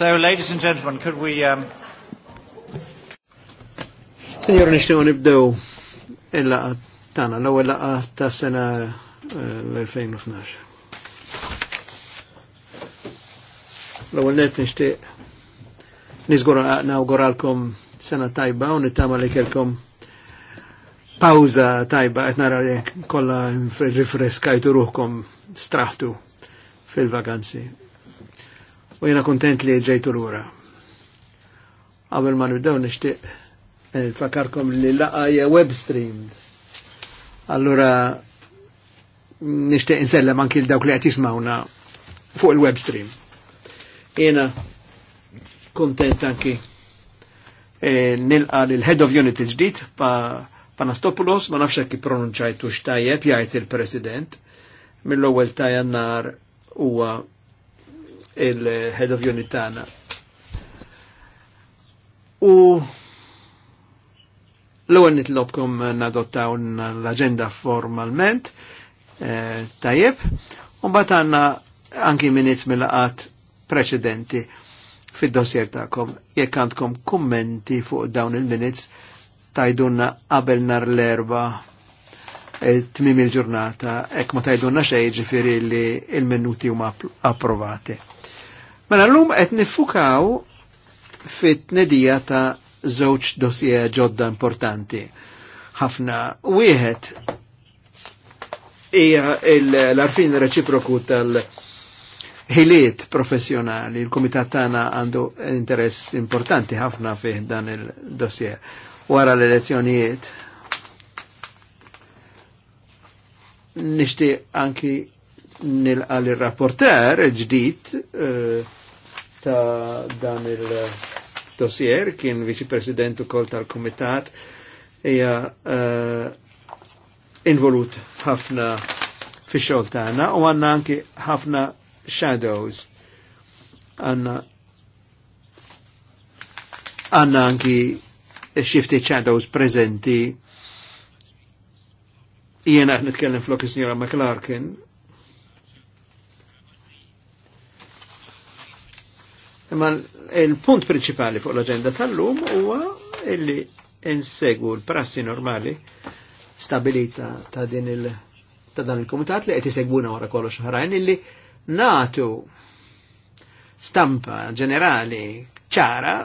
So, ladies and gentlemen, could we... Um... Signor, nishtiqo nibdew il-laqa tana, l-ewel laqa ta' sena eh, l-2012. L-ewel net nishtiq nizgura nawguralkom sena tajba u nittama li kelkom pawza tajba qed nara kolla rifreskajtu ruħkom straħtu fil vaganzi u jena kontent li ġejtu l-ura. Għabel ma nibdew nishtiq eh, fakarkom li laqaj web stream. Allura nishtiq insellem anki l-dawk li jismawna fuq il-web stream. Jena kontent anki e, nilqa l-Head of Unit il-ġdid pa Panastopoulos, ma nafx ki pronunċajtu xtajjeb, jgħid il-President, mill-ewwel tajannar huwa il-head of unit tana. U l-ewwel nitlobkom nadottaw l-aġenda formalment eh, tajjeb, u mbagħad għandna anki minizz mill-laqat preċedenti fid-dossier tagħkom. Jekk għandkom kummenti fuq dawn il-minizz tajdunna qabel nar l-erba' eh, tmim il-ġurnata, ek ma tajdunna xej ġifiri li il-minuti huma approvati. Mela l-lum qed nifukaw fit nedija ta' żewġ dosje ġodda importanti. Ħafna wieħed hija l-arfin reċiproku tal- ħiliet professjonali, il-komitat tagħna għandu interess importanti ħafna fih dan il-dossier. Wara l-elezzjonijiet, nishti anki nil-għal il rapporter ġdid uh, ta' dan il-dossier, eh, kien viċi president kol tal-komitat, hija uh, involut ħafna fi xogħol tagħna u għandna anki ħafna shadows. Għandna għandna anki xifti shadows prezenti jiena qed nitkellem flok is-Sinjora Imma il-punt principali fuq l-agenda tal-lum huwa illi insegwu l-prassi normali stabilita ta' din il- ta' dan il-komitat li qed isegwuna wara kollox ħarajn illi natu stampa ġenerali ċara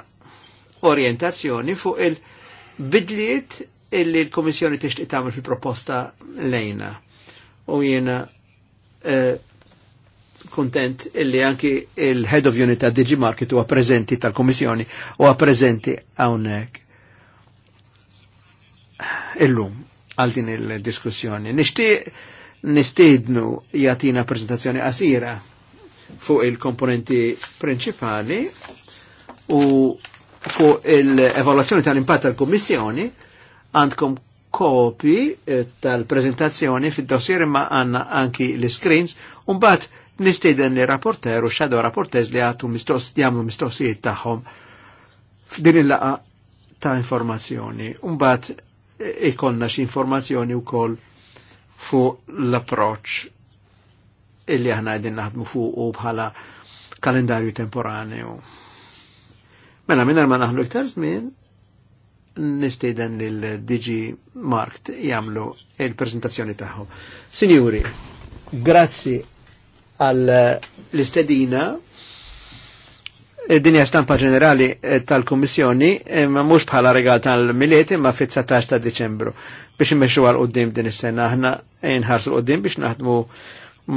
orientazzjoni fuq il-bidliet illi l-Komissjoni tixtieq tagħmel fil-proposta lejna. U jiena eh, kontent illi anki il-Head of Unit ta' DG Market huwa preżenti tal-Komissjoni u preżenti għawnek Illum għal din il-diskussjoni. Nixtieq nistiednu jagħtina prezentazzjoni qasira fuq il-komponenti principali u fuq il-evaluazzjoni tal-impatt tal komissjoni għandkom kopi eh, tal-prezentazzjoni fil dossier ma għanna anki l-screens un bat nistiden li rapporter u xadu rapportez li għatu mistoss, jamlu mistoqsijiet tagħhom f'din il-laqa ta' informazzjoni. Umbat e, ikonna xi informazzjoni kol fuq l-approċ illi aħna għedin naħdmu fuq u bħala kalendarju temporaneju. Mela minna ma naħlu iktar żmien nistieden l DG Markt jagħmlu il prezentazzjoni tagħhom. Signori, grazzi għal eh, l-istedina eh, dinja stampa ġenerali eh, tal-Kommissjoni ma mhux bħala regal tal-miliet imma fit-19 ta' Deċembru biex immexxu għal qoddim din is-sena aħna inħarsu l qoddim biex naħdmu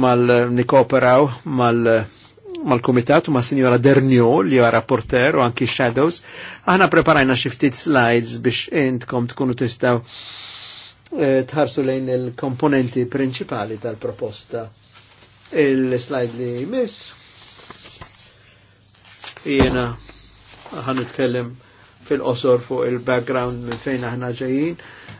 mal-nikoperaw mal-Kumitat mal u mas-Sinjora Dernio li huwa rapporter u anki Shadows. Aħna preparajna xi ftit slides biex intkom tkunu tistgħu tħarsu lejn il-komponenti prinċipali tal-proposta Il-slide li jmiss. Jena għan nitkellem fil-qosor fuq il-background minn fejn aħna ġejjin.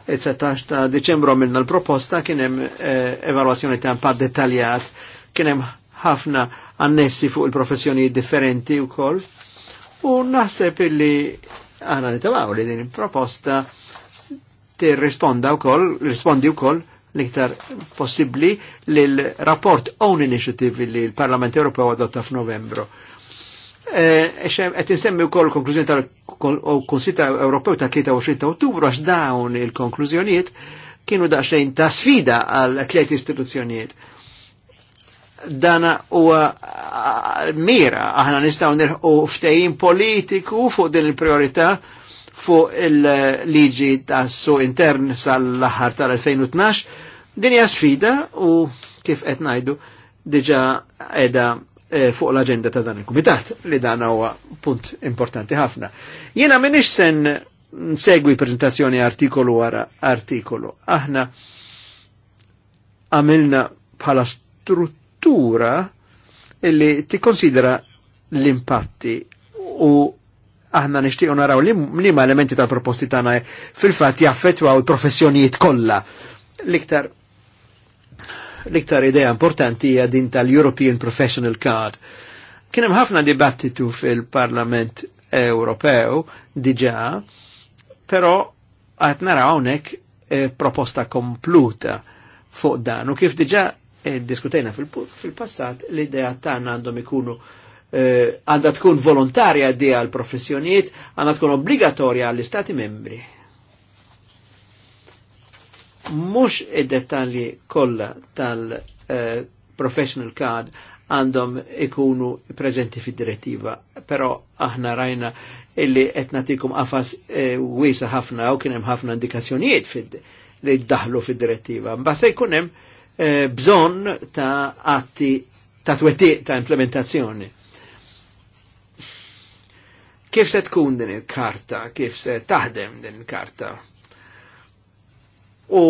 Il-19 ta' Deċembru minna l-proposta kien hemm eh, evalwazzjoni ta' impatt dettaljat, kien hemm ħafna annessi fuq il-professjoni differenti wkoll. U naħseb illi aħna nitamaw li din il-proposta tirrisponda wkoll, rispondi wkoll l-iktar possibli l-rapport Own Initiative li l-Parlament Ewropew adotta f'Novembru. Et eh, insemmi koll konklużjoni tal konsita Ewropew ta' 23 Ottubru għax dawn il-konklużjonijiet kienu xejn ta' sfida għal tliet istituzzjonijiet. Dana huwa mira aħna nistgħu nirħu ftejim politiku fuq din il-priorità fuq il-liġi tas su intern sal-aħħar tal-2012. Din hija sfida u kif qed ngħidu diġa' qiegħda eh, fuq l-aġenda ta' dan il-kumitat li dan huwa punt importanti ħafna. Jiena m'iniex sen segwi prezentazzjoni artikolu wara artikolu. Aħna għamilna bħala struttura illi tikkonsidra l-impatti u aħna nixtiequ naraw li ma elementi tal-proposti tagħna fil-fatt jaffettwaw il-professjonijiet kollha. L-iktar l-iktar idea importanti hija din tal-European Professional Card. Kien hemm ħafna dibattitu fil-Parlament Ewropew diġà, però qed naraw hawnhekk eh, proposta kompluta fuq dan u kif diġà eh, diskutejna fil-passat fil passat l idea tagħna għandhom ikunu Eh, għandha tkun volontarja di għal professjonijiet, għandha tkun obbligatorja għall istati membri. Mux id-detalji kollha tal-professional eh, card għandhom ikunu prezenti fid-direttiva, però aħna rajna illi qed natikum qafas eh, wiesa ħafna u kien hemm ħafna indikazzjonijiet li ddaħlu fid-direttiva. Mbasa se jkun hemm bżonn ta' atti ta' twettiq ta' implementazzjoni Kif se tkun din il-karta, kif se taħdem din il-karta? U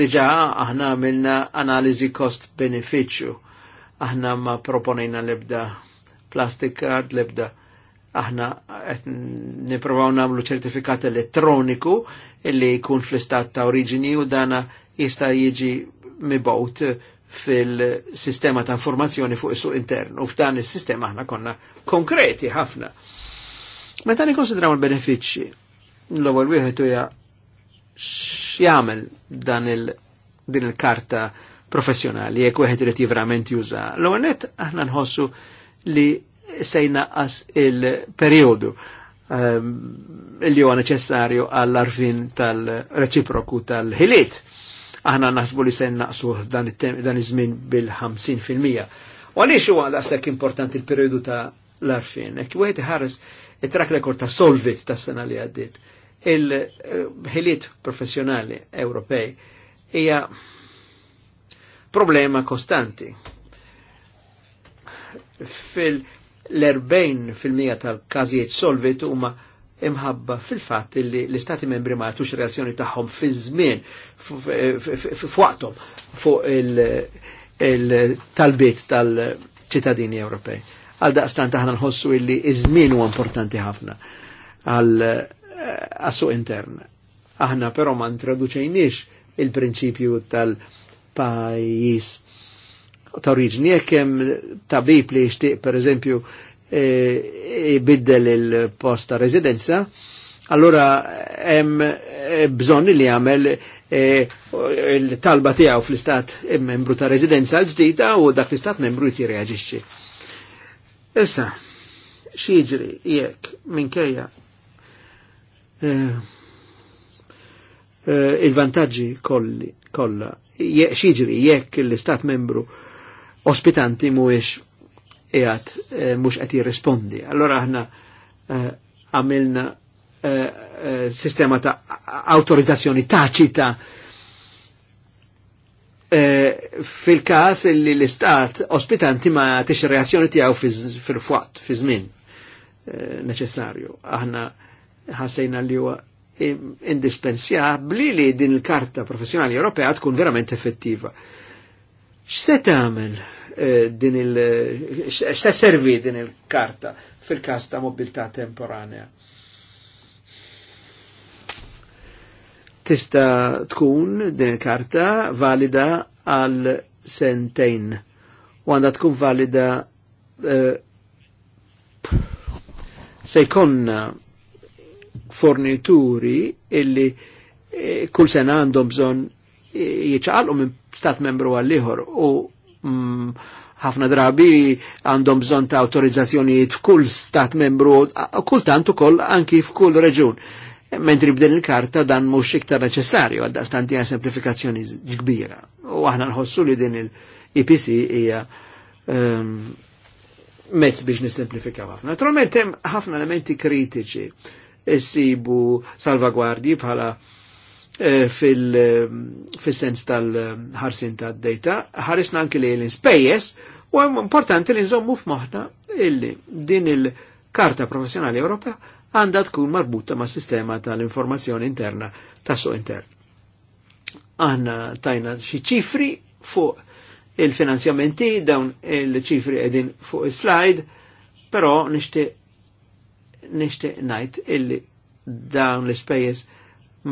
diġa aħna minna analizi kost beneficju. Aħna ma proponina lebda plastic card, lebda aħna qed niprovaw nagħmlu ċertifikat elettroniku illi jkun fl-istat ta' oriġini u dana jista' jiġi mibgħut fil-sistema ta' informazzjoni fuq is-suq intern. U f'dan is-sistema aħna konna konkreti ħafna Meta nikkonsidraw il-benefiċċji, l-ewwel wieħed huja x'jagħmel dan il din il-karta professjonali jekk wieħed irid jivrament juża. L-ewwel nett aħna nħossu li se jnaqqas il-perjodu ehm, li huwa neċessarju għall-arfin tal-reċiproku tal-ħiliet. Aħna naħsbu li se naqsu dan iż-żmien bil-50 fil-mija. U għaliex huwa daqshekk importanti l-perjodu ta' l-arfin? Hekk wieħed iħares il-track record ta' solvit ta' sena li għaddit. Il-ħiliet professjonali Ewropej hija problema kostanti. Fil-40 fil-mija tal-każijiet solvit huma imħabba fil-fatt li l-istati membri ma għatux reazzjoni tagħhom fi żmien f'waqthom fuq il-talbiet tal-ċittadini Ewropej Għal daqstan taħna nħossu illi iż-żmien huwa importanti ħafna għal eh, assu intern. Aħna però ma ntraduċejniex il-prinċipju tal-pajis ta' oriġni jekk hemm tabib li jixtieq pereżempju eh, ibiddel il-post ta' residenza, allora hemm eh, bżonn li jagħmel il-talba tiegħu fl-istat membru ta' residenza l-ġdida u dak l-istat membru jti Issa, xieġri jek minkejja kajja eh, eh, il-vantaġġi kolli kollha xieġri jekk l-istat membru ospitanti mhuwiex qiegħed eh, mhux qed jirrispondi. Allora aħna eh, għamilna sistema ta' autorizzazzjoni taċita ta Eh, fil-kas li l-istat ospitanti ma tix reazzjoni tijaw fil-fwat, fi żmien eh, neċessarju. Aħna ħasajna li huwa indispensabli li din il-karta professjonali Ewropea tkun verament effettiva. X'se tagħmel eh, din il servi din il-karta fil-kas ta' mobilità temporanea? tista tkun din il-karta valida għal sentejn u għanda tkun valida uh, eh, se fornituri illi uh, kull sena għandhom bżon eh, jieċaqalqu minn stat membru għall-ieħor u mm, ħafna drabi għandhom bżon ta' autorizzazzjonijiet f'kull stat membru, kultant ukoll anki f'kull reġun mentri b'din il-karta dan mux iktar neċessarju għadda stanti għan semplifikazzjoni kbira. U għahna nħossu li din il-IPC hija um, mezz biex nisimplifikaw għafna. Naturalment hemm ħafna elementi kritiċi issibu salvagwardji bħala eh, fil ehm, sens tal tad-data, ħarisna anki li l-inspejjes, u importanti li nżommu f'moħna illi din il- karta professjonali Ewropea għandha tkun marbuta ma' sistema tal-informazzjoni interna ta' so intern. Aħna tajna xi ċifri fuq il-finanzjamenti, dawn il-ċifri edin fuq il-slide, però nishti nishtiq najt illi dawn l-ispejjeż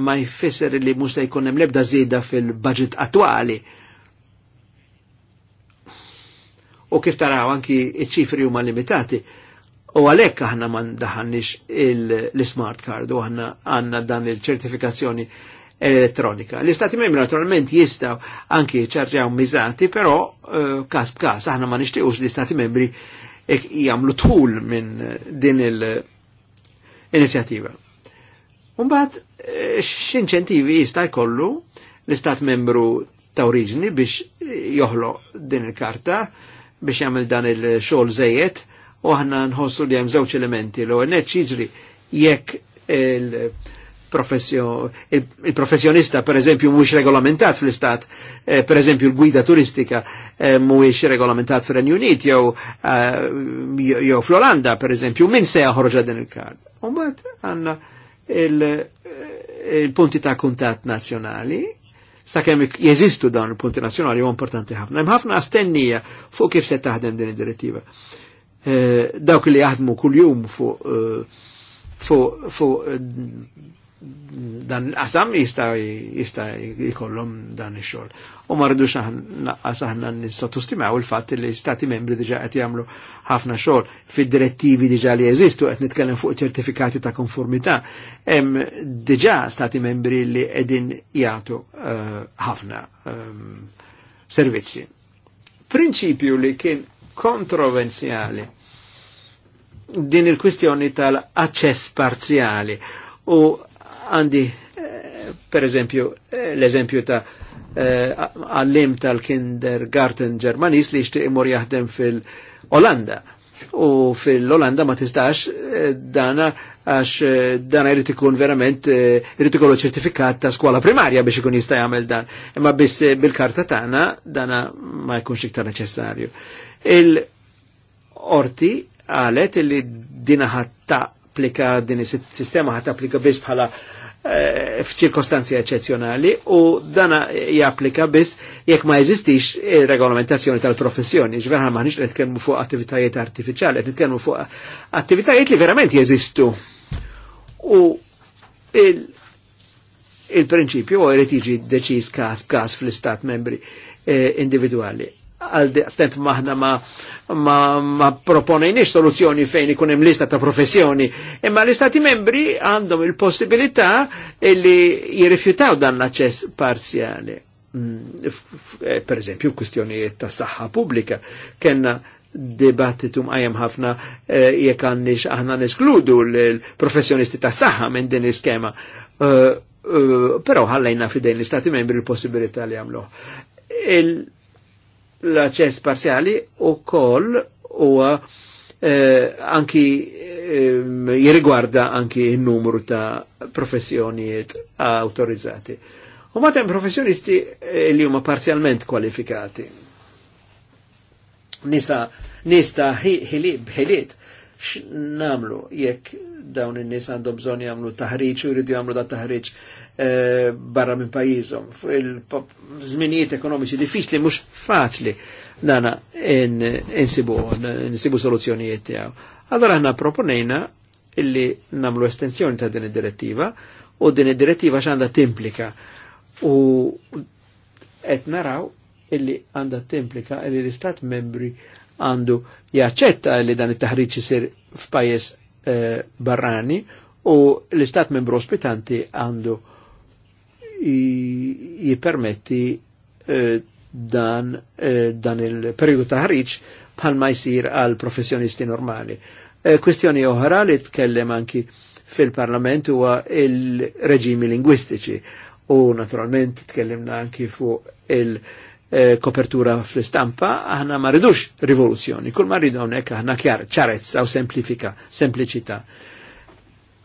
ma jfisser li musa jkun hemm lebda żieda fil-budget attwali. U kif taraw anki ċifri huma limitati U għalek aħna ma daħannix l-smart card u aħna għanna dan il-ċertifikazzjoni elettronika. L-istati membri naturalment jistaw anki ċarġaw mizati, però uh, kas b'kas aħna ma nixtiqux l-istati membri jamlu tħul minn eh, din l inizjativa Umbat, eh, x'inċentivi jista' jkollu l-istat membru ta' oriġini biex joħlo din il-karta biex jagħmel dan il-xogħol żejjed u aħna nħossu li hemm żewġ elementi l neċ jiġri jekk il-professjonista per eżempju mhuwiex regolamentat fl-istat, eh, per eżempju l-gwida turistika eh, mhuwiex regolamentat fir-Renju Unit jew eh, jew fl-Olanda per eżempju min se ħorġa din il-kard. U mbagħad għandna il-punti ta' kuntat nazzjonali sakemm jeżistu dawn il-punti nazzjonali huwa importanti ħafna. Hemm ħafna astennija fuq kif se taħdem din id-direttiva. Eh, dawk li jaħdmu kuljum fuq fu, eh, fu, eh, dan l qasam jista' jista' jkollhom dan il xogħol U ma xaħna naqqas aħna nistotustimaw il fat li stati membri diġà qed jagħmlu ħafna xogħol fid-direttivi diġà li jeżistu qed nitkellem fuq ċertifikati ta' konformità. Em diġa stati membri li qegħdin jagħtu ħafna servizzi. Principju li kien kontrovenzjali din il-kwistjoni tal-aċċess parzjali u għandi eh, per eżempju eh, l-eżempju ta' eh, għallim tal-kindergarten ġermanis li jishtiq imur jaħdem fil-Olanda u fil-Olanda ma tistax eh, dana għax eh, dana jrid ikun verament eh, jrid ikollu ċertifikat ta' skola primarja biex ikun jista' jagħmel dan. Imma biss bil-karta tagħna dana ma jkunx iktar neċessarju. Il-orti għalet li dina ħatta applika din is-sistema ħadd applika biss bħala Eh, f'ċirkostanzi eccezjonali u dana japplika biss jekk ma jeżistix regolamentazzjoni tal-professjoni, ġveran ma nix nitkellmu fuq attivitajiet artificiali, qed nitkellmu fuq attivitajiet li verament jeżistu. U il-prinċipju il jrid jiġi deċiż każ każ fl-istat membri eh, individuali għal stent maħna ma, ma, ma soluzzjoni fejn ikun hemm lista ta' professjoni, imma l-istati membri għandhom il-possibilità li jirrifjutaw dan l-aċċess parzjali. Mm, eh, per eżempju, kustjonijiet ta' saħħa pubblika kena dibattitu għajem ħafna eh, jekk għandix aħna neskludu l-professjonisti ta' saħħa minn din l-iskema. Pero eh, ħallajna eh, Però fidejn l-Istati membri l-possibilità li għamlu l-aċċess parzjali u koll u eh, anki eh, jirigwarda anki il-numru ta' professjonijiet autorizzati. U matem professjonisti eh, li huma parzjalment kwalifikati. Nisa, nista hilib, hilib, x'namlu jekk dawn in-nies għandhom bżonn jagħmlu taħriġ u jridu jagħmlu da taħriġ Eh, barra minn pajizom. Fil-żminijiet ekonomiċi diffiċli mux faċli dana insibu insibu soluzzjonijiet tijaw. Allora aħna proponejna illi namlu estensjoni ta' din id-direttiva u din id-direttiva xanda timplika. U et naraw illi għanda timplika illi l-istat membri għandu jaċċetta illi dan it-taħriġ isir f'pajjeż eh, barrani u l-istat membru ospitanti għandu jipermetti eh, dan, eh, dan il-periodu ta' ħriġ ma jsir għal professjonisti normali. Eh, kwestjoni oħra li tkellem anki fil-parlament huwa il-reġimi lingwistiċi u naturalment tkellimna anki fuq il-kopertura fl-istampa, aħna ma ridux rivoluzzjoni, kull ma ridu hawnhekk aħna ċar ċarezza u semplifika, sempliċità.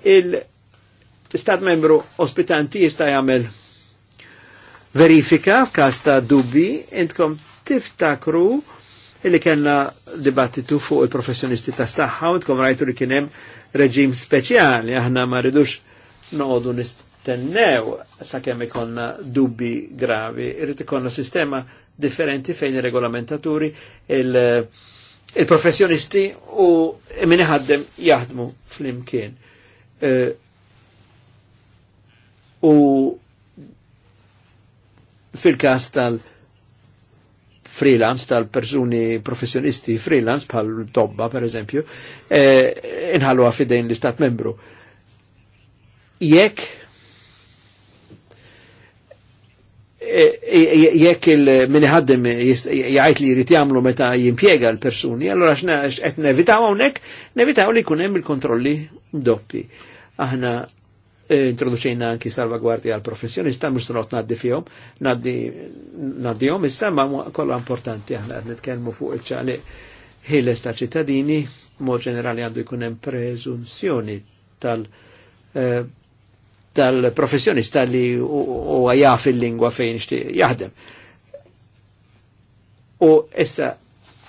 Il-Stat membru ospitanti jista' jagħmel verifika f'każ ta' dubbi intkom tiftakru illi kellna dibattitu fuq il-professjonisti tas saħħa u intkom rajtu li kien hemm reġim speċjali aħna ma rridux noqogħdu nistennew sakemm ikonna dubbi gravi, irrid ikonna sistema differenti fejn ir-regolamentaturi il- il-professjonisti u minn ħaddem jaħdmu fl-imkien. Uh, u fil-kas tal-freelance, tal-persuni professjonisti freelance, bħal tobba per eżempju, eh, inħallu għafidejn l-istat membru. Jekk eh, eh, jekk il mini ħaddim jgħajt li jrid jagħmlu meta jimpiega l-persuni, allora x'qed nevitaw hawnhekk, nevitaw li jkun hemm il-kontrolli doppi. Aħna introduċejna anki salvagwardja għal professjonista, mux sanot naddi fjom, naddi jom, issa ma kolla importanti aħna nitkelmu fuq iċċali ħiles ta' ċittadini, mod ġenerali għandu jkunem prezunzjoni tal- eh, tal-professjonista li u għajaf il-lingwa fejn jaħdem. U issa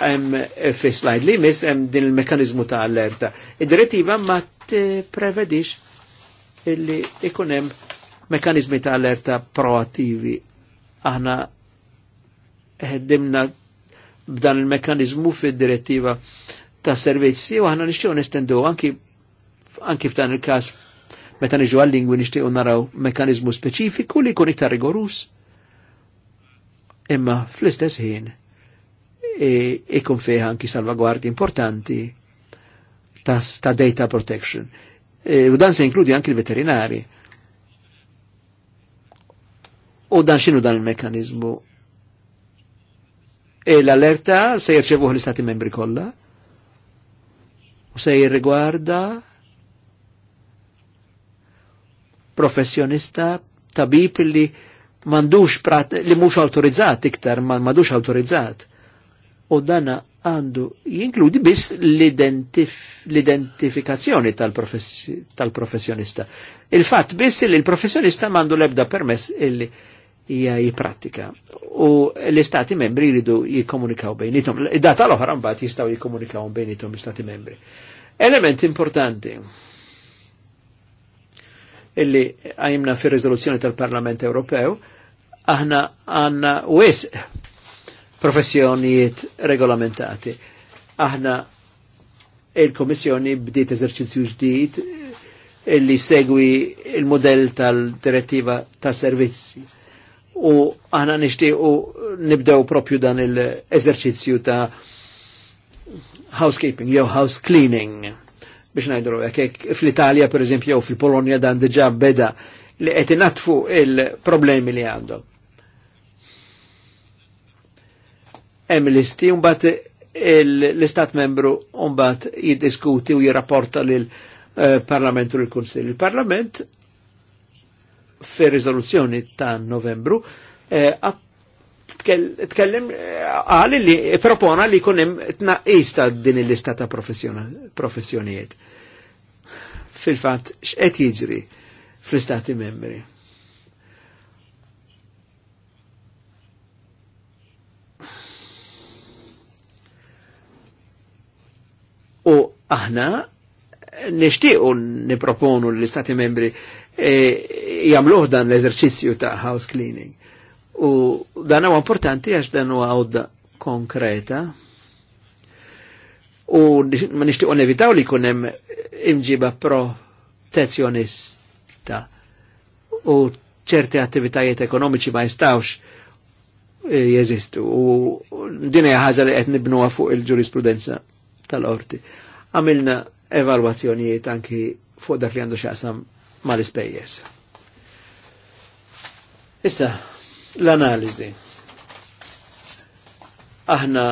hemm fi slide li mis hemm din il-mekanizmu ta' allerta. Id-direttiva ma t-prevedix illi ikunem mekanizmi ta' alerta proattivi. Aħna ħeddimna b'dan il-mekanizmu fid-direttiva ta' servizzi u aħna nixtiequ nestendu anki anki f'dan il-każ meta niġu għal-lingwi nixtiequ naraw mekanizmu speċifiku li jkun iktar rigorus. Imma fl-istess ħin ikun e, e fih anki salvaguardi importanti ta data protection E, u dan se inkludi anki l-veterinari. U dan xinu dan il-mekanizmu? E l alerta se jirċevuħ l-istati membri kollha u se jirrigwarda professjonista tabib li mandux prat, li mhux autorizzat iktar, ma mandux autorizzat u dana għandu jinkludi biss l-identifikazzjoni tal-professjonista. Tal professjonista il fat biss li l-professjonista mandu lebda permess illi hija jipratika. U l-istati membri jridu jikomunikaw bejnitom. Id-data l-oħra mbagħad jistgħu jikomunikaw bejnitom l-istati membri. Element importanti illi għajmna fir riżoluzzjoni tal-Parlament Ewropew, aħna għanna wisq professjonijiet regolamentati. Aħna il-Komissjoni bdiet eżerċizzju ġdid eh, illi segwi il-modell tal-direttiva ta' servizzi. U aħna nixtiequ nibdew propju dan l-eżerċizzju ta' housekeeping jew house cleaning biex najdru hekk fl-Italja per eżempju jew fil-Polonja dan diġà beda li qed inatfu il-problemi li għandhom. hemm listi u mbagħad l-istat membru mbagħad jiddiskuti u jirrapporta lil eh, parlamentu l kunsil Il-parlament fi riżoluzzjoni ta' novembru eh, tkellem eh, għali li propona li kunem tnaqqis ta' din il-lista ta' professjonijiet. Fil-fat, x'qed jiġri fl-istati membri? U aħna nishtiqu niproponu l-istati membri e, jamluħ dan l-eżerċizzju ta' house cleaning. U dan huwa importanti għax dan huwa għodda konkreta. U ma nishtiqu nevitaw li kunem imġiba protezzjonista u ċerti attivitajiet ekonomiċi ma jistawx e, jeżistu. U dinja ħaġa li qed nibnuha fuq il-ġurisprudenza tal-orti. Għamilna evalwazzjonijiet anki fuq dak li għandu xaqsam mal-ispejjeż. Issa, l-analizi. Aħna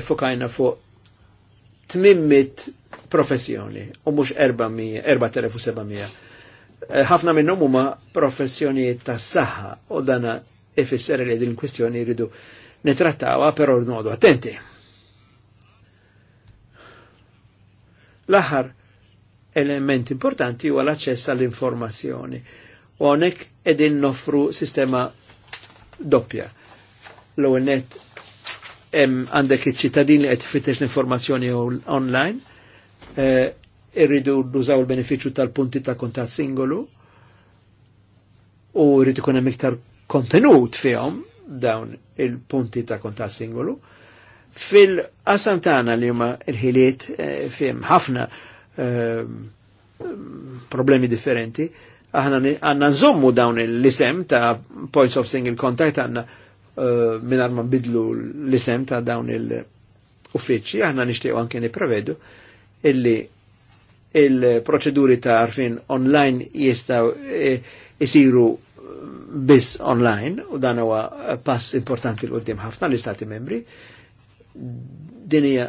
effokajna fuq 800 professjoni u mux 4700. Eh, ħafna minnhom huma professjonijiet tas-saħħa u dana ifisser li din kwistjoni jridu nitrattawa però ordnodu. attenti. L-aħħar element importanti huwa l-aċċess għall-informazzjoni. U hawnhekk qegħdin nofru sistema doppja. L-ewwel għandek iċ-ċittadin li qed ifittex l-informazzjoni online, eh, irridu e, il-benefiċċju tal-punti ta' kuntatt singolu u rridu ikun hemm iktar kontenut fihom dawn il-punti ta' kuntatt singolu Fil-qasam tagħna li huma l-ħiliet eh, fim ħafna eh, problemi differenti, aħna għanna nżommu dawn l-isem ta' points of single contact għanna eh, minn ma bidlu l-isem ta' dawn il-uffiċi, aħna nishtiqu anke niprevedu illi il-proċeduri ta' arfin online jistaw jisiru bis biss online u dan huwa pass importanti l-qoddim ħafna l-istati membri dinija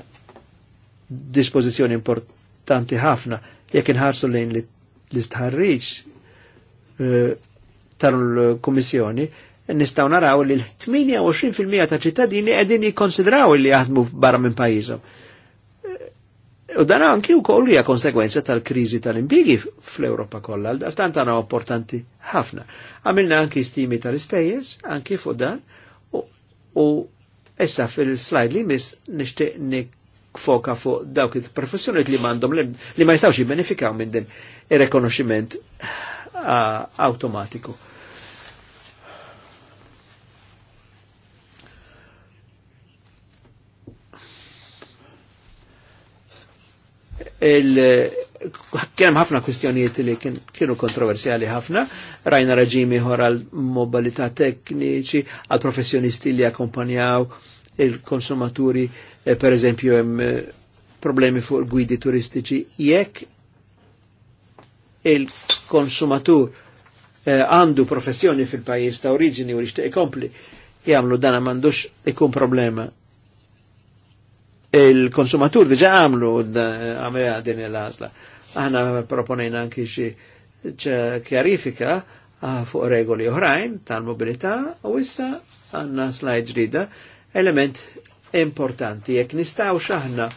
dispozizjoni importanti ħafna jekk inħarsu lejn l-istħarriġ eh, tal-Kummissjoni nistaw naraw li l-28% ta' ċittadini qegħdin jikkonsidraw li jaħdmu barra minn pajjiżhom. Eh, u dan anki wkoll hija konsekwenza tal-kriżi tal-impjigi fl-Ewropa kollha, għal dastan għandha importanti ħafna. Għamilna anki stimi tal-ispejjeż, anki fuq dan, Issa fil-slide li mis nishtiq nikfoka fuq dawk il-professjoniet li mandom li ma jistawx jibbenefikaw minn din il-rekonoximent automatiku. Ah, il kem ħafna kwistjonijiet li kienu kontroversjali ħafna, rajna raġimi ħor għal mobilità tekniċi, għal professjonisti li akkompanjaw il-konsumaturi, e, per eżempju, e, problemi fuq il-gwidi turistiċi. Jekk il-konsumatur e, għandu eh, professjoni fil-pajis ta' oriġini u rixtieq ikompli, jgħamlu dana mandux ikun problema il-konsumatur diġa għamlu għamlu din l-għazla. Aħna proponejna anki xi kjarifika ah, fuq regoli oħrajn tal-mobilità u issa għanna slide ġdida element importanti. Jekk nistaw x'aħna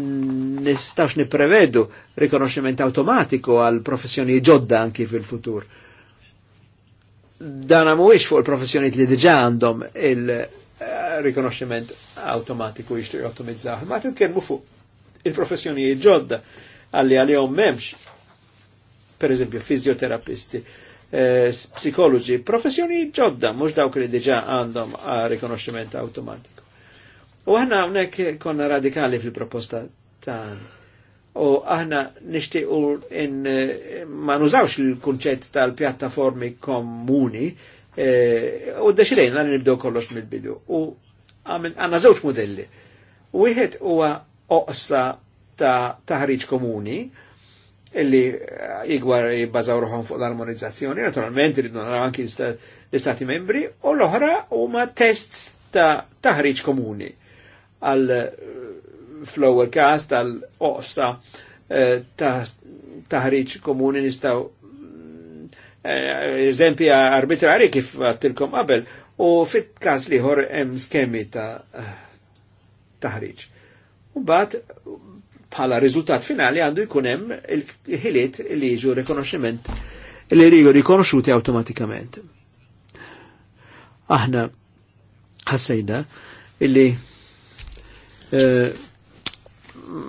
nistawx niprevedu rikonoxximent automatiku għal professjoni ġodda anki fil-futur. Dan mhuwiex fuq il professjoni li diġà għandhom il-rikonoxximent automatiku jixtieq jottomizzaħ, ma nitkellmu fuq il-professjonijiet ġodda għalli għom memx, per eżempju, fizjoterapisti, eh, psikologi, professjoni ġodda, mux dawk li diġa għandhom ah, rikonoxximent automatiku. U aħna hawnhekk konna radikali fil-proposta ta'. U aħna in, eh, ma nużawx il-kunċett tal-pjattaformi komuni, E, u d-deċidejn għan nibdow kollox mill-bidu. U għanna zewċ modelli. U jħed huwa oqsa ta' taħriġ komuni illi jigwar eh, jibbazaw ruħom fuq l-armonizzazzjoni, naturalment rridu naraw anki l-Istati membri, u l-oħra huma tests ta' taħriġ komuni għal eh, flower cast, għal ofsa eh, ta' taħriġ komuni nistaw eżempi arbitrari kif għattilkom qabel, u fit-kas liħor hemm skemi ta' taħriġ. U bat bħala riżultat finali għandu jkun hemm il-ħiliet li jiġu rikonoxximent li jiġu rikonoxxuti awtomatikament. Aħna ħassejna illi eh,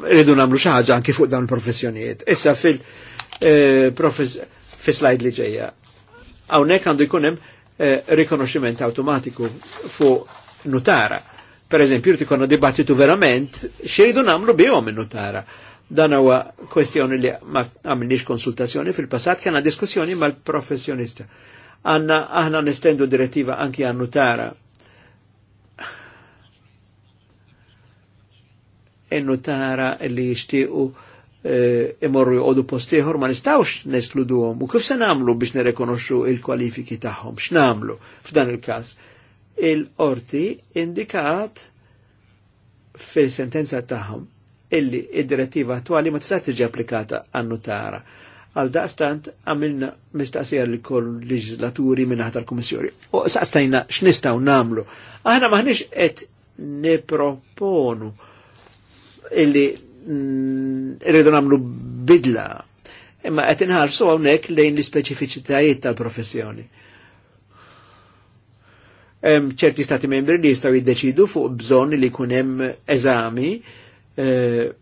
rridu namlu xaħġa anki fuq dawn il-professjonijiet. Issa fil-slide eh, li ġeja. Għawnek għandu jkunem eh, rikonoximent automatiku fuq nutara per eżempju, rrit konna dibattitu verament, xeridu namlu għom minnu tara. Dan huwa kwestjoni li ma għamilniex konsultazzjoni fil-passat, kena diskussjoni mal-professjonista. Għanna, aħna nestendu direttiva anki għannu tara. Ennu tara li jishtiqu eh, imorru jgħodu postiħor ma nistawx għom. u kif se namlu biex nerekonoxxu il-kwalifiki tagħhom, x'namlu f'dan il-każ il-qorti indikat fil-sentenza tagħhom illi id-direttiva attuali ma tistax tiġi applikata għannu tara. Għal daqstant għamilna mistaqsija l kol leġislaturi minna ħata l-Kummissjoni. U saqstajna x'nistgħu namlu. Aħna maħniex qed niproponu illi mm, rridu namlu bidla. Imma qed inħarsu hawnhekk lejn l-ispeċifiċitajiet tal-professjoni ċerti stati membri li jistaw jiddeċidu fuq bżon li kunem eżami. Eh,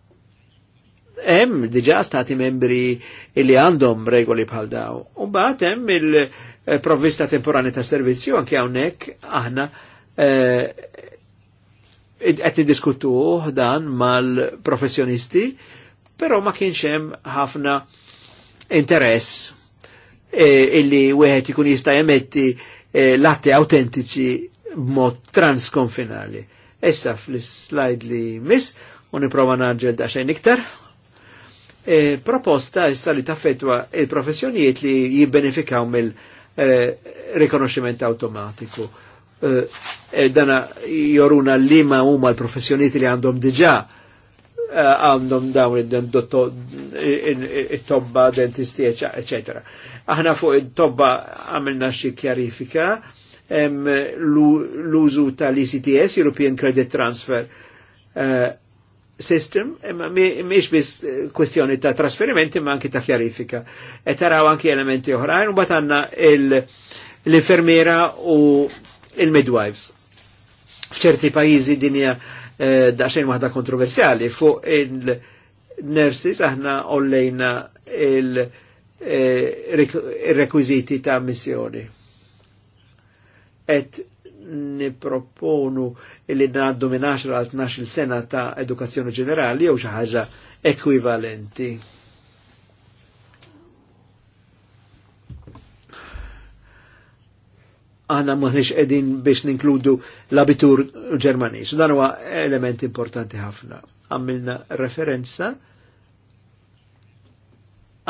hemm eh, diġa stati membri li għandhom regoli bħal daw. U bat hemm il-provvista temporani ta' servizzju anke hawnhekk aħna eh, qed eh, niddiskutuh dan mal-professjonisti, però ma kienx hemm ħafna interess eh, illi wieħed ikun jista' jemetti eh, latte autentici mod transkonfinali. Issa fl-slide li miss, u niprofa naġġel daċxajn iktar. E, proposta issa li taffetwa il-professjonijiet li jibbenefikaw mill-rikonoxximent eh, automatiku. Eh, e, dana joruna li ma huma l-professjonijiet li għandhom diġa' Eh, għandhom dawn id-tobba dentisti, ecc. Aħna fuq id-tobba għamilna xie kjarifika l-użu tal-ECTS, European Credit Transfer eh, System, miex biss eh, kwestjoni ta' trasferimenti, ma' anki ta' kjarifika. E taraw anki elementi oħrajn, u bat għanna l-infermiera u il-midwives. F'ċerti pajizi dinja Eh, daqsxejn waħda kontroversjali fuq il-nurses aħna ollejna eh, il-rekwiziti ta' missjoni. Et niproponu li naddu minn 10 għal 12 sena ta' edukazzjoni ġenerali jew xi ħaġa għana maħnix edin biex ninkludu l-abitur ġermanis. Dan huwa element importanti ħafna. Għamilna referenza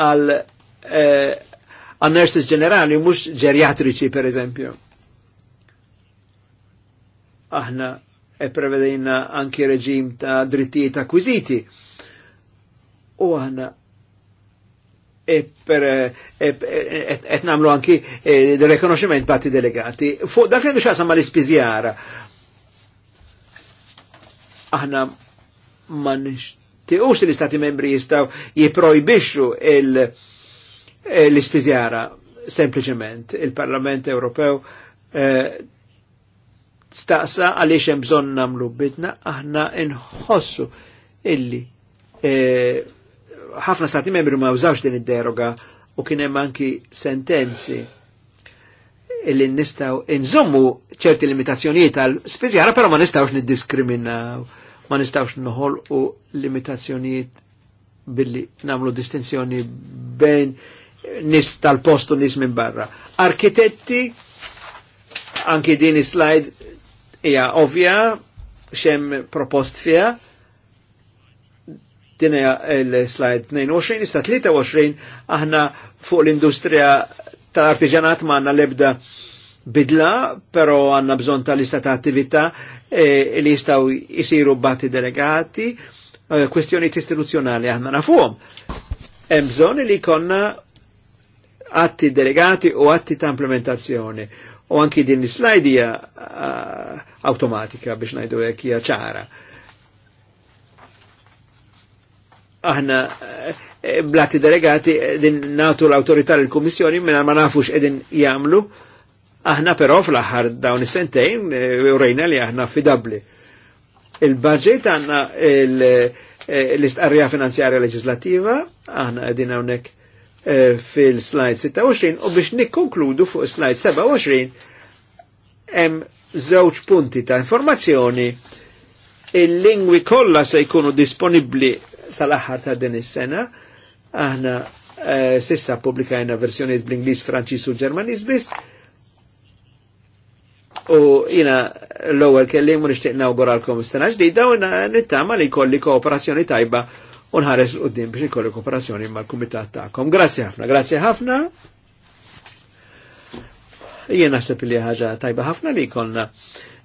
għal eh, għal nurses ġenerali, mux ġerjatriċi, per eżempju. Aħna e prevedejna anki reġim ta' drittijiet akwiziti. U aħna E e, e, et namlu anki il-rekonoximent bati delegati. Fuq dak li xasam ma l-ispizjara. Aħna ma nishtiqux li stati membri jistaw jiprojbixxu l-ispizjara sempliciment. Il-Parlament Ewropew staqsa għaliex hemm bżonn namlu bitna aħna nħossu illi ħafna stati membri ma użawx din id-deroga u kien hemm anki sentenzi illi nistaw inżommu ċerti limitazzjonijiet għal spiżjara, però ma nistawx niddiskriminaw, ma nistawx noħol u limitazzjonijiet billi namlu distinzjoni bejn nis tal-postu nis minn barra. Arkitetti, anki din slide hija ovvja, xem propost fija, Dinja l-slide 22, issa 23 aħna fuq l-industrija tal-artiġanat ma għanna lebda bidla, pero għanna bżon tal-lista ta' attività e, li jistaw jisiru bati delegati, kwestjoni e, istituzzjonali aħna nafuhom. Hemm bżonn li konna atti delegati u atti ta' implementazzjoni. U anki din l-slajdija automatika biex najdu hekk ċara. aħna eh, eh, blati delegati eh, din natu l-autorità l-Komissjoni minna ma nafux edin jamlu, aħna però fl-aħħar dawn is u urejna li aħna fidabli. Il-budget għanna l-istqarrija finanzjarja leġislativa, aħna edin hawnhekk fil-slide 26 u biex nikkonkludu fuq slide 27 hemm żewġ punti ta' informazzjoni il-lingwi kollha se jkunu disponibbli sal-aħħar ta' din is-sena aħna eh, sissa publikajna versjoniet bl-Ingliż, Franċiż u Ġermaniż biss. U jina l-ewwel kellim u nixtieq nawguralkom is-sena ġdida u nittama li jkolli kooperazzjoni tajba u nħares l qudiem biex ikolli kooperazzjoni mal-kumitat tagħkom. Grazzi ħafna, grazzi ħafna. Jien naħseb li ħaġa tajba ħafna li jkollna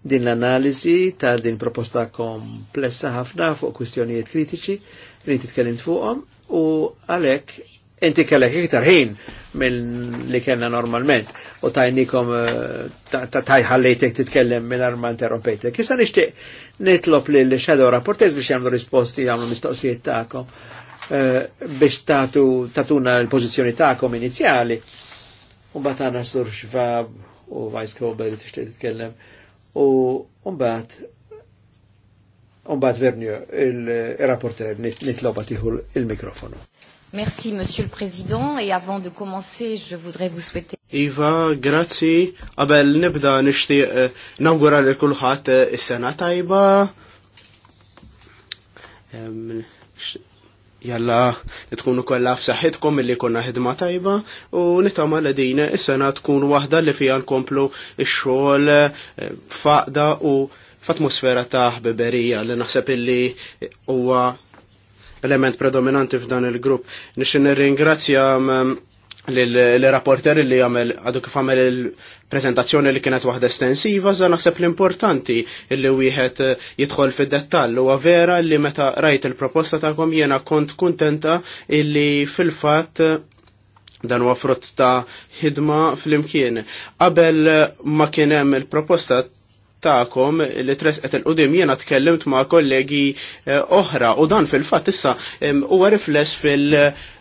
din l analisi ta' din proposta komplessa ħafna fuq kwistjonijiet kritiċi li titkellimt fuqhom u għalhekk inti kellek iktar ħin minn li kellna normalment u tajnikom eh, tajħallejtek titkellem minn armant interrompejtek. Issa nixtieq nitlob li l-shadow rapportez biex jagħmlu risposti jagħmlu mistoqsijiet tagħkom eh, biex tatu tatuna l-pożizzjoni tagħkom inizjali u mbagħad għandna sur xvab u Vice Cobel tixtieq titkellem u mbagħad Umbat Vernio, il-rapporter, nitloba tiħu il-mikrofonu. Merci, Monsieur le Président, et avant de commencer, je voudrais vous souhaiter... Iva, grazzi, Abel, nibda nishti eh, nawgura li kullħat eh, is-sena tajba. Jalla, tkunu kolla f'saħħitkom li konna ħidma tajba u nitama l din is-sena tkun waħda li fija nkomplu ix-xogħol eh, faqda u f'atmosfera ta' beberija li naħseb illi huwa element predominanti f'dan il-grupp. Nixin nirringrazzja um, l-rapporter li għamel għadu kif għamel il-prezentazzjoni li kienet waħda estensiva, za naħseb l-importanti illi wieħed uh, jidħol fid dettall u vera li meta rajt il-proposta ta'kom jena kont kontenta illi fil-fat uh, dan huwa frott ta' ħidma fl-imkien. Qabel uh, ma kien hemm il-proposta ta'kom li tresqet il-qudim jiena tkellimt ma' kollegi eh, oħra u dan fil-fatt issa huwa rifless fil-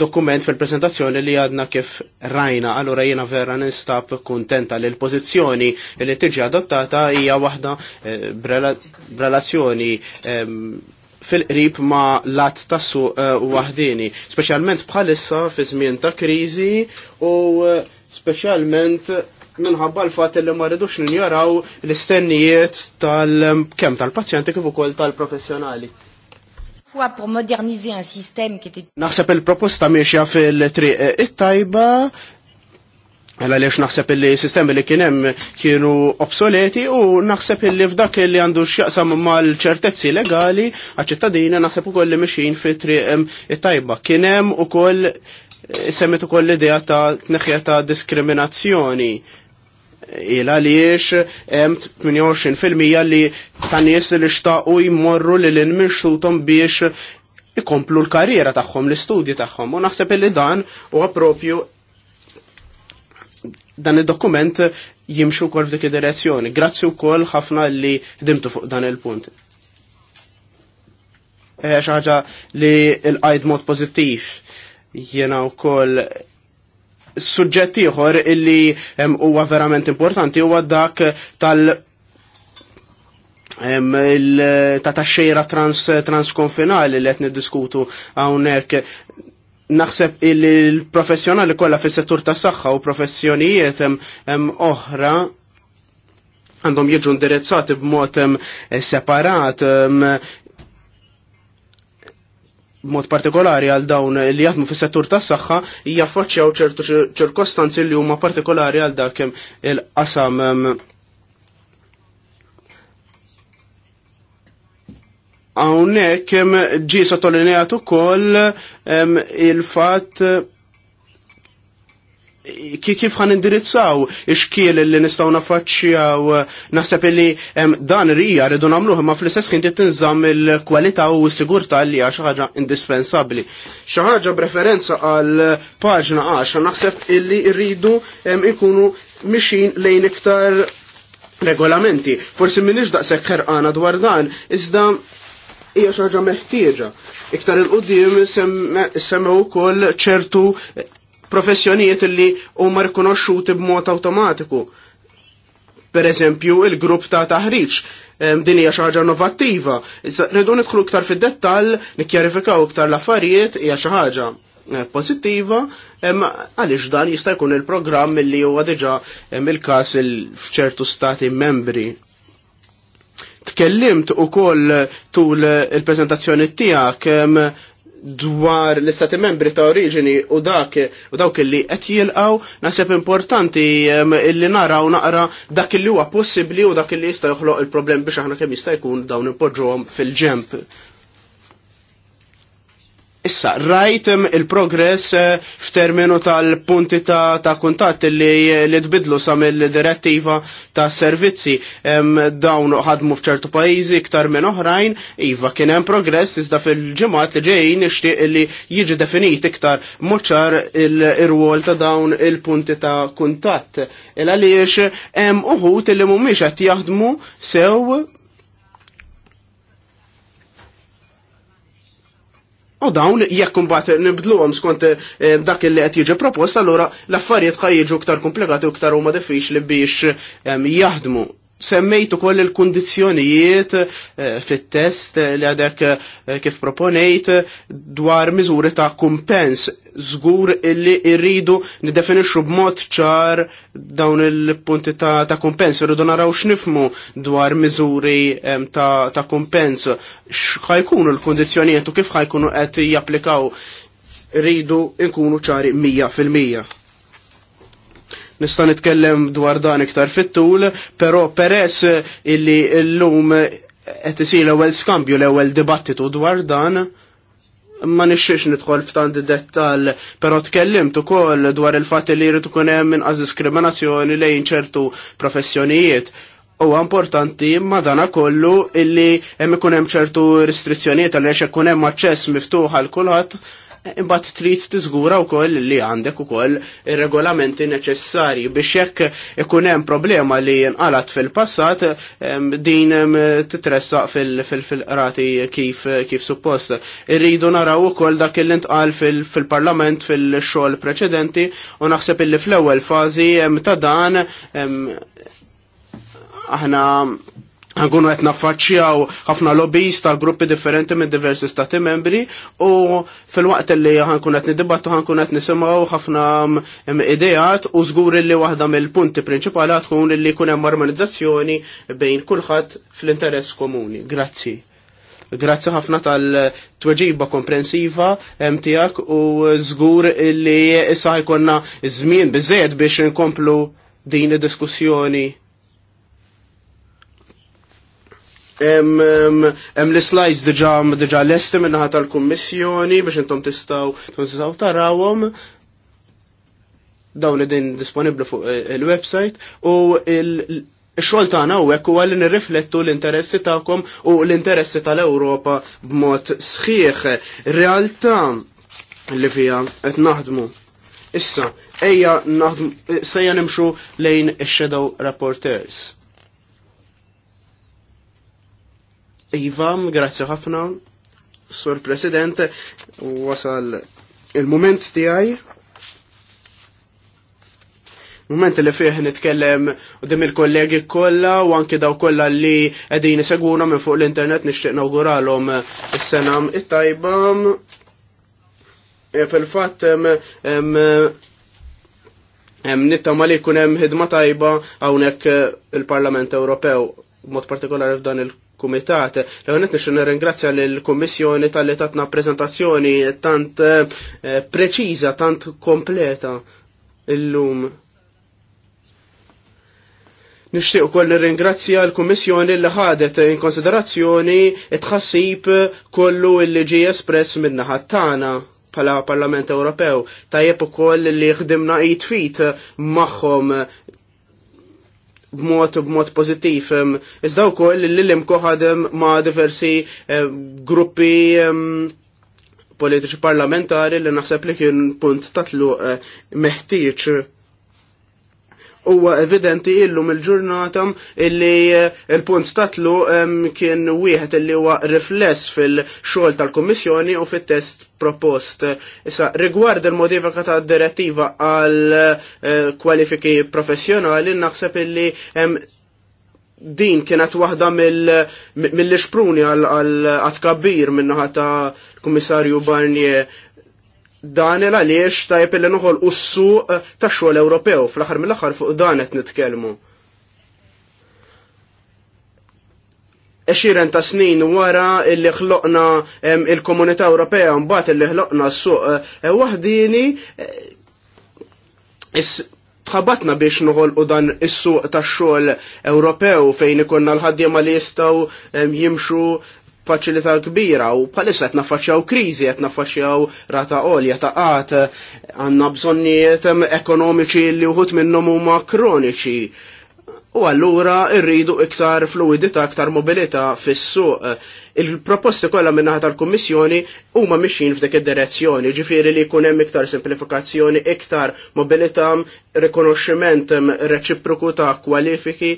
dokument fil-prezentazzjoni li għadna kif rajna, allora jena vera nistab kontenta li l-pozizjoni li tiġi adottata hija waħda eh, b'relazzjoni fil-qrib ma lat tassu eh, waħdini, specialment bħalissa fi żmien ta' kriżi u specialment minħabba l-fat li ma rridux ninjaraw l-istennijiet tal-kem tal-pazjenti kif ukoll tal-professjonali. pour moderniser un système qui était... Naħseb il-proposta miexja fil-triq eh, it-tajba Għalla lex naħseb li sistemi li kienem kienu obsoleti u naħseb li f'dak li għandu xjaqsam mal-ċertezzi legali għal naħseb u koll li mxin fi triq eh, it-tajba. Kienem u koll eh, semmet u koll l-idea ta' tneħja ta' diskriminazzjoni il għaliex hemm 28% li ta' nies li xtaqu jmorru li l minxtutom biex ikomplu l-karriera tagħhom, l-istudji tagħhom. U naħseb li dan huwa propju dan id-dokument jimxu kol f'dik id-direzzjoni. Grazzi wkoll ħafna li dimtu fuq dan il-punt. Xi li l għajd mod jena u kol Suġġett ieħor illi huwa verament importanti huwa dak tal ta' xejra trans transkonfinali li qed niddiskutu hawnhekk naħseb il-professjonali kollha fis-settur tas saħħa u professjonijiet oħra għandhom jiġu indirizzati b'mod separat mod partikolari għal dawn li jaħdmu fis settur tas saħħa jaffaċċjaw ċertu ċirkostanzi li huma partikolari għal dak il-qasam Hawnhekk ġie sottolineat ukoll il-fatt kif għan indirizzaw ix-xkiel li nistgħu nafaċċjaw naħseb li dan rija rridu namluħ ma fl-istess ħin tinżamm il-kwalità u s-sigurtà li hija xi ħaġa indispensabbli. Xi ħaġa b'referenza għal paġna għax naħseb illi rridu ikunu mixin lejn iktar regolamenti. Forsi m'innix daqshekk ħerqana dwar dan, iżda hija xi ħaġa meħtieġa. Iktar il-qudiem semmew ukoll ċertu professjonijiet li huma rikonoxxuti b'mod awtomatiku. Per eżempju, il-grupp ta' taħriġ din hija xi ħaġa innovattiva. Rridu nidħlu iktar fid-dettall, nikkjarifikaw iktar l-affarijiet hija xi ħaġa eh, pozittiva, għaliex dan jista' jkun il-programm li huwa diġà il-każ f'ċertu stati membri. Tkellimt ukoll tul il-preżentazzjoni tiegħek dwar l-istati membri ta' oriġini u dak u dawk li qed jilqaw naħseb importanti illi naraw naqra dak li huwa possibbli u dak li jista' joħloq il-problem biex aħna kemm jista' jkun dawn ipoġġuhom fil-ġemp. Issa, rajt il-progress eh, f'terminu tal-punti ta', ta kuntat li, li tbidlu sa' mill-direttiva ta' servizzi dawn ħadmu f'ċertu pajizi iktar minn oħrajn, iva kien hemm progress iżda fil-ġimgħat li ġejjin nixtieq li jiġi definit iktar moċar il-rwol ta' dawn il-punti ta' kuntat. Il għaliex hemm uħut li mhumiex qed jaħdmu sew U dawn jekk imbagħad nibdluhom skont eh, dak li qed jiġi propost, allura l-affarijiet ħaj jiġu iktar komplikati u iktar huma diffiċli biex ehm, jaħdmu. Semmejt ukoll il-kundizzjonijiet eh, fit-test li għadek eh, kif proponejt dwar miżuri ta' kumpens żgur illi irridu niddefinixxu b'mod ċar dawn il-punti ta', ta kumpens, irridu naraw x'nifmu dwar miżuri ta', ta kumpens, x'ħajkunu l-kundizzjonijiet u kif ħajkunu qed japplikaw rridu nkunu ċari 100%. Nista' nitkellem dwar dan iktar fit-tul, però peress illi llum qed isir l-ewwel skambju l-ewwel dibattitu dwar dan ma nixxiex nidħol f'tant dettal, però tkellimt ukoll dwar il-fatt li jrid ikun hemm inqas diskriminazzjoni lejn ċertu professjonijiet. Huwa importanti ma dana kollu illi hemm ikun hemm ċertu restrizzjonijiet għaliex ikun hemm aċċess miftuħ għal kulħadd imbagħad trid tiżgura wkoll li għandek ukoll ir-regolamenti neċessarji biex jekk ikun hemm problema li nqalat fil-passat din titressaq fil-qrati kif kif suppost. Irridu naraw ukoll dak li ntqal fil-parlament fil-xogħol preċedenti u naħseb illi fl-ewwel fażi ta' dan aħna Għankunu għetna faċċjaw ħafna lobbyist ta' gruppi differenti minn diversi stati membri u fil-waqt li ħankun għetni dibattu ħankun għetni semaw ħafna mm, mm, idejat u zgur li waħda mill-punti prinċipali għatkun li kunem marmonizzazzjoni bejn kulħadd fl-interess komuni. Grazzi. Grazzi ħafna tal-tweġiba komprensiva mtijak u zgur li issa ħajkonna zmin bizzed biex nkomplu din id-diskussjoni Em l-slides l diġà lesti minnaħa tal-kummissjoni biex intom tistaw tistaw tarawhom dawn din disponibbli fuq eh, il-website u il xol xogħol tagħna hawnhekk huwa li nirriflettu l-interessi tagħkom u l-interessi tal-Ewropa b'mod sħiħ, realtà li fiha qed naħdmu. Issa, ejja naħdmu sejja nimxu lejn ix-shadow rapporteurs. Iva, grazzi ħafna, Sur President, wasal il-moment tiegħi. Moment li fih nitkellem u dim il-kollegi kollha u anki daw kollha li qegħdin seguna minn fuq l-internet nixtieq nawguralhom is senam it-tajba. E, fil-fatt nittama li jkun hemm ħidma tajba hawnhekk il-Parlament Ewropew mod partikolari f'dan il- kumitat. L-għonet nixu nirringrazzja l-Kommissjoni tal etatna tatna prezentazzjoni tant eh, preċiża, tant kompleta illum. Nishtiq u koll ringrazzja l-Kommissjoni li ħadet in konsiderazzjoni tħassib kollu li ġi espress minna ħattana pala Parlament Ewropew. Tajjeb u koll li ħdimna jitfit maħħom b'mod b'mod pozittiv. Iżda wkoll li l-imko ħadem ma' diversi gruppi politiċi parlamentari li naħseb li kien punt tatlu eh, meħtieġ huwa evidenti illum il-ġurnata illi eh, il-punt statlu kien wieħed illi huwa rifless fil-xogħol tal-Kummissjoni u fit-test propost. Issa rigward il-modifika ta' direttiva għal eh, kwalifiki professjonali naħseb illi din kienet waħda mill-ispruni għal-atkabbir minnaħa ta' kummissarju Barnier dan il għaliex tajb li s ussu eh, ta' xogħol Ewropew fl-aħħar mill-aħħar fuq dan qed nitkellmu. Exiren ta' snin wara illi ħloqna il-Komunità Ewropea mbagħad illi ħloqna s-suq eh, wahdini eh, tħabatna biex nħol u dan is-suq tax xogħol Ewropew fejn ikonna l-ħaddiema li jistgħu jimxu faċilità kbira u bħalissa qed naffaċċjaw kriżi, qed naffaċċjaw rata għolja ta' qat għandna bżonnijiet ekonomiċi li wħud minnhom huma kroniċi. U allura rridu iktar fluidita, iktar mobilità fis-suq. Il-proposti kollha minnaħa tal-Kummissjoni huma mixin f'dik id-direzzjoni, ġifieri li jkun hemm iktar simplifikazzjoni, iktar mobilità, rikonoxximent reċiproku ta' kwalifiki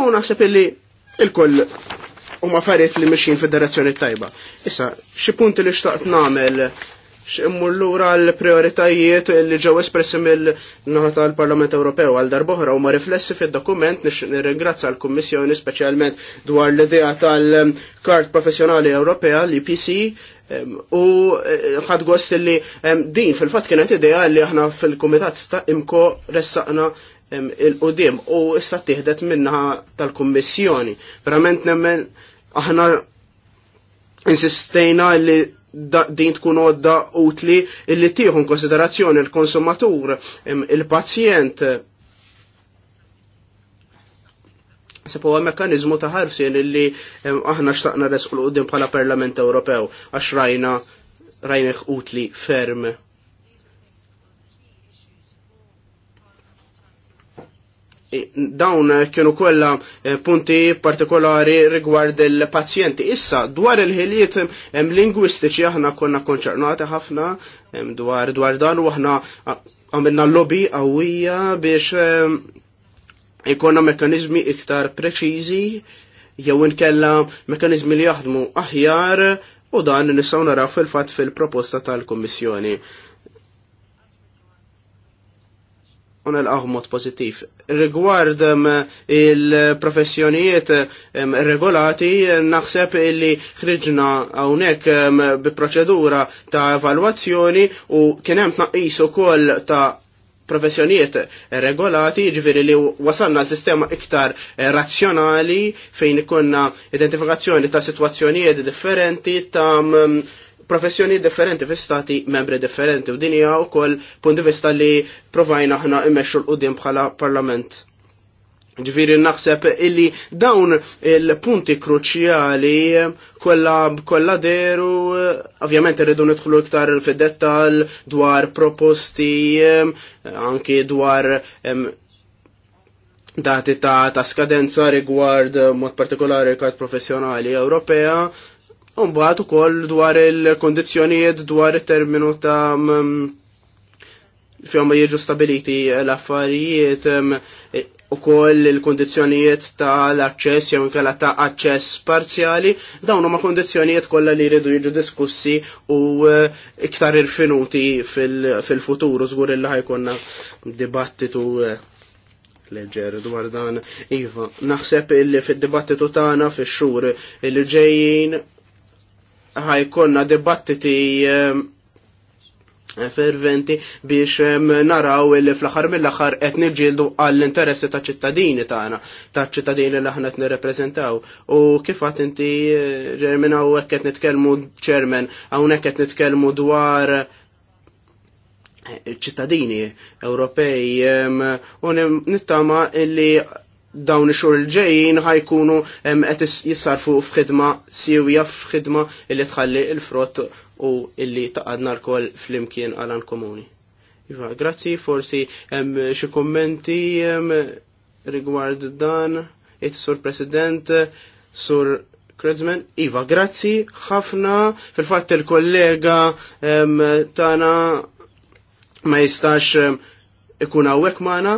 u nasib illi il-koll u ma fariet li mxin fid direzzjoni tajba. Issa, xie punti li xtaqt namel immur lura l-prioritajiet li ġew espressi mill-naħa tal-Parlament Ewropew għal darboħra u ma riflessi fid-dokument nix nirringrazza l-Kummissjoni speċjalment dwar l-idea tal-Kart Professjonali Ewropea li PC u eh, ħad gost li din fil-fatt kienet idea li aħna fil-Kumitat ta' imko ressaqna il-qudiem u issa tieħdet minna tal-Kummissjoni. Verament nemmen Aħna insistejna li din tkun għodda utli illi tieħu konsiderazzjoni l konsumatur il-pazjent. Sepu għal mekkanizmu ta' ħarsin illi aħna xtaqna resqlu għoddim bħala Parlament Ewropew, għax rajna rajneħ utli ferm. dawn kienu kollha eh, punti partikolari rigward il-pazjenti. Issa, dwar il-ħiliet lingwistiċi aħna konna konċernati ħafna dwar dwar dan u aħna għamilna lobby qawwija biex ikonna mekanizmi iktar preċiżi jew inkella mekanizmi li jaħdmu aħjar u dan nisaw naraw fil-fatt fil-proposta tal-Kummissjoni. u nel mod pozitif. Rigward um, il-professjonijiet um, regolati, naħseb illi ħriġna hawnhekk um, bi proċedura ta' evalwazzjoni u kien hemm tnaqqis ukoll ta' professjonijiet regolati, ġifiri li wasalna sistema iktar eh, razzjonali fejn ikonna identifikazzjoni ta' situazzjonijiet differenti ta' professjoni differenti fi stati membri differenti u din u wkoll punti vista li provajna aħna immeċu l-qudiem bħala parlament. Ġviri naħseb illi dawn il-punti kruċjali kolla, kolla deru, ovvjament irridu nidħlu iktar fid-dettal dwar proposti, anki dwar dati ta', ta skadenza rigward mod partikolari kart professjonali Ewropea, u ukoll dwar il kondizjoniet dwar il-terminu ta' fjom jieġu stabiliti l-affarijiet e, u koll il kondizjoniet ta' l-access jew inkella ta' access parzjali, dawn huma kondizjoniet kollha li jridu jiġu diskussi u e, iktar irfinuti fil-futuru żgur laħi konna dibattitu e, leġer dwar dan. Iva, naħseb il fid-dibattitu tagħna fix-xhur il ġejjin ħajkonna dibattiti ehm, ferventi biex ehm, naraw il fl-axar mill-axar qed niġġieldu għall-interessi ta' ċittadini tagħna, ta' ċittadini li aħna qed nirrepreżentaw. U kif qatt inti ġermin hawnhekk qed nitkellmu ċermen, hawnhekk qed nitkellmu dwar eh, ċittadini Ewropej ehm, u nittama illi dawn ix-xhur il-ġejjin ħajkunu qed jissarfu f'ħidma siwja f'ħidma illi tħalli l-frott u illi taqadna l-koll fl-imkien għalan komuni. Iva, grazzi, forsi hemm xi kummenti rigward dan, it sur President, sur Kredzmen, Iva, grazzi, ħafna, fil-fatt il-kollega tana ma jistax ikun hawnhekk magħna.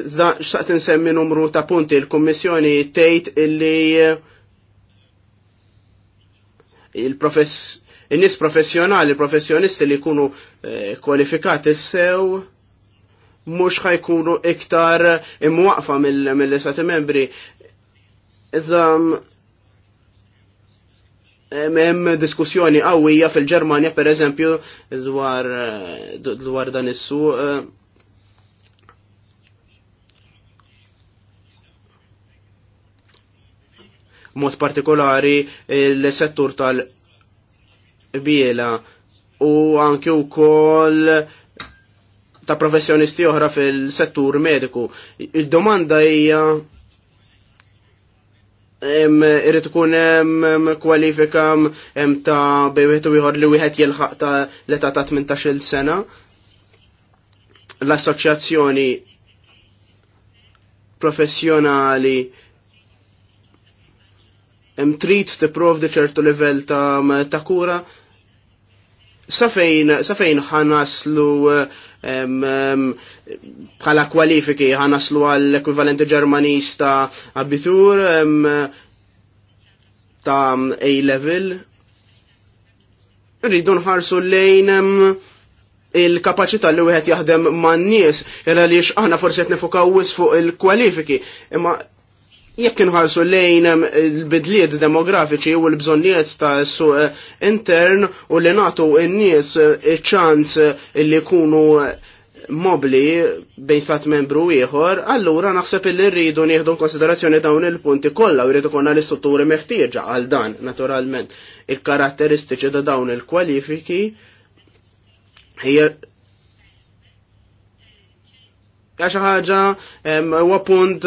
Iżda xtaqt insemmi numru ta' punti l-Kummissjoni tgħid illi eh, il nis in-nies professjonali, professjonisti li jkunu eh, kwalifikati sew mhux ħajkunu iktar imwaqfa mill-istati membri. Iżda hemm diskussjoni qawwija fil-Ġermanja pereżempju eżempju, eh, dwar dan is-suq mod partikolari l-settur tal-biela u anke wkoll ta' professjonisti oħra fil-settur mediku. Il-domanda hija irrit ikun hemm kwalifika hemm ta' bejwieħed u ieħor li wieħed jilħaq ta' l-età ta' 18-il sena. L-assoċjazzjoni professjonali hemm trid tipprovdi ċertu livell ta', ta kura safejn fejn ħanaslu bħala kwalifiki ħanaslu għall ekwivalenti Ġermaniż ta' abitur ta' A level rridu nħarsu lejn il-kapacità li wieħed jaħdem man-nies, era li aħna forsi qed nifukaw fuq il-kwalifiki, imma jekk inħarsu lejn il-bidliet demografiċi u l-bżonniet ta' suq eh, intern u li natu n-nies eh, ċans eh, li jkunu mobli bejn sat membru ieħor, allura naħseb illi rridu nieħdu konsiderazzjoni dawn il-punti kollha u jridu konna l-istrutturi meħtieġa għal dan naturalment. Il-karatteristiċi ta' dawn il-kwalifiki hija għaxa ħaġa u appunt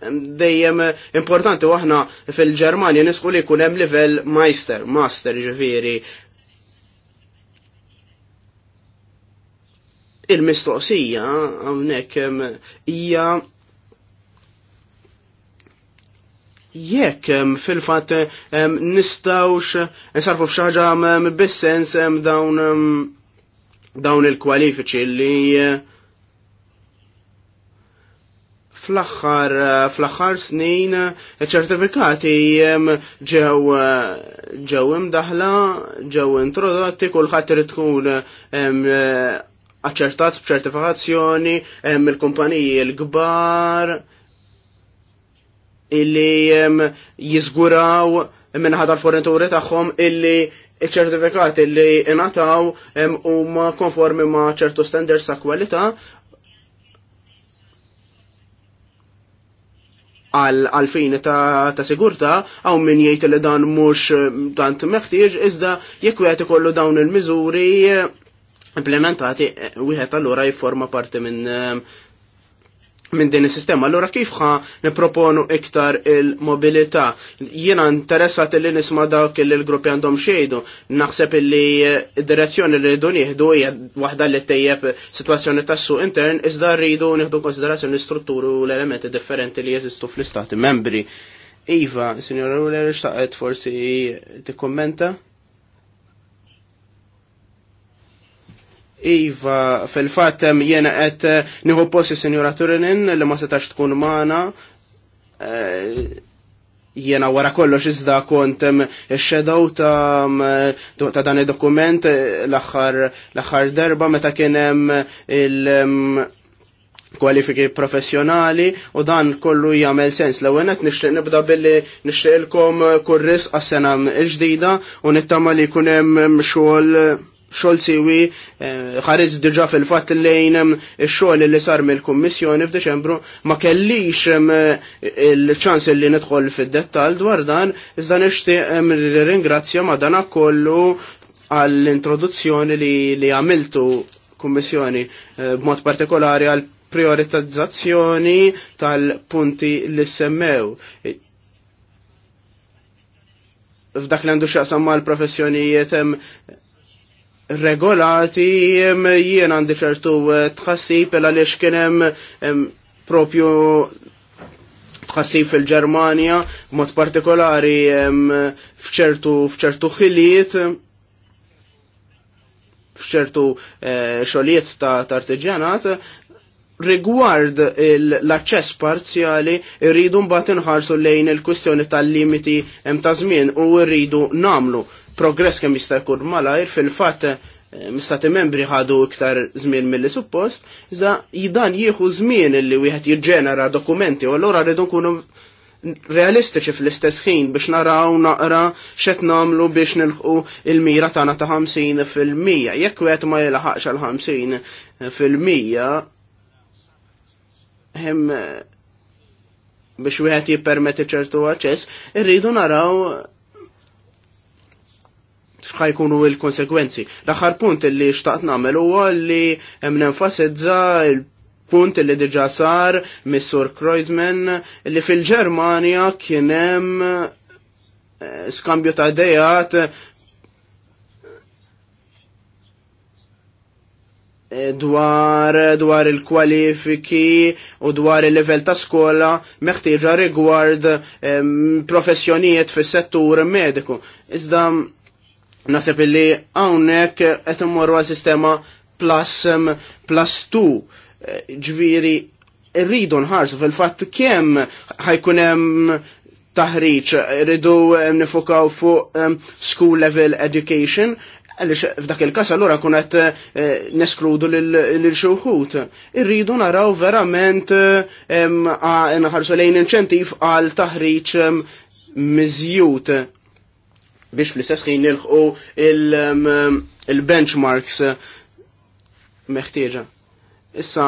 dejjem importanti u aħna fil-Ġermanja nisku li jkun hemm livell majster, master ġifieri. Il-mistoqsija hawnhekk hija jekk fil-fatt nistawx nsarfu f'xi ħaġa bis-sens dawn dawn il-kwalifiċi li fl-axħar eh, fl-axħar snin eh, ċertifikati ġew eh, ġew imdaħla ġew introdotti kulħadd irid tkun aċċertat b'ċertifikazzjoni hemm il-kumpaniji l-kbar illi jiżguraw minħadar fornituri tagħhom illi iċ-ċertifikati li inataw huma konformi ma' ċertu standards ta' kwalità għal fini ta', ta sigurta, għaw min jgħid li dan mux eh, tant meħtieġ, iżda jekk wieħed ikollu dawn il-miżuri eh, implementati, eh, wieħed allura jifforma parti minn minn din is-sistema. Allura kif ħa niproponu iktar il-mobilità? Jiena interessat li nisma' dawk li l-gruppi għandhom xejdu. Naħseb li direzzjoni li rridu nieħdu hija waħda li tejjeb sitwazzjoni tas-suq intern, iżda rridu nieħdu konsiderazzjoni l-istrutturi u l-elementi differenti li jeżistu fl-istati membri. Iva, sinjora Ruler, xtaqet forsi tikkommenta? Iva, fil-fat jena għet eh, niħu posti senjora Turinin li ma setax tkun maħna. Eh, jena wara kollox iżda kont ix-xedow eh, ta' dan il-dokument l-axar darba meta kienem il- kwalifiki professjonali u dan kollu jagħmel sens. L ewwel qed nixtieq nibda billi nixtieq ilkom kurris għas-sena l-ġdida u nittama li jkun hemm xogħol xol siwi eh, ħariz diġa fil-fat lejn il-xol li sar mill-Kommissjoni f'Deċembru ma kellix il-ċans li nidħol fil-dettal dwar dan iżda nixtieq ringrazzja ma dan kollu għall-introduzzjoni li għamiltu Kommissjoni eh, b'mod partikolari għal prioritizzazzjoni tal-punti li semmew f'dak li għandu xaqsam mal professjonijiet regolati jien għandi ċertu eh, tħassib il għaliex kienem propju tħassib fil-Ġermanja, mod partikolari fċertu fċertu ħiliet fċertu eh, xoliet ta' artiġjanat rigward l-aċċess parzjali rridu mbagħad inħarsu lejn il-kwistjoni tal-limiti hemm ta' żmien u rridu namlu progress kemm jista' jkun malajr fil-fatt eh, mistati membri ħadu iktar żmien mill suppost, iżda jidan jieħu żmien li wieħed jiġġenera dokumenti u allura rridu nkunu realistiċi fl-istess ħin biex naraw naqra xet namlu biex nilħu il-mira tagħna ta' 50 fil-mija. Jekk wieħed ma jilaħaqx għal 50 fil-mija, hemm eh, biex wieħed jippermetti ċertu aċċess, irridu naraw xħajkunu il-konsekwenzi. L-axar punt li xtaqt namel huwa li hemm nenfasizza il-punt li diġa sar missur sur Kreuzman li fil-Ġermanja kien hemm eh, skambju ta' dejat eh, dwar, dwar il-kwalifiki u dwar il-level ta' skola meħtieġa rigward eh, professjonijiet fis settur mediku. Iżda Nasib li hawnhekk qed immorru għal sistema plus um, plus tu. Eh, ġviri rridu nħarsu fil-fatt kemm ħajkun hemm taħriġ rridu eh, nifokaw fuq um, school level education għalix f'dak il-kas allura kunet qed eh, neskludu lil xuħut. Irridu naraw verament nħarsu lejn inċentiv għal taħriġ mizjut biex fl-istess ħin nilħu um, um, il-benchmarks uh, meħtieġa. Issa,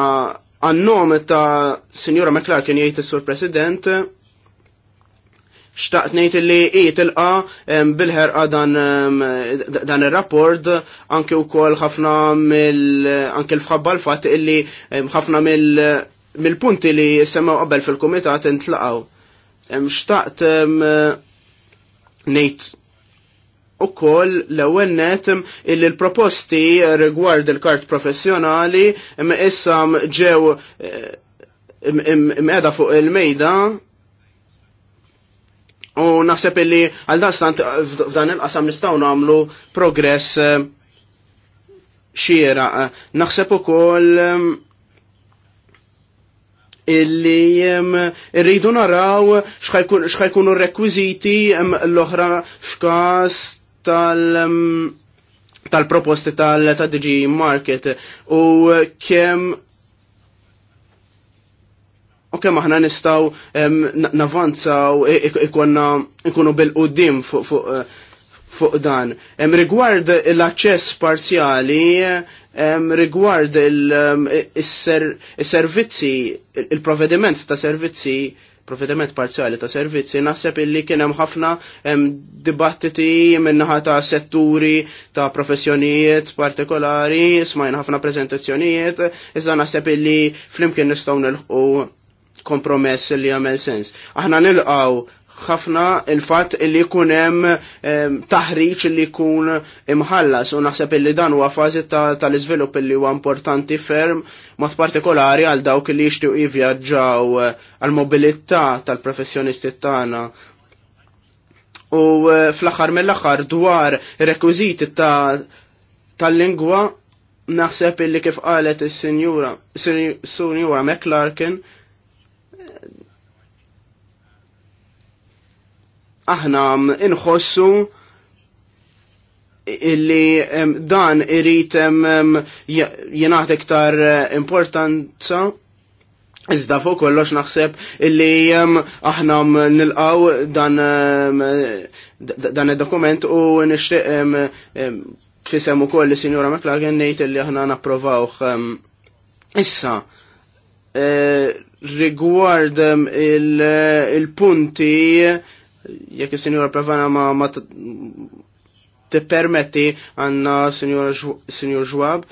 għannom ta' Signora McClarkin jgħid is-Sur President, xtaqt nejt li i tilqa um, bilħerqa dan, dan il-rapport anke u kol ħafna mill anke l-fħabba l-fat illi ħafna mill-punti li semmaw qabel fil-komitat intlaqaw. Xtaqt nejt u koll l ewwel net illi l-proposti rigward il-kart professjonali issa ġew eh, imqeda fuq il-mejda u naħseb illi għal dastant f'dan il-qasam nistaw namlu progress eh, xiera. Naħseb u koll eh, illi rridu naraw xħajkunu rekwiziti l-oħra f'każ tal- tal-proposti tal-DG Market u kem u kem aħna nistaw navanzaw e-, e-, ikunu bil-qoddim eh, fuq dan. Rigward l-aċċess parzjali, rigward il-servizzi, il-provediment ta' servizzi provvediment parzjali ta' servizzi, naħseb illi kien hemm ħafna dibattiti minnaħa ta' setturi, ta' professjonijiet partikolari, smajn ħafna prezentazzjonijiet, iżda naħseb illi flimkien nistgħu nilħqu kompromess li jagħmel sens. Aħna nilqgħu ħafna il-fat li jkun hemm ehm, taħriġ li jkun imħallas u naħseb li dan huwa fażi tal-iżvilupp illi huwa importanti ferm mod partikolari għal dawk li jixtiequ jivvjaġġaw eh, għal mobilità tal-professjonisti tagħna. U eh, fl-aħħar mill-aħħar dwar rekwiżiti tal-lingwa naħseb illi kif qalet is-sinjura Sinjura McLarkin. aħna inħossu illi dan irrit jenaħt iktar eh, importanza Iżda fuq kollox naħseb illi aħna nilqaw dan dan id-dokument u nixtieq fisem ukoll li Sinjura McLagan ngħid illi aħna napprovawh issa eh, rigward il-punti il punti jekk il-Sinjora Pravana ma, ma te permetti għanna Sinjor Ġwab,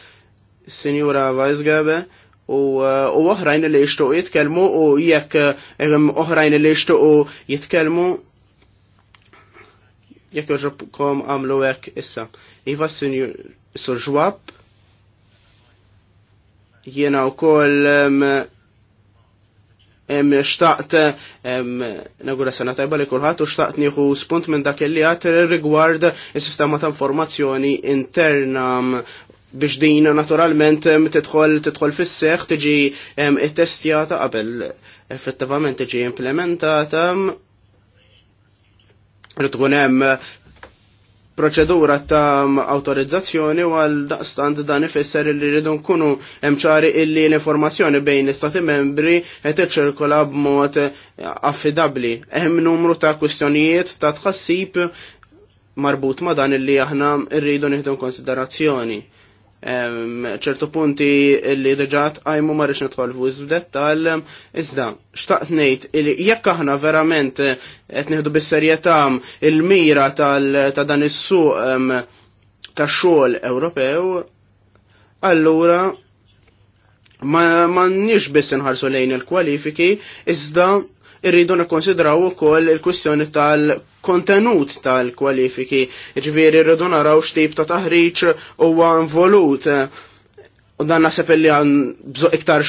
Sinjora Weisgabe, eh, u oħrajn li jishtuq jitkelmu u jekk eh, oħrajn li jishtuq jitkelmu jekk joġobkom għamlu hekk issa. Iva Sinjor Ġwab, jiena u koll xtaqt nagura sena tajba li kulħadd u xtaqt nieħu spunt minn dak li għat rigward is-sistema ta' informazzjoni interna biex din naturalment tidħol fis-seħħ tiġi it-testjata qabel effettivament tiġi implementata li tkun hemm proċedura ta' autorizzazzjoni u għal daqstant dan ifisser li rridu nkunu emċari illi l-informazzjoni bejn l-istati membri qed iċċirkola b'mod eh, affidabbli. Hemm numru ta' kwistjonijiet ta' tħassib marbut ma' dan illi aħna rridu nieħdu konsiderazzjoni ċertu punti li deġat għajmu marriċ nitħol fuż dettal, iżda, xtaqt nejt, jekk aħna verament qed nieħdu bis-serjetà il-mira ta' dan is-suq ta' xogħol Ewropew, allura ma nix biss inħarsu lejn il-kwalifiki, iżda irridu nikkonsidraw ukoll il-kwistjoni tal-kontenut tal-kwalifiki, ġifieri rridu naraw x'tip ta' taħriġ huwa involut. U dan naħseb li għan iktar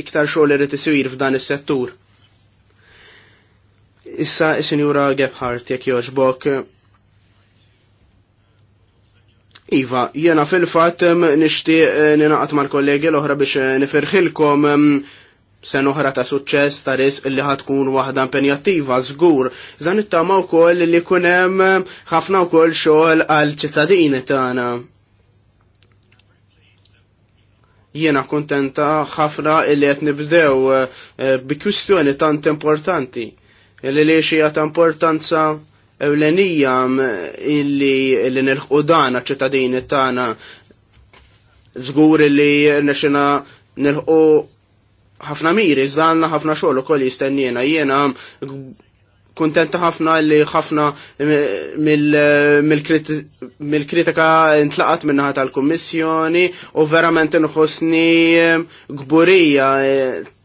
iktar xogħol irid isir f'dan is-settur. Issa is-Sinjura Gebhardt jekk jogħġbok. Iva, jena fil-fat nishtiq eh, ninaqat mal-kollegi l-oħra biex eh, nifirħilkom mm, sen oħra ta' suċċess ta' risq li ħatkun waħda impenjattiva żgur. Dan nittama wkoll li jkun hemm eh, ħafna wkoll xogħol għal ċittadini tagħna. Jiena kuntenta ħafna li qed nibdew eh, bi kwistjoni tant importanti li li xija ta' importanza ewlenija eh, illi li nilħqu dan ċittadini tagħna żgur illi nexina nilħqu ħafna miri, zdanna ħafna xogħol ukoll jistennina. Jiena kuntenta ħafna li ħafna mill-kritika intlaqat minnaħat tal-Kummissjoni u verament inħossni gburija e,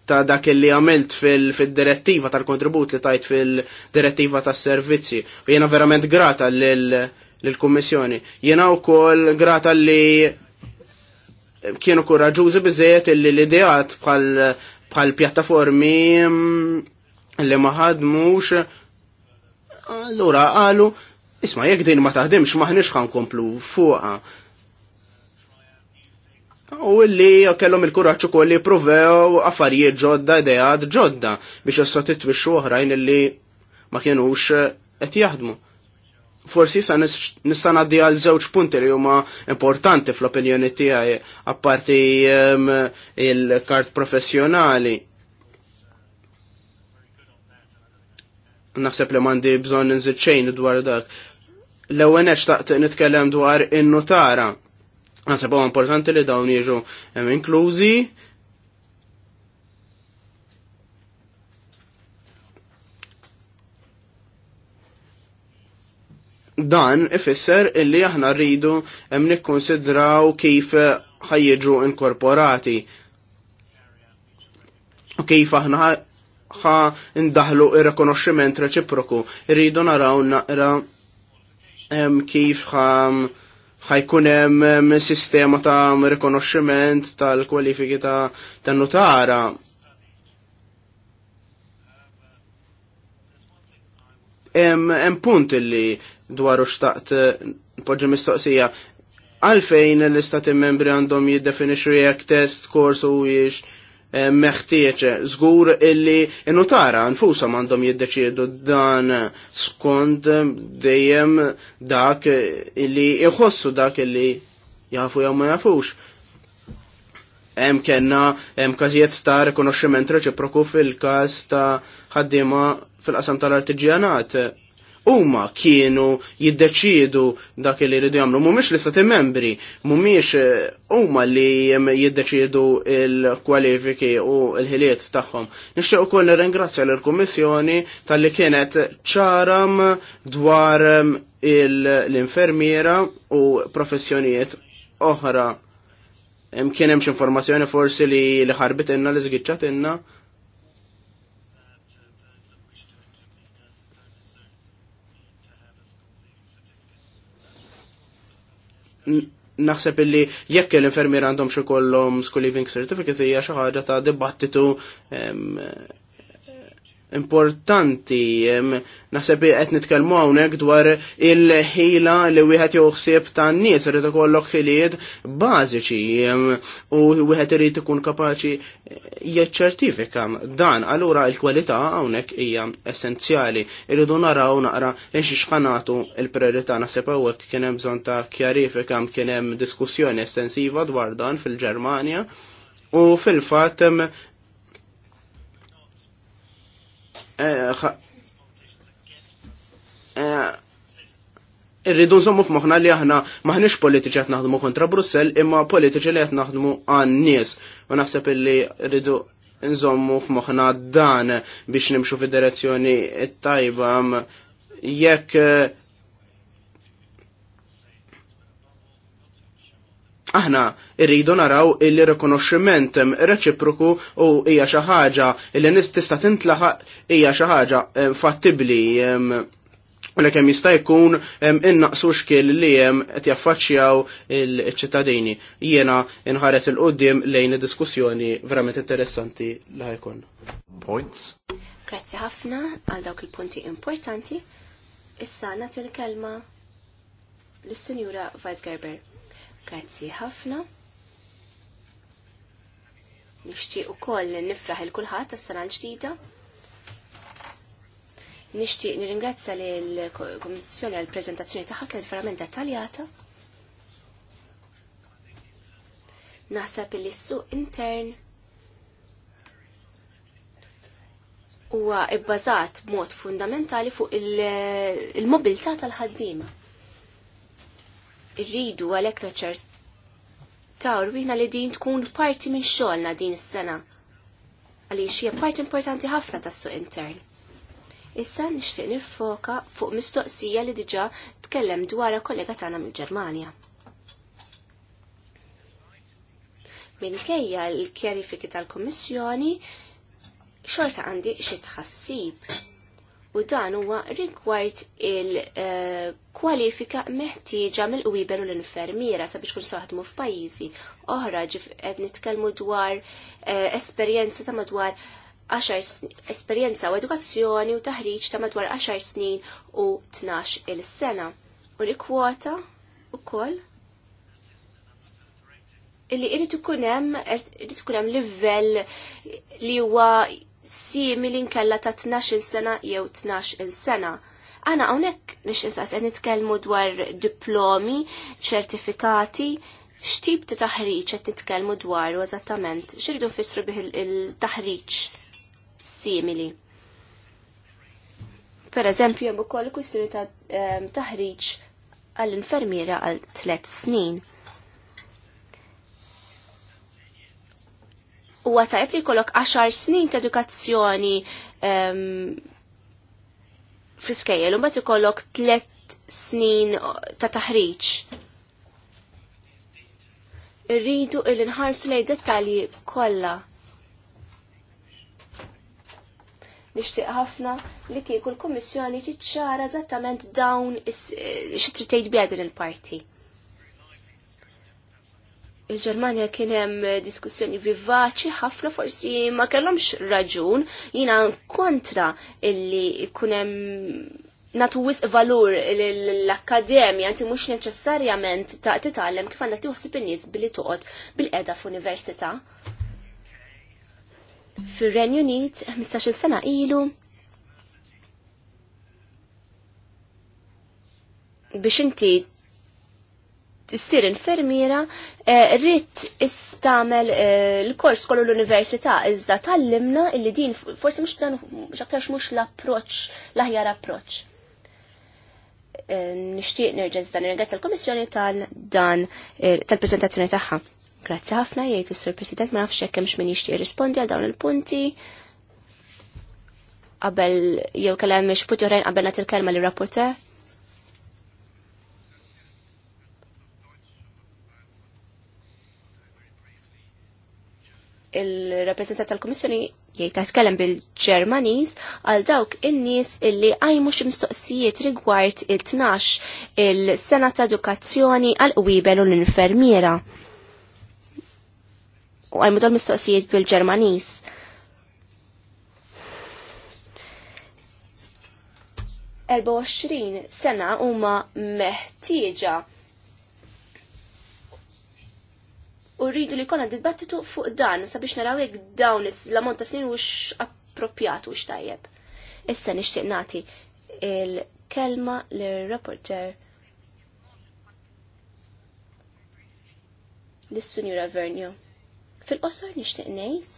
ta' dak li għamilt fil-direttiva tal-kontribut li tajt fil-direttiva tas-servizzi. U jiena verament grata lill-Kummissjoni. Jiena wkoll grata li kienu kuraġużi biżejjed illi l-ideat bħal pjattaformi mm, li ma ħadmux allura qalu isma' jekk din ma taħdimx maħniex komplu fuqha. U li kellhom il-kuraġġ ukoll li jippruvew affarijiet ġodda, ideat ġodda biex jissotitwixxu oħrajn illi ma kienux eh, qed jaħdmu forsi sa nista' ngħaddi għal żewġ punti li huma importanti fl-opinjoni tiegħi apparti ehm, il-kart professjonali. Naħseb li m'għandi bżonn inżid xejn dwar dak. L-ewwel taqt nitkellem dwar in-notara. Naħseb huwa importanti li dawn jiġu ehm, inklużi Dan ifisser illi aħna rridu hemm nikkonsidraw kif ħajjiġu inkorporati u kif aħna ħa indaħlu ir-rekonoxximent reċiproku. Rridu naraw naqra kif ħa ħajkun hemm sistema ta' rikonoxximent tal-kwalifiki ta' tan nutara Hemm punt illi dwar u xtaqt eh, poġġu mistoqsija. Għalfejn l-istati membri għandhom jiddefinixu jek test, kors u jiex eh, meħtieċe, zgur illi notara nfusa għandhom jiddeċiedu dan skont eh, dejjem dak illi iħossu dak illi jafu jew ma jafux. Hemm kenna hemm każijiet ta' rikonoxximent reċiproku fil-każ ta' ħaddiema fil-qasam tal-artiġjanat huma kienu jiddeċiedu dak li jridu jagħmlu. Mhumiex li sati membri, mhumiex eh, huma li jiddeċiedu il-kwalifiki u l-ħiliet tagħhom. Nixtieq ukoll nirringrazzja lill-Kummissjoni talli kienet ċaram dwar ehm, l-infermiera u professjonijiet oħra. Kien hemm informazzjoni forsi li ħarbit inna li żgiċċatinna. inna naħseb illi jekk l-infermier għandhom xi kollhom school living certificate hija xi ħaġa ta' dibattitu importanti. Naħseb qed nitkellmu hawnhekk dwar il-ħila li wieħed jew ħsieb tan-nies irid ikollok ħiliet bażiċi u wieħed irid ikun kapaċi jiċċertifika dan. Allura l-kwalità hawnhekk hija essenzjali. Irridu naraw naqra xi xħanatu l priorità naħseb hawnhekk kien hemm bżonn ta' kjarifika kien hemm diskussjoni estensiva dwar dan fil-Ġermanja u fil-fatt Eh, eh, irridu nżommu f'moħna li aħna maħniex politiċi qed naħdmu kontra Brussell imma politiċi li qed naħdmu għan-nies. U naħseb illi rridu nżommu f'moħna dan biex nimxu fid-direzzjoni tajba jekk eh, Aħna rridu naraw il rekonoxximent reċiproku u hija xi ħaġa li nis tista' tintlaħaq hija xi ħaġa fattibbli li kemm jista' jkun innaqsu xkil li jem qed jaffaċċjaw il-ċittadini. Jiena inħares il-qoddim lejn id-diskussjoni verament interessanti li ħajkun. Points. Grazzi ħafna għal dawk il-punti importanti. Issa nagħti l-kelma lis-Sinjura Vice Gerber. Grazzi ħafna. Nixtieq ukoll nifraħ il kulħadd tas-sena l-ġdida. Nixtieq nirringrazzja lill-Kummissjoni għall preżentazzjoni tagħha kienet verament dettaljata. Naħseb li s-suq intern huwa bbażat b'mod fundamentali fuq il-mobilità tal-ħaddiema rridu għalhekk tawr rwina li din tkun parti minn xolna din is-sena għaliex hija parti importanti ħafna tas-suq intern. Issa nixtieq nifoka fuq mistoqsija li diġà tkellem dwarha kollega tagħna mill-Ġermanja. Minkejja l-kjarifiki tal-Kummissjoni xorta għandi xi tħassib u dan huwa rigward il-kwalifika meħtieġa mill-qwiber u l-infermiera sabiex kun saħdmu f'pajjiżi oħra ġif qed nitkellmu dwar eh, esperjenza ta' madwar 10 esperjenza u edukazzjoni u taħriġ ta' madwar 10 snin u 12 il-sena. U li kwota koll? illi irid ikun hemm livell li huwa simili nkella ta' 12 sena jew 12 sena. Għana għonek nix insas nitkelmu dwar diplomi, ċertifikati, xtib ta' taħriċ għet nitkelmu dwar u eżattament, xirridu fissru bih il-taħriċ simili. Per eżempju, jemmu koll kusturi ta' ehm, taħriċ għall-infermiera għal tlet snin. u għatajb li kolok 10 snin ta' edukazzjoni um, ehm, friskejjel, u mbagħad ikollok 3 snin ta' taħriġ. Irridu il nħarsu lej dettalji kollha. Nixtieq ħafna li kieku l-Kummissjoni tiċċara eżattament dawn eh, xi trid din il-parti il-Ġermanja kien hemm diskussjoni vivaċi ħafna forsi ma kellhomx raġun jina kontra illi jkun hemm natu wisq valur l-akkademja inti mhux neċessarjament ta' titgħallem kif għandek tiħsib in-nies billi toqgħod bil-qeda f'università. Fir-Renju Unit mistax il sena ilu biex inti tissir infermiera, eh, rrit istamel eh, l-kors kollu l-università, iżda tal-limna illi din forsi mux dan xaktarx mux l-approċ, l-aħjar approċ. Eh, Nishtiq nerġez dan, nirgazz l-Komissjoni tal-dan, tal-prezentazzjoni taħħa. Grazzi ħafna, jgħid is-Sur President, ma nafx hekk hemm min jixtieq rispondi għal dawn il-punti. Għabel, jew kellha mhix punti għabel qabel nagħti kelma lir-rapporter. il-rappresentant tal-Komissjoni jgħid skellem bil-Ġermaniż għal dawk in-nies illi għajmu xi mistoqsijiet rigward il-12 il-sena ta' edukazzjoni għal qwiebel u l-infermiera. U għajmu dal mistoqsijiet bil-Ġermaniż. Erbo 24 sena huma meħtieġa u rridu li konna dibattitu fuq dan sabiex naraw jekk dawn l-ammont ta' snin wux appropriatu wux tajjeb. Issa nixtieq nagħti il-kelma l-reporter l-Sunjura Vernio. Fil-qosor nixtieq ngħid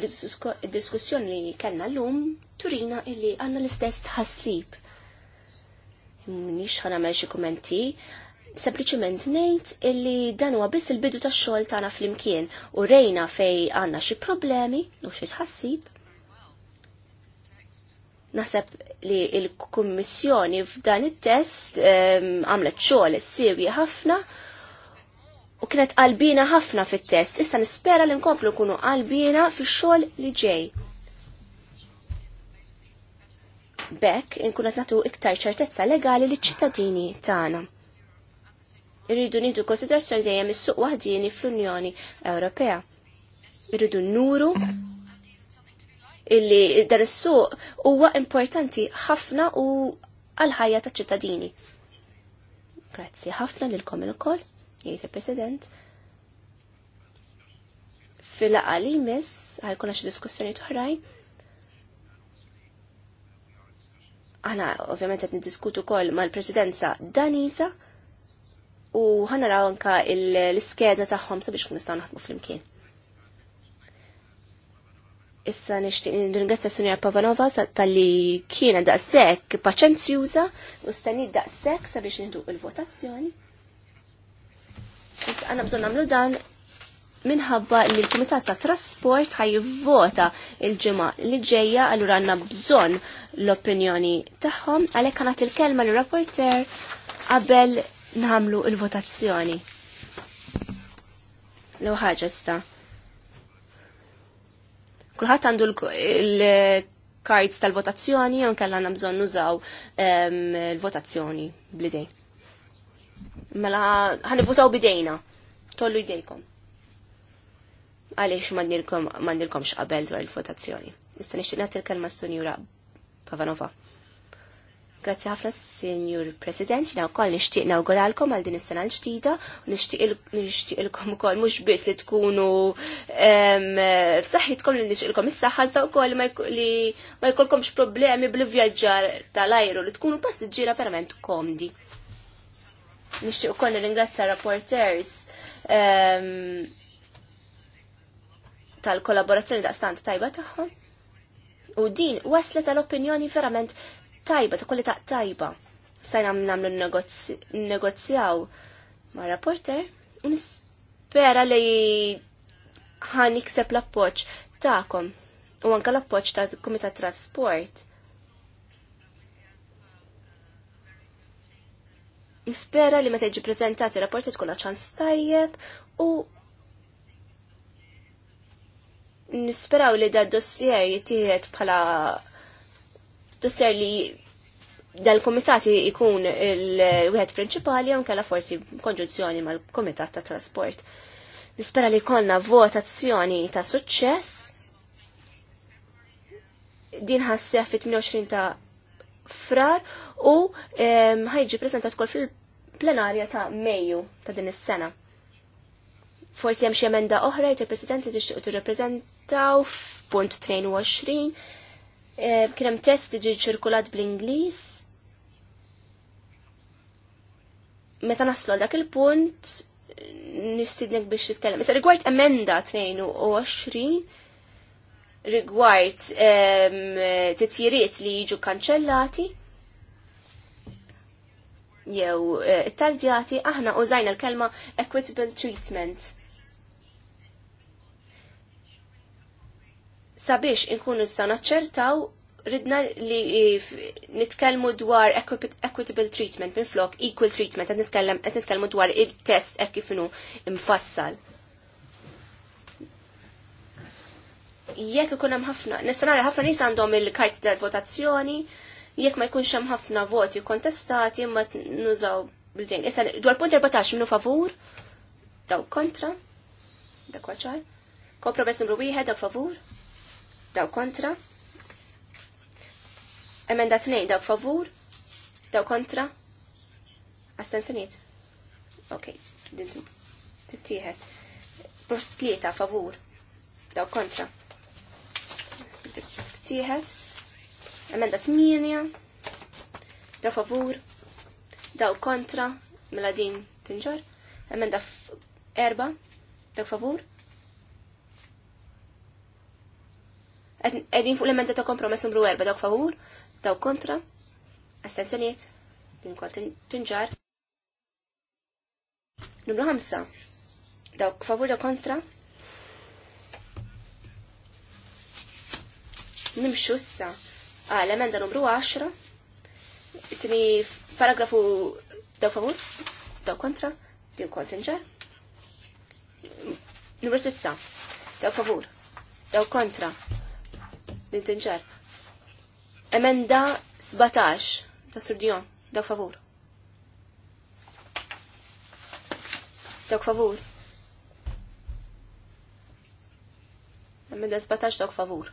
il-diskussjoni li kellna l-lum turina illi għanna l-istess tħassib. Nix ħana xi kummenti, sempliciment ngħid illi dan huwa biss il-bidu tax-xogħol tagħna flimkien u rejna fej għandna xi problemi u xi tħassib. Naħseb li l-Kummissjoni f'dan it-test ehm, għamlet xogħol is-sewi ħafna u kienet qalbina ħafna fit-test. Issa nispera li nkomplu nkunu qalbina fix-xogħol li ġej bekk inkun qed nagħtu iktar ċertezza legali liċ-ċittadini tagħna irridu nidu konsiderazzjoni dejjem is-suq waħdini fl-Unjoni Ewropea. Irridu nuru illi dan is-suq huwa importanti ħafna u għal ħajja taċ-ċittadini. Grazzi ħafna lilkom ukoll, jgħid il-President. Fil-laqali miss ħajkun għax diskussjoni oħrajn. Aħna ovvjament qed niddiskutu wkoll mal-Presidenza Danisa u raw anka l-iskeda tagħhom sabiex kun nistgħu naħdmu flimkien. Issa nixtieq nirringrazzja Sunja Pavanova tal-li kienet daqshekk paċenzjuża u stenni daqshekk sabiex nieħdu il-votazzjoni. Issa għandna bżonn nagħmlu dan minħabba li l-Kumitat ta' Trasport ħajvota il-ġimgħa li ġejja allura għandna bżonn l-opinjoni tagħhom għalhekk għandna il-kelma l rapporteur qabel nħamlu il-votazzjoni. Lew ħaġa sta. Kulħadd għandu l-cards tal-votazzjoni jew kellha għandna bżonn nużaw ehm, l-votazzjoni bl-idej. Mela ħanivvutaw bidejna. Tollu idejkom. Għaliex mandilkom x'qabel dwar il-votazzjoni. Nista' nixtieq nagħti l-kelma Sunjura Pavanova. Grazzi ħafna Senjur President, jina u koll nishtiq nawguralkom għal din is-sena l-ġdida, nishtiqilkom ukoll mhux biss li tkunu f'saħħitkom li s is-saħħa u wkoll li ma x problemi bl vjagġar tal-ajru li tkunu ġira verament komdi. Nixtieq nir nirringrazzja rapporters tal-kollaborazzjoni da' stant tajba tagħhom. U din waslet tal opinjoni verament tajba, ta' kwalità tajba. Stajna namlu negozjaw ma' rapporter, nispera li ħan ikseb l-appoċ ta'kom u anka l-appoċ ta' Komitat Trasport. Nispera li meta teġi prezentati rapporti tkun ċans tajjeb u nisperaw li da dossier jittijiet bħala Tusser li dal-komitati ikun il wihet prinċipali jew kella forsi konġunzjoni mal-komitat ta' trasport. Nispera li konna votazzjoni ta' suċċess din ħassef fit-28 ta' frar u ħajġi prezentat kol fil-plenarja ta' Mejju ta' din is-sena. Forsi hemm xi emenda oħra jt il-President li tixtieq tirrepreżentaw f'punt 22 Eh, kien hemm test ġi ċirkulat bl-Ingliż. Meta naslu dak il-punt nistidnek biex titkellem. Issa rigward emenda 22 rigward titjiriet li jiġu kanċellati jew eh, tardjati aħna użajna l-kelma equitable treatment sabiex inkunu sana naċċertaw ridna li nitkellmu dwar equitable treatment minn flok equal treatment qed nitkellem qed nitkellmu dwar il-test hekk kif mfassal. Jekk ikun hemm ħafna, nista' nara ħafna nies għandhom il-karti tal-votazzjoni, jekk ma jkunx hemm ħafna voti kontestati imma nużaw bil-din. Issa dwar punt 14 minnu favur, daw kontra, dak waċar. Kompromess numru wieħed dak favur, daw kontra. Emenda 2 daw favur, daw kontra. Astensjoniet. Ok, tittieħed. Prost tlieta favur, daw kontra. Tittieħed. Emenda 8 daw favur, daw kontra, mela din tinġor? Emenda erba, daw favur, Għedin fuq l-emenda ta' kompromess numru 4, dawk favur, dawk kontra, astenzjoniet, din kol tinġar. Numru 5, dawk favur, dawk kontra. Nimxu issa għal emenda numru 10, tini paragrafu dawk favur, dawk kontra, din kol tinġar. Numru 6, dawk favur, dawk kontra, din Emenda 17 ta' Surdion, dak favur. Dak favur. Emenda 17 dak favur.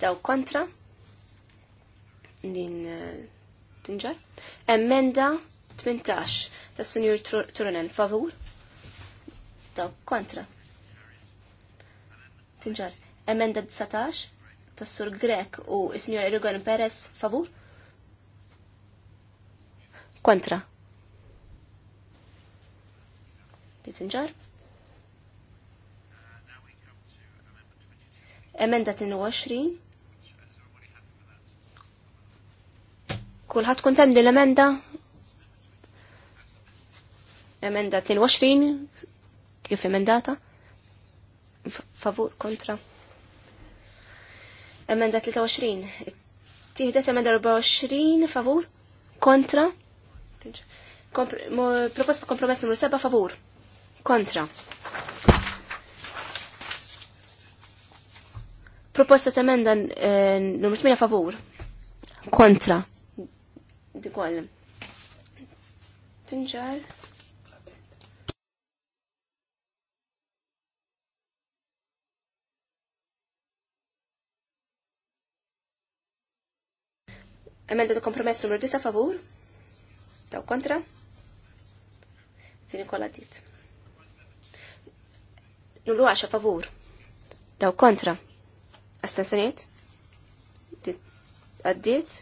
Daw kontra din eh, tinġar. Emenda 18 ta' Sunjur Turunen favur. Daw kontra tinġar. Emenda 19 tas sur Grek u s-Sinjor Irigon Perez favur? Kontra. Li tinġar. Emenda 22. Kulħat kontem din l-emenda? Emenda 22 kif emendata? favur kontra. Emenda 23. Tiħdet emenda 24 favur kontra. Proposta kompromess eh, numru 7 favur kontra. Proposta emenda numru 8 favur kontra. Dikwallem. Tinġar. Emenda ta' kompromess numru 9 favur. Daw kontra. Zini kolla dit. Nullu 10 favur. Daw kontra. Astensjoniet. Għaddiet.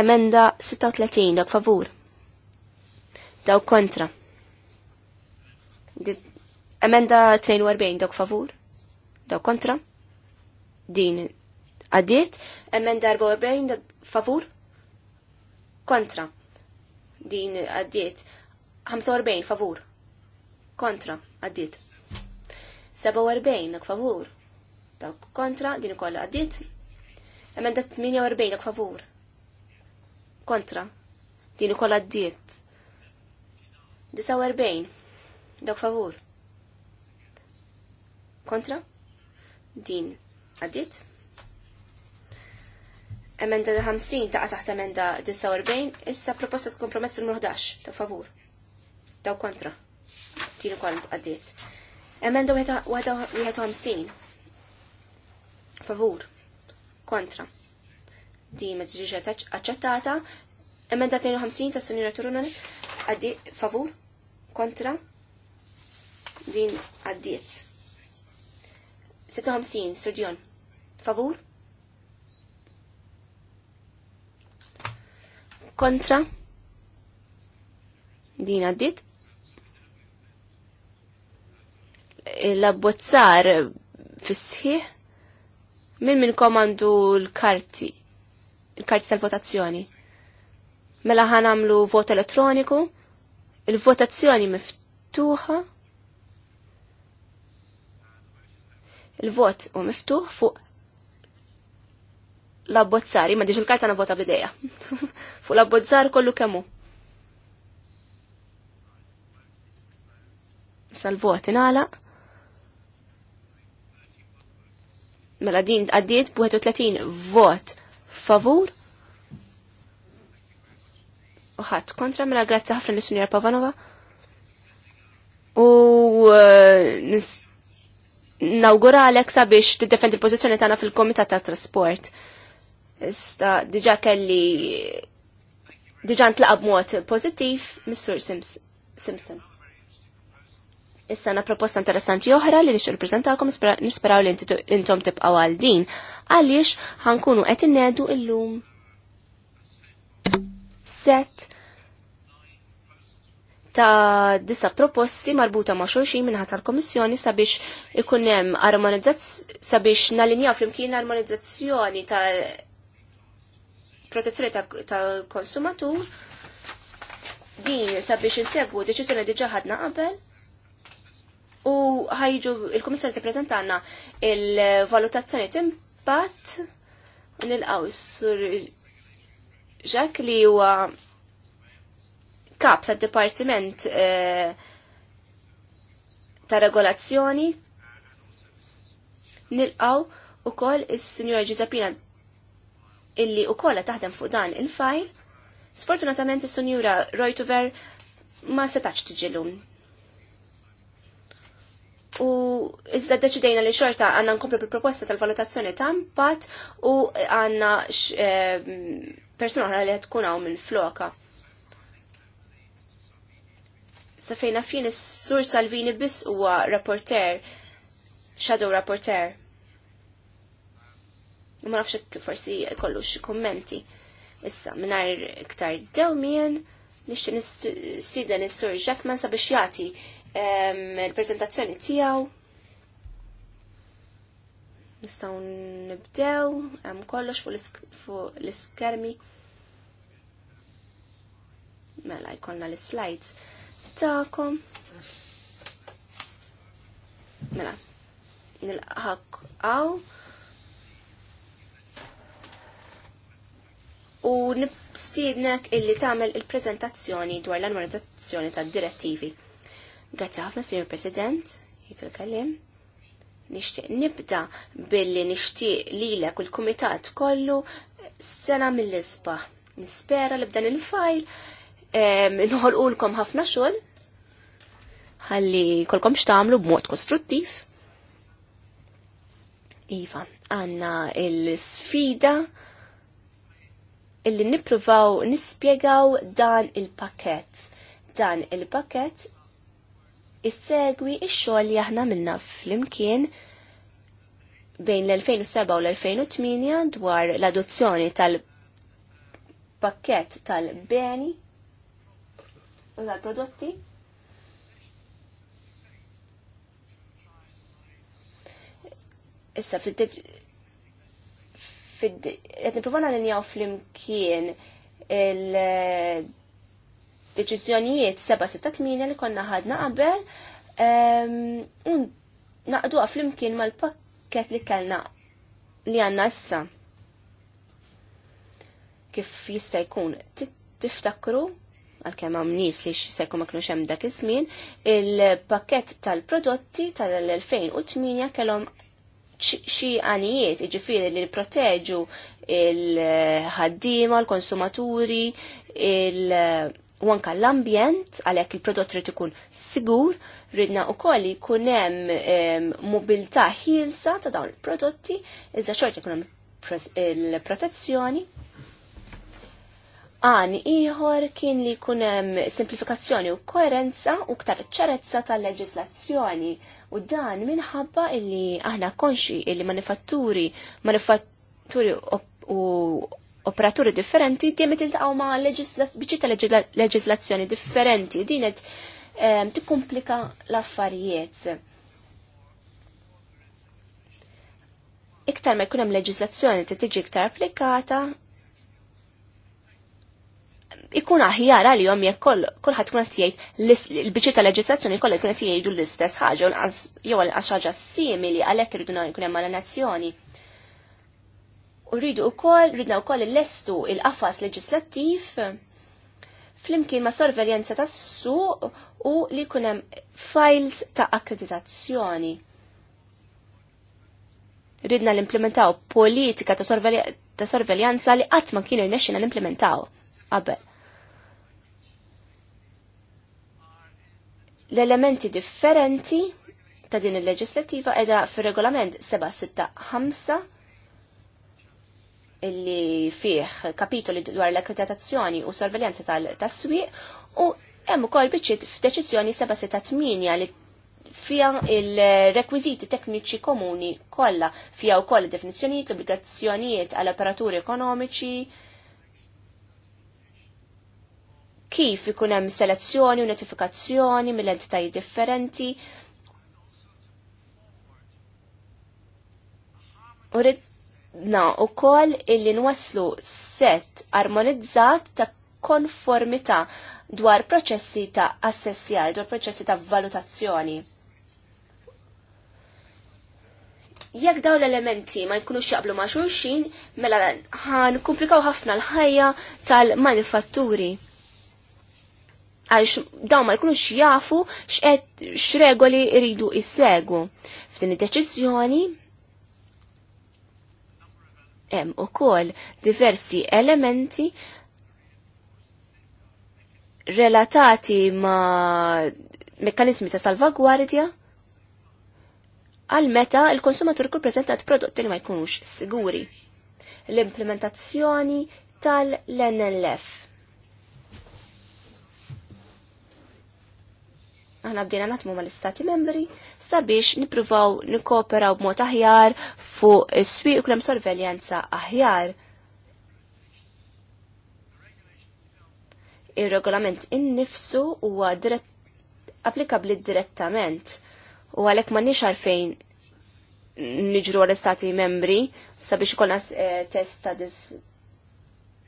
Emenda 36 dak favur. Daw kontra. Emenda 42 dak favur. Daw kontra. Din għaddiet, emmen darba 40 favur kontra din għaddiet 45 favur kontra għaddiet 47 favur dawk kontra din ukoll għaddiet emenda 48 favur kontra din ukoll għaddiet 49 dawk favur kontra din għaddiet emenda 50 taqa taħt emenda 49, issa proposta ta' kompromess numru 11 ta' favur. Daw kontra. Tinu kont għaddiet. Emenda 51. Favur. Kontra. Di ma tiġiġa aċċettata. Emenda 52 ta' Sunira Turunan Għaddiet. favur. Kontra. Din għaddiet. 56, Surdjon. Favur. kontra din għaddit l-abbozzar fis-sħiħ minn minn komandu l-karti il-karti tal-votazzjoni mela ħan għamlu vot elettroniku il-votazzjoni miftuħa il-vot u miftuħ fuq l-abbozzari, ma diġ il-karta na vota b'ideja. Fu l-abbozzar kollu kemmu. Sal-vot nala. Mela din għaddiet b 30 vot favur. Uħat kontra mela grazzi ħafna l-Sunjera Pavanova. U eh, nawgura Alexa biex tiddefendi il-pozizjoni tagħna fil-Komitat tat Trasport. Sta diġa kelli diġa ntlaqab mod pozitif, Mr. Simpson. Issa na proposta interessanti oħra li nix nippreżentakom nisperaw li intom tibqgħu għal din għaliex ħankunu qed innedu illum set ta' disa proposti marbuta ma' xulxin minnħat tal-Komissjoni sabiex ikun hemm armonizzazzjoni sabiex nalinjaw flimkien l-armonizzazzjoni ta' protezzjoni tal-konsumatur din sabiex insegwu deċiżjoni diġa ħadna qabel u ħajġu il-Komissjoni tippreżentanna il-valutazzjoni timpat nilqaw sur Jack li huwa kap tad dipartiment eh, ta' regolazzjoni nilqaw ukoll is-Sinjora Giuseppina illi u kolla taħdem fuq dan il-fajl, sfortunatament is-sunjura Reutover ma setax tġilum. U iżda deċidejna li xorta għanna nkomplu bil-proposta tal-valutazzjoni ta' impatt u għanna eh, persona oħra li tkun għaw minn floka. Sa fejna fien is-Sur Salvini biss huwa rapporter, shadow rapporter Ma nafxek kif forsi kollu xi kummenti. Issa, minnar iktar dewmien, nixtieq nistieden is-sur Jackman sabiex jagħti il-preżentazzjoni tiegħu. Nistgħu nibdew għam kollox fuq l-iskermi. Mela jkollna l-slides tagħkom. Mela, nil-ħak għaw u nibstiednek illi tagħmel il-preżentazzjoni dwar l armonizzazzjoni tad-direttivi. Grazzi ħafna, Sir President, jit il-kallim. Nixtieq nibda billi nixtieq lilek u l-kumitat kollu sena mill-isba. Nispera li b'dan il-fajl nħolqulkom ħafna xogħol ħalli kolkom xtamlu b'mod kostruttiv. Iva, għanna il-sfida illi nippruvaw nispjegaw dan il-pakket. Dan il-pakket issegwi ix-xogħol li aħna minna flimkien bejn l-2007 u l-2008 dwar l-adozzjoni tal-pakket tal-beni u tal-prodotti. Issa fil qed nippruvaw fl flimkien il deċiżjonijiet 7-6-8 li konna ħadna qabel u naqduha flimkien mal-pakket li kellna li għanna issa. Kif jista' jkun tiftakru għal-kem għam nis li x-sekku ma kienux hemm dak iż-żmien, il-pakket tal-prodotti tal-2008 kellhom xi għanijiet, iġifieri li proteġu il-ħaddiema, l-konsumaturi, il- u anka l-ambjent għalhekk il-prodott rrit ikun sigur, ridna wkoll jkun hemm mobilità ħielsa ta' dawn il-prodotti, iżda xorta jkun hemm il-protezzjoni Għan iħor kien li kunem simplifikazzjoni u koerenza u ktar ċarezza tal-leġislazzjoni u dan minħabba illi aħna konxi illi manifatturi, manifatturi u operaturi differenti dejjem tiltaqgħu ma' biċċita leġislazzjoni differenti u din ehm, tikkumplika l-affarijiet. Iktar ma jkun hemm leġislazzjoni li tiġi iktar applikata, ikun aħjar għalihom jekk kulħadd tkun qed jgħid il-biċċi tal-leġislazzjoni kollha jkun qed jgħidu l-istess ħaġa jew għal ħaġa simili għalhekk irridu jkun hemm nazzjoni. U rridu wkoll rridna wkoll illestu il-qafas leġislattiv flimkien ma' sorveljenza tas-suq u li jkun hemm files ta' akkreditazzjoni. Ridna l-implementaw politika ta' sorveljanza li qatt ma kien irnexxina l-implementaw qabel. L-elementi differenti ta' din il-leġislativa edha fil-regolament 765 illi fih kapitoli dwar l-akkreditazzjoni u sorveljanza tal-taswiq u hemm ukoll biċċiet f'deċiżjoni 768 li fija il-rekwiziti tekniċi komuni kollha fija wkoll definizzjonijiet, obbligazzjonijiet għal operaturi ekonomiċi, kif ikun hemm selezzjoni u notifikazzjoni mill-entitajiet differenti. Uridna u koll illi nwaslu set armonizzat ta' konformità dwar proċessi ta' assessjar, dwar proċessi ta' valutazzjoni. jekk daw l-elementi ma jkunux jaqblu ma' xulxin, mela ħan komplikaw ħafna l-ħajja tal-manifatturi għalx dawn ma jkunux jafu x'qed x'regoli jridu jissegu. F'din id-deċiżjoni hemm ukoll diversi elementi relatati ma' mekkanizmi ta' salvagwardja għal meta il-konsumatur kull prezentat prodotti li ma jkunux siguri. L-implementazzjoni tal-NLF aħna bdejna natmu mal-istati membri sabiex nippruvaw nikkooperaw b'mod aħjar fuq is-swieq u klem sorveljanza aħjar. Ir-regolament innifsu huwa dirett applikabli direttament u għalhekk m'għandniex għalfejn niġru għal-istati membri sabiex kolna eh, test ta' dis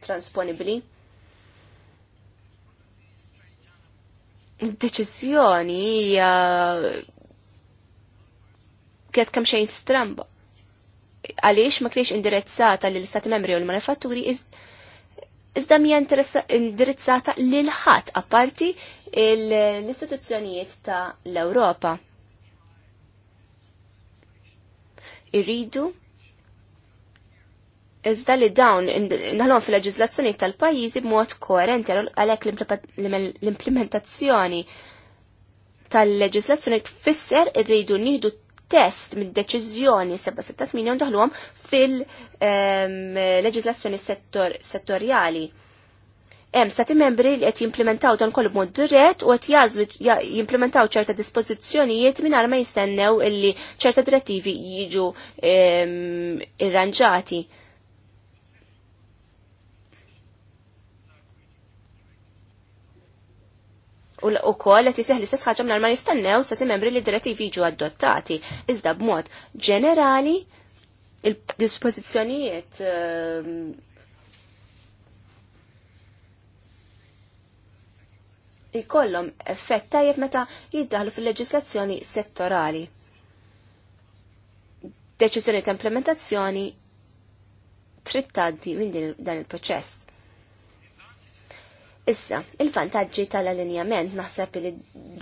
transponibli. deċiżjoni hija kiet kemm xejn stramba. Għaliex ma kienx indirizzata lil stati membri u l-manifatturi iżda mija indirizzata lil ħadd apparti l-istituzzjonijiet ta' l-Ewropa. Irridu iżda li dawn naħlom fil-leġizlazzjoni tal-pajjiżi b'mod koerenti għalhekk l-implementazzjoni tal-leġizlazzjoni tfisser irridu nieħdu test mid-deċiżjoni miljon daħluhom fil-leġizlazzjoni ehm, settorjali. Hemm stati membri li qed jimplementaw dan kollu b'mod dirett u qed jażlu jimplementaw ċerta dispożizzjonijiet mingħajr ma jistennew illi ċerta direttivi jiġu ehm, irranġati. u l-ukoll qed li s istess ħaġa mingħajr ma nistennew sa membri li direttivi ġu adottati. Iżda b'mod ġenerali il-dispożizzjonijiet jkollhom ehm, effett tajjeb meta jiddaħlu fil-leġislazzjoni settorali. Deċizjoni ta' implementazzjoni trittaddi minn dan il-proċess. Issa, il-vantaġġi tal-allinjament naħseb li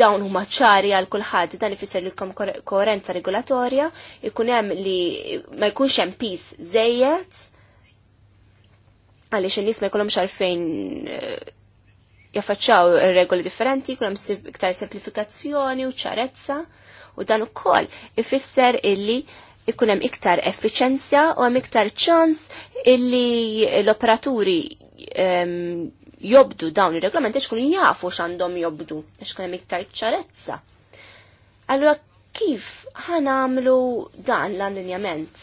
dawn huma ċari għal kulħadd dan ifisser li koerenza regolatorja ikun hemm li ma jkunx hemm pis żejjed għaliex in-nies ma jkollhomx għalfejn eh, jaffaċċaw regoli differenti, jkun hemm iktar semplifikazzjoni u ċarezza u dan ukoll ifisser illi ikun hemm iktar effiċenzja u hemm iktar ċans illi l-operaturi ehm, jobdu dawn ir-reglamenti kunu jafu x'għandhom jobdu għax hemm iktar ċarezza. Allura kif ħanamlu dan l-allinjament?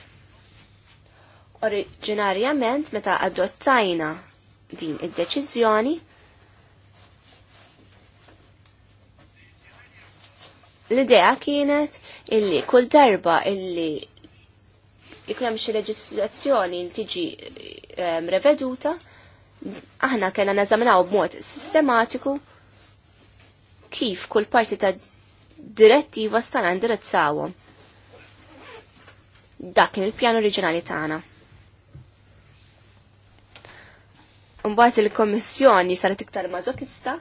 Oriġinarjament meta adottajna din id-deċiżjoni l-idea kienet illi kull darba illi ikun hemm xi leġislazzjoni tiġi ehm, reveduta, aħna kellna b b'mod sistematiku kif kull parti ta' direttiva stana indirizzawhom. Dak kien il-pjan oriġinali tagħna. Mbagħad il-Kommissjoni saret iktar mażokista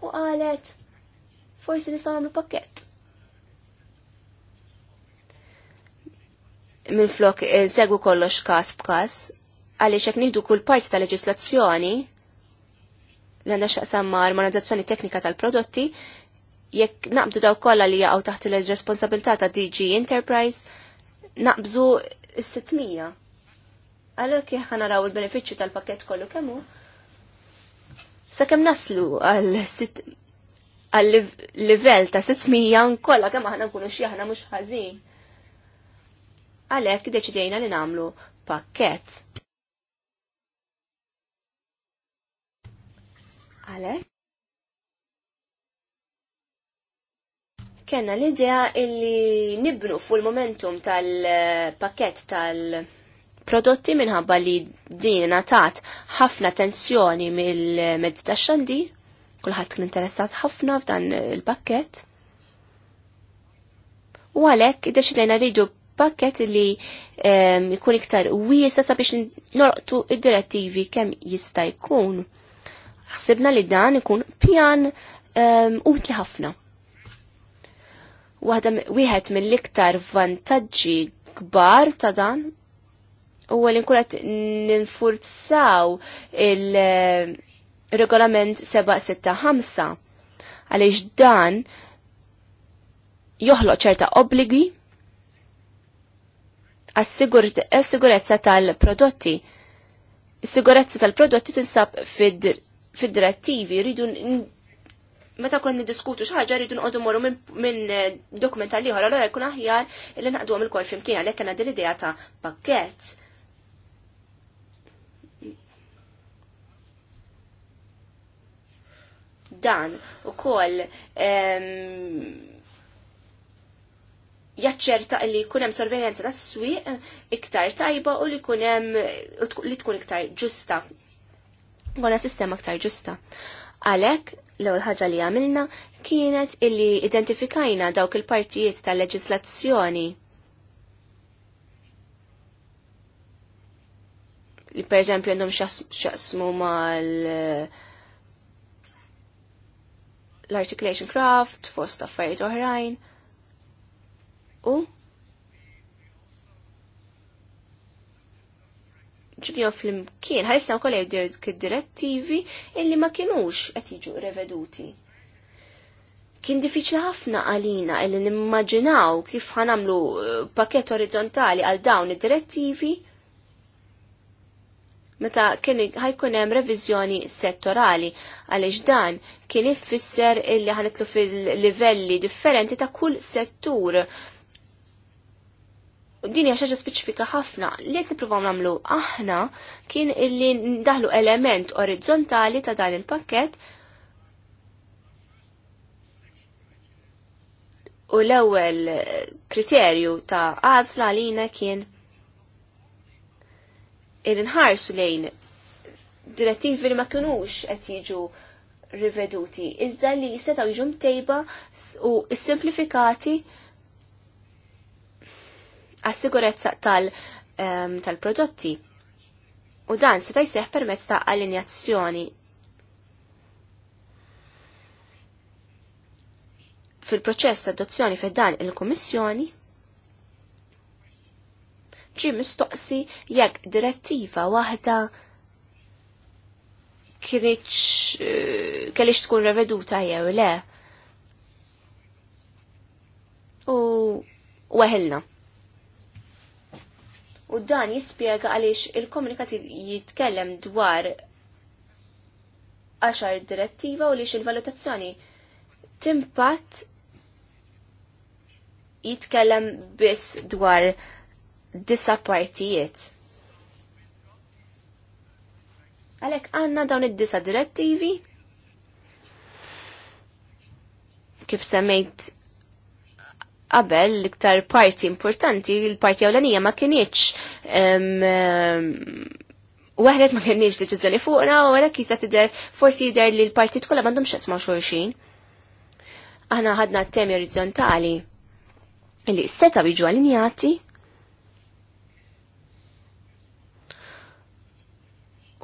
u qalet forsi nistgħu nagħmlu pakkett. Minflok segwu kollox każ b'każ għaliex xek nidu kull parti ta' leġislazzjoni li għanda x'aqsam ma' armonizzazzjoni teknika tal-prodotti, jekk naqbdu daw kollha li jaqgħu taħt il-responsabilità ta' DG Enterprise, naqbżu s-600. Għalhekk jekk naraw il-benefiċċju tal-pakkett kollu kemmu, sakemm naslu għal għal-livell ta' 600 nkollha kemm aħna nkunu xi aħna mhux ħażin. Għalhekk deċidejna li nagħmlu pakkett Għalek? Kenna l-idea illi nibnu fuq il-momentum tal-pakket tal-prodotti minħabba li din natat ħafna tensjoni mill medz ta' xandi, kullħat kien interessat ħafna f'dan il-pakket. U għalek, id-deċidajna rridu pakket li jkun ehm, iktar wiesa sabiex norqtu id-direttivi kemm jista' jkun ħsibna li dan ikun pjan ehm, utli ħafna. Waħda Wieħed mill-iktar vantaġġi kbar ta' dan huwa li nkun qed ninfurzaw il-regolament 765 għaliex dan joħloq ċerta obbligi għas-sigurezza tal-prodotti. Is-sigurezza tal-prodotti tinsab fid fid-direttivi rridu meta kon niddiskutu xi ħaġa rridu nqogħdu morru minn eh, dokument tal ieħor allura jkun aħjar li naqduhom il-kol fimkina għalhekk kena din ideja ta' pakket. Dan ukoll ehm, jaċċerta li jkun hemm sorveljanza tas-swieq iktar tajba u li jkun hemm li tkun iktar ġusta għona sistema aktar ġusta. Għalek, l-ewwel ħaġa li għamilna kienet illi identifikajna dawk il-partijiet tal-leġislazzjoni li per eżempju għandhom xasmu mal l-articulation craft, fost affarijiet oħrajn. U ġibjon fl-imkien, ħarisna u kollej direttivi illi ma kienux qed jiġu reveduti. Kien diffiċli ħafna għalina illi nimmaġinaw kif ħanamlu eh, pakket orizzontali għal dawn id-direttivi meta kien ħajkun hemm reviżjoni settorali għaliex dan kien ifisser illi ħanitlu fil-livelli differenti ta' kull settur din hija xaġa speċifika ħafna li qed nippruvaw nagħmlu aħna kien illi ndaħlu element orizzontali ta' dan il-pakkett u l-ewwel kriterju ta' għażla għalina kien il-nħarsu lejn direttivi li ma kinux qed jiġu riveduti, iżda li setgħu jiġu mtejba u simplifikati għas-sigurezza tal-prodotti. u dan se tajseħ permezz ta' allinjazzjoni fil-proċess ta' adozzjoni fid dan il-Kummissjoni ġi mistoqsi jekk direttiva waħda kienieċ eh, kellix tkun reveduta jew le. U weħilna. U dan jispjega għaliex il komunikati jitkellem dwar 10 direttiva u liex il-valutazzjoni timpat jitkellem biss dwar disa partijiet. Għalek għanna dawn id-disa direttivi kif semmejt qabel l-iktar parti importanti, l-parti ewlenija ma kienieċ waħed ma kienniex deċiżjoni fuqna u għalhekk kisa tidher forsi jidher li l-partit kollha m'għandhomx xesma xulxin. Aħna ħadna temi orizzontali li seta jiġu għalinjati.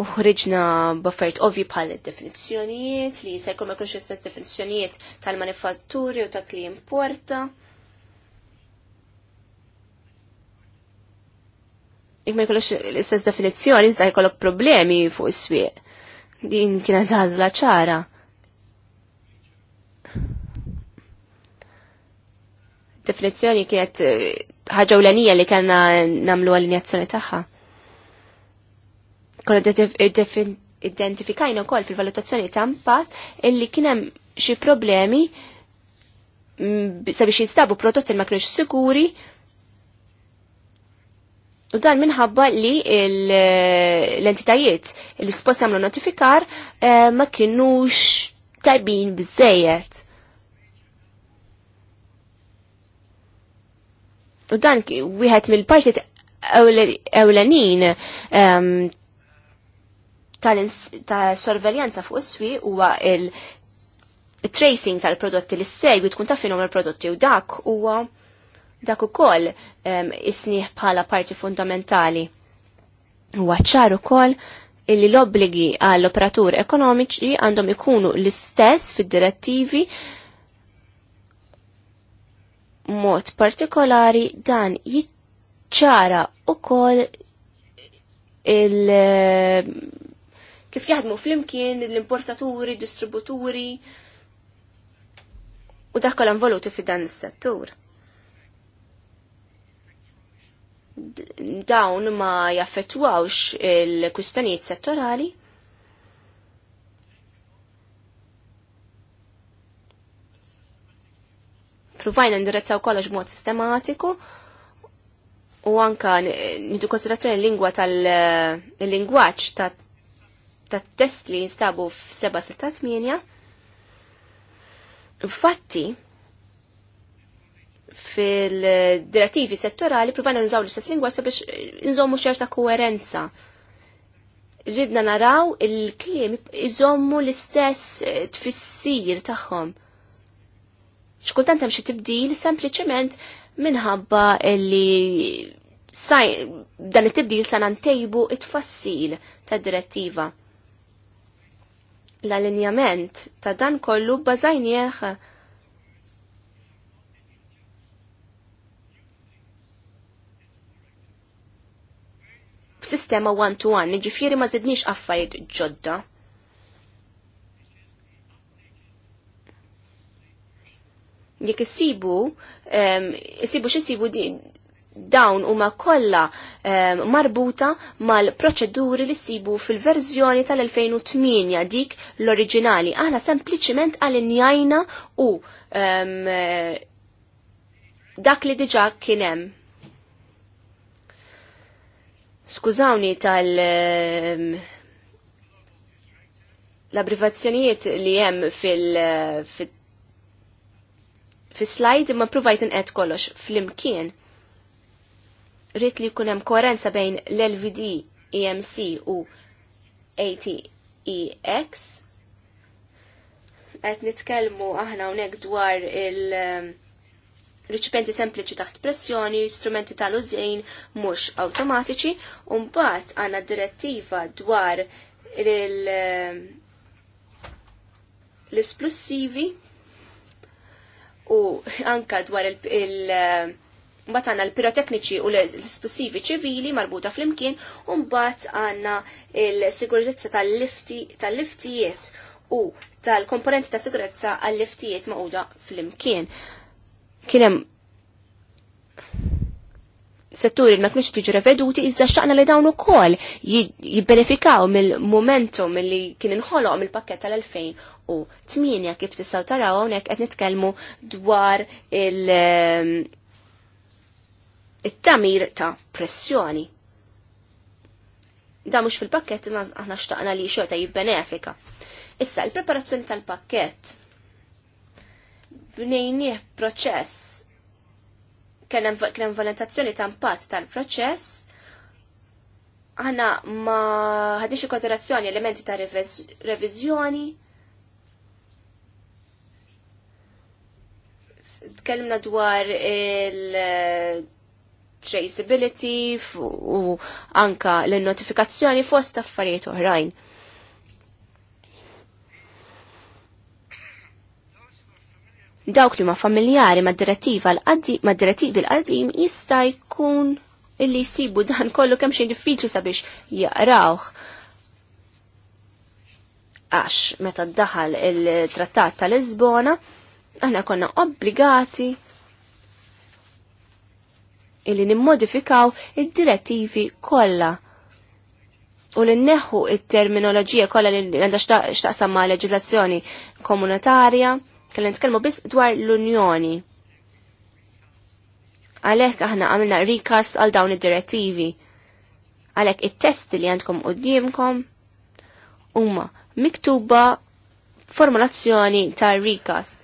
uħriġna buffert ovvi bħal definizzjonijiet li jista' jkun ma jkunx istess definizzjonijiet tal-manifatturi u ta' li importa. jek ma jkollokx l-istess definizzjoni, iżda jkollok problemi fuq is-swieq. Din kienet għażla ċara. Definizzjoni kienet eh, ħaġa ulanija li kellna nagħmlu għall-injazzjoni tagħha. Konna identifikajna wkoll fil-valutazzjoni ta' impatt illi kien hemm xi problemi mm, sabiex jistabu prodotti ma kienux sikuri U dan minħabba li l-entitajiet li suppost jagħmlu notifikar eh, ma kienux tajbin bizzejet. U dan wieħed mill-partit ewlenin ehm, tal-sorveljanza fuq is-swi huwa il-tracing tal-prodotti li segwi tkun taf il-prodotti u dak huwa dak ukoll isniħ bħala parti fundamentali. Huwa ċar ukoll illi l-obbligi għall-operatur ekonomiċi għandhom ikunu l-istess fid-direttivi mod partikolari dan jiċċara u kol il- kif jaħdmu fl-imkien l-importaturi, distributuri u dak kolan voluti fi dan is-settur. dawn ma jaffettwawx il-kustanijiet settorali? Provajna ndirezzaw kollox b'mod sistematiku u anka nidu konsiderazzjoni l-lingwa tal-lingwaġġ ta test li jinstabu f-7-6-8. Infatti, fil-direttivi settorali provajna nżaw l-istess lingwaġġ biex nżommu ċerta koerenza. Ridna naraw il-kliem iżommu l-istess eh, tfissir tagħhom. Xkultant hemm xi tibdil sempliċement minħabba li dan it-tibdil sa nantejbu it-fassil tad-direttiva. L-allinjament ta' dan kollu bbażajnieh b'sistema one-to-one, ġifiri ma zidniex affarijiet ġodda. Jek issibu, issibu xisibu dawn huma kollha marbuta mal-proċeduri li sibu fil-verżjoni tal-2008 dik l-oriġinali. Aħna sempliċement għal-injajna u dak li diġa kienem. Skużawni tal- ehm, l-abbrivazzjonijiet li jem fil- fil-slide ma provajt nqed kollox fl-imkien. Rrit li kunem koerenza bejn l-LVD, EMC u ATEX. Għet nitkelmu aħna unek dwar il- ehm, riċipjenti sempliċi taħt pressjoni, strumenti tal-użejn mhux awtomatiċi, u mbagħad għandna direttiva dwar l-esplussivi u anka dwar il- Mbagħad għandna l-pirotekniċi u l-esplosivi ċivili marbuta fl-imkien u mbagħad għandna l-sigurizza tal-liftijiet u tal-komponenti ta' sigurezza għall-liftijiet maquda fl-imkien kienem setturi li ma kienx tiġi reveduti, iżda xaqna li dawn ukoll jibbenefikaw mill-momentum li kien inħoloq mill-pakket tal-2008 kif tistgħu taraw hawnhekk qed nitkellmu dwar il- ehm, it-tamir ta' pressjoni. Da mhux fil-pakket aħna xtaqna li xorta jibbenefika. Issa, il-preparazzjoni tal-pakket bnejnieh proċess kellem valentazzjoni ta' impatt tal-proċess aħna ma ħadix konsiderazzjoni elementi ta' reviżjoni tkellimna dwar il- traceability u anka l-notifikazzjoni fost affarijiet oħrajn. dawk li ma familjari ma direttiva l qaddi ma direttivi l-qadim jista' jkun illi jsibu dan kollu kemm xejn diffiċli sabiex jaqrawh. Għax meta ddaħal il-trattat tal Lisbona, aħna konna obbligati illi nimmodifikaw id-direttivi kollha u li neħu il-terminologija kolla li għandha xtaqsam ma' leġislazzjoni komunitarja kellna nitkellmu biss dwar l-Unjoni. Għalhekk aħna għamilna recast għal dawn id-direttivi. Għalhekk it-testi li għandkom qudiemkom huma miktuba formulazzjoni ta' recast.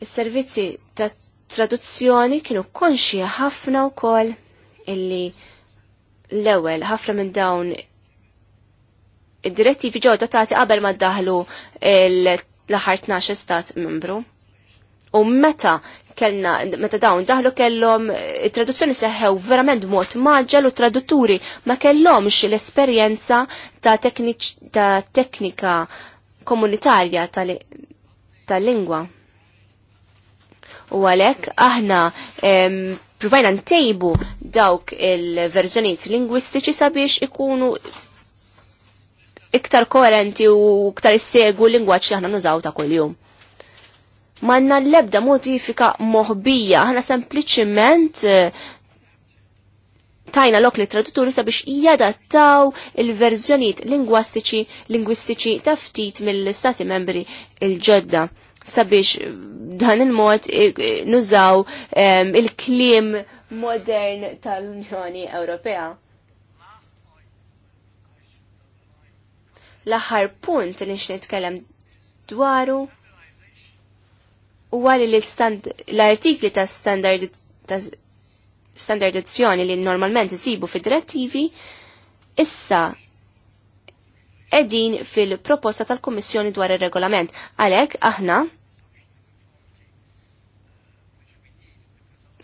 Is-servizzi ta' traduzzjoni kienu konxi ħafna wkoll illi l-ewwel ħafna minn dawn id-direttivi ġew adottati qabel ma ddaħlu l-aħħar 12 stat membru. U meta kellna, meta dawn daħlu kellhom it-traduzzjoni seħħew verament mod maġġal u tradutturi ma kellhomx l-esperjenza ta' teknika komunitarja tal-lingwa. U għalhekk aħna provajna ntejbu dawk il-verżjonijiet lingwistiċi sabiex ikunu iktar koerenti u iktar issegu l-lingwaġġ li aħna nużaw ta' kuljum. Manna l-ebda modifika moħbija, aħna sempliciment eh, tajna lok li traduturi sabiex jadattaw il-verżjoniet lingwastiċi lingwistiċi ta' ftit mill-istati membri il-ġodda sabiex eh, dan il-mod eh, nużaw il-klim modern tal-Unjoni Ewropea. L-aħħar punt li nix nitkellem dwaru huwa li l-artikli ta' standard ta' standardizzjoni li normalment isibu fid-direttivi issa edin fil-proposta tal-Kommissjoni dwar ir-regolament. Għalhekk aħna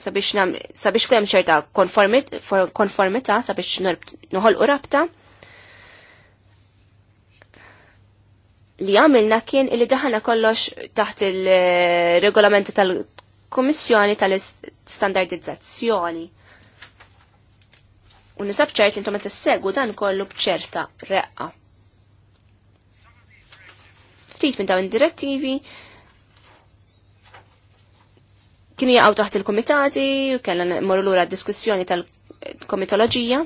sabiex kujem ċerta konformita, sabiex u rabta, li għamilna kien li daħna kollox taħt il-regolamenti tal-Kummissjoni tal-Standardizzazzjoni. U nisab ċert li s-segu dan kollu bċerta reqqa. Ftit minn dawn direttivi Kien jgħaw taħt il-komitati u kellha morru lura d diskussjoni tal-komitoloġija.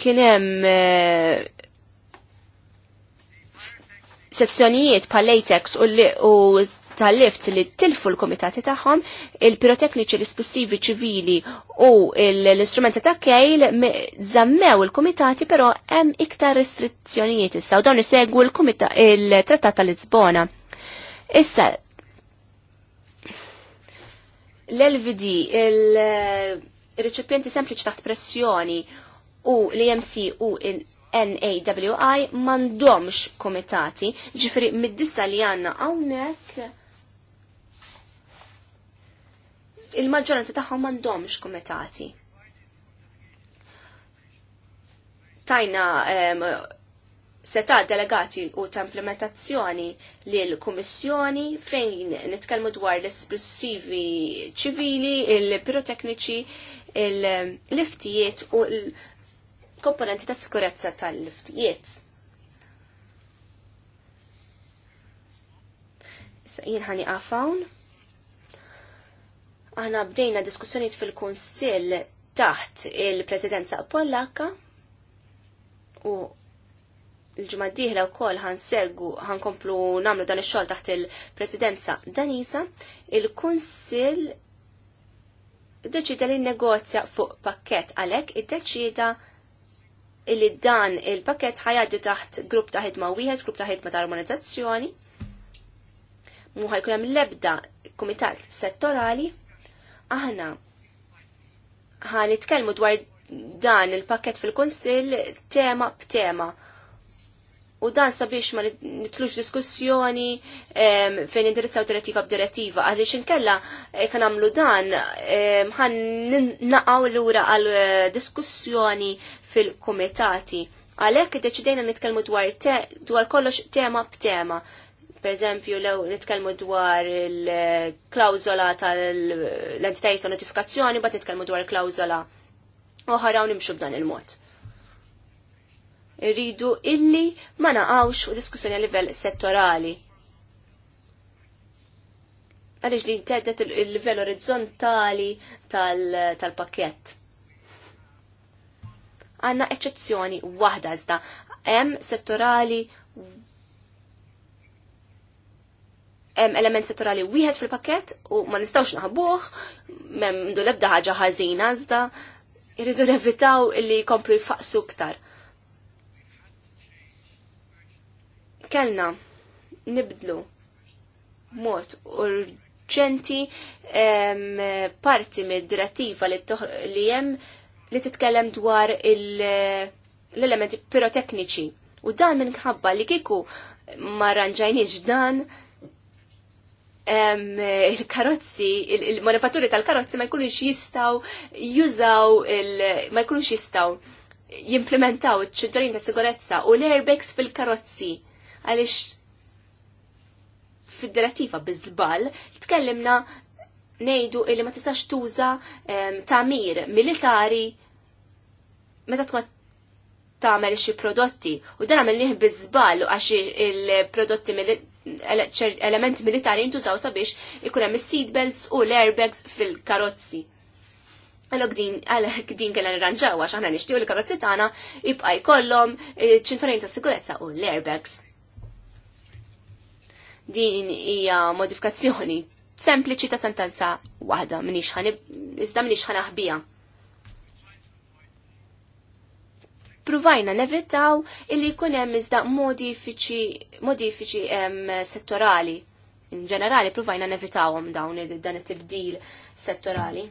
kien hemm eh, sezzjonijiet pa' latex u, u tal-lift li tilfu l-komitati tagħhom, il-pirotekniċi, l-esplosivi ċivili u l-istrumenti ta' kejl zammew il-komitati però hemm iktar restrizzjonijiet issa u dawn isegwu il-trattat tal-Lizbona. Issa l-LVD, il-reċipjenti sempliċi taħt pressjoni, u l-EMC u NAWI mandomx komitati, ġifri mid-dissa li għanna għawnek il-maġġoranza tagħhom mandomx komitati. Tajna um, seta delegati u ta' implementazzjoni l-Kummissjoni fejn nitkellmu dwar l-esplosivi ċivili, il-pirotekniċi, l-liftijiet u l- komponenti ta' sikurezza tal-liftijiet. Issa jien ħani għafawn. Aħna bdejna diskussjoniet fil-Kunsill taħt il-Presidenza Pollaka u l u d-dieħla wkoll ħansegwu ħankomplu nagħmlu dan ix-xogħol taħt il-Presidenza Danisa, il-Kunsill deċida li negozja fuq pakket għalek id-deċida illi dan il-pakket ħajaddi taħt grupp ta' ħidma wieħed, grupp ta' ħidma ta' armonizzazzjoni, mu ħajkun hemm l-ebda kumitat settorali, aħna ħanitkellmu dwar dan il-pakket fil-Kunsill tema b'tema. U dan sabiex ma nitlux diskussjoni um, fejn indirizzaw direttiva b'direttiva, għaliex inkella eh, kan għamlu dan ħan um, naqaw l-ura għal eh, diskussjoni fil-komitati. Għalek deċidejna nitkellmu dwar, dwar kollox tema b'tema. Per eżempju, lew nitkellmu dwar il-klawzola tal-entitajiet ta' notifikazzjoni, bat nitkellmu dwar il-klawzola oħra u nimxu b'dan il-mod rridu illi ma naqawx u diskussjoni a livell settorali. Għaliex din teddet il-livell orizzontali tal-pakket. Tal Għanna eccezzjoni waħda iżda hemm settorali hemm element settorali wieħed fil-pakket u ma nistgħux naħbuh, m'hemm ndu l-ebda ħaġa ħażina iżda irridu nevitaw illi jkomplu jfaqsu ktar. kellna nibdlu mod urġenti parti mid-direttiva li hemm li titkellem dwar l-elementi pirotekniċi. U dan minħabba li kiku ma ranġajniex dan il-karozzi, il-manifatturi tal-karozzi ma jkunux jistaw jużaw, ma jkunux jistaw jimplementaw ċ-ċittadin ta' sigurezza u l-airbags fil-karozzi għaliex fid-direttiva biżbal tkellimna ngħidu illi ma tistax tuża tamir militari meta tkun tagħmel xi prodotti u dan għamilnieh biżbal għax il-prodotti elementi militari jintużaw sabiex ikun hemm is belts u l-airbags fil-karozzi. Għalok din, għalok din kena nirranġaw għax għana nishtiju l karotzi tana jibqa jkollom eh, ċinturin ta' sigurezza u l-airbags. Din hija modifikazzjoni sempliċi ta' sentenza waħda minix ħan iżda minix ħan aħbija. Pruvajna nevitaw illi jkun hemm iżda modifiċi modifiċi settorali. In ġenerali pruvajna nevitawhom dawn dan it-tibdil settorali.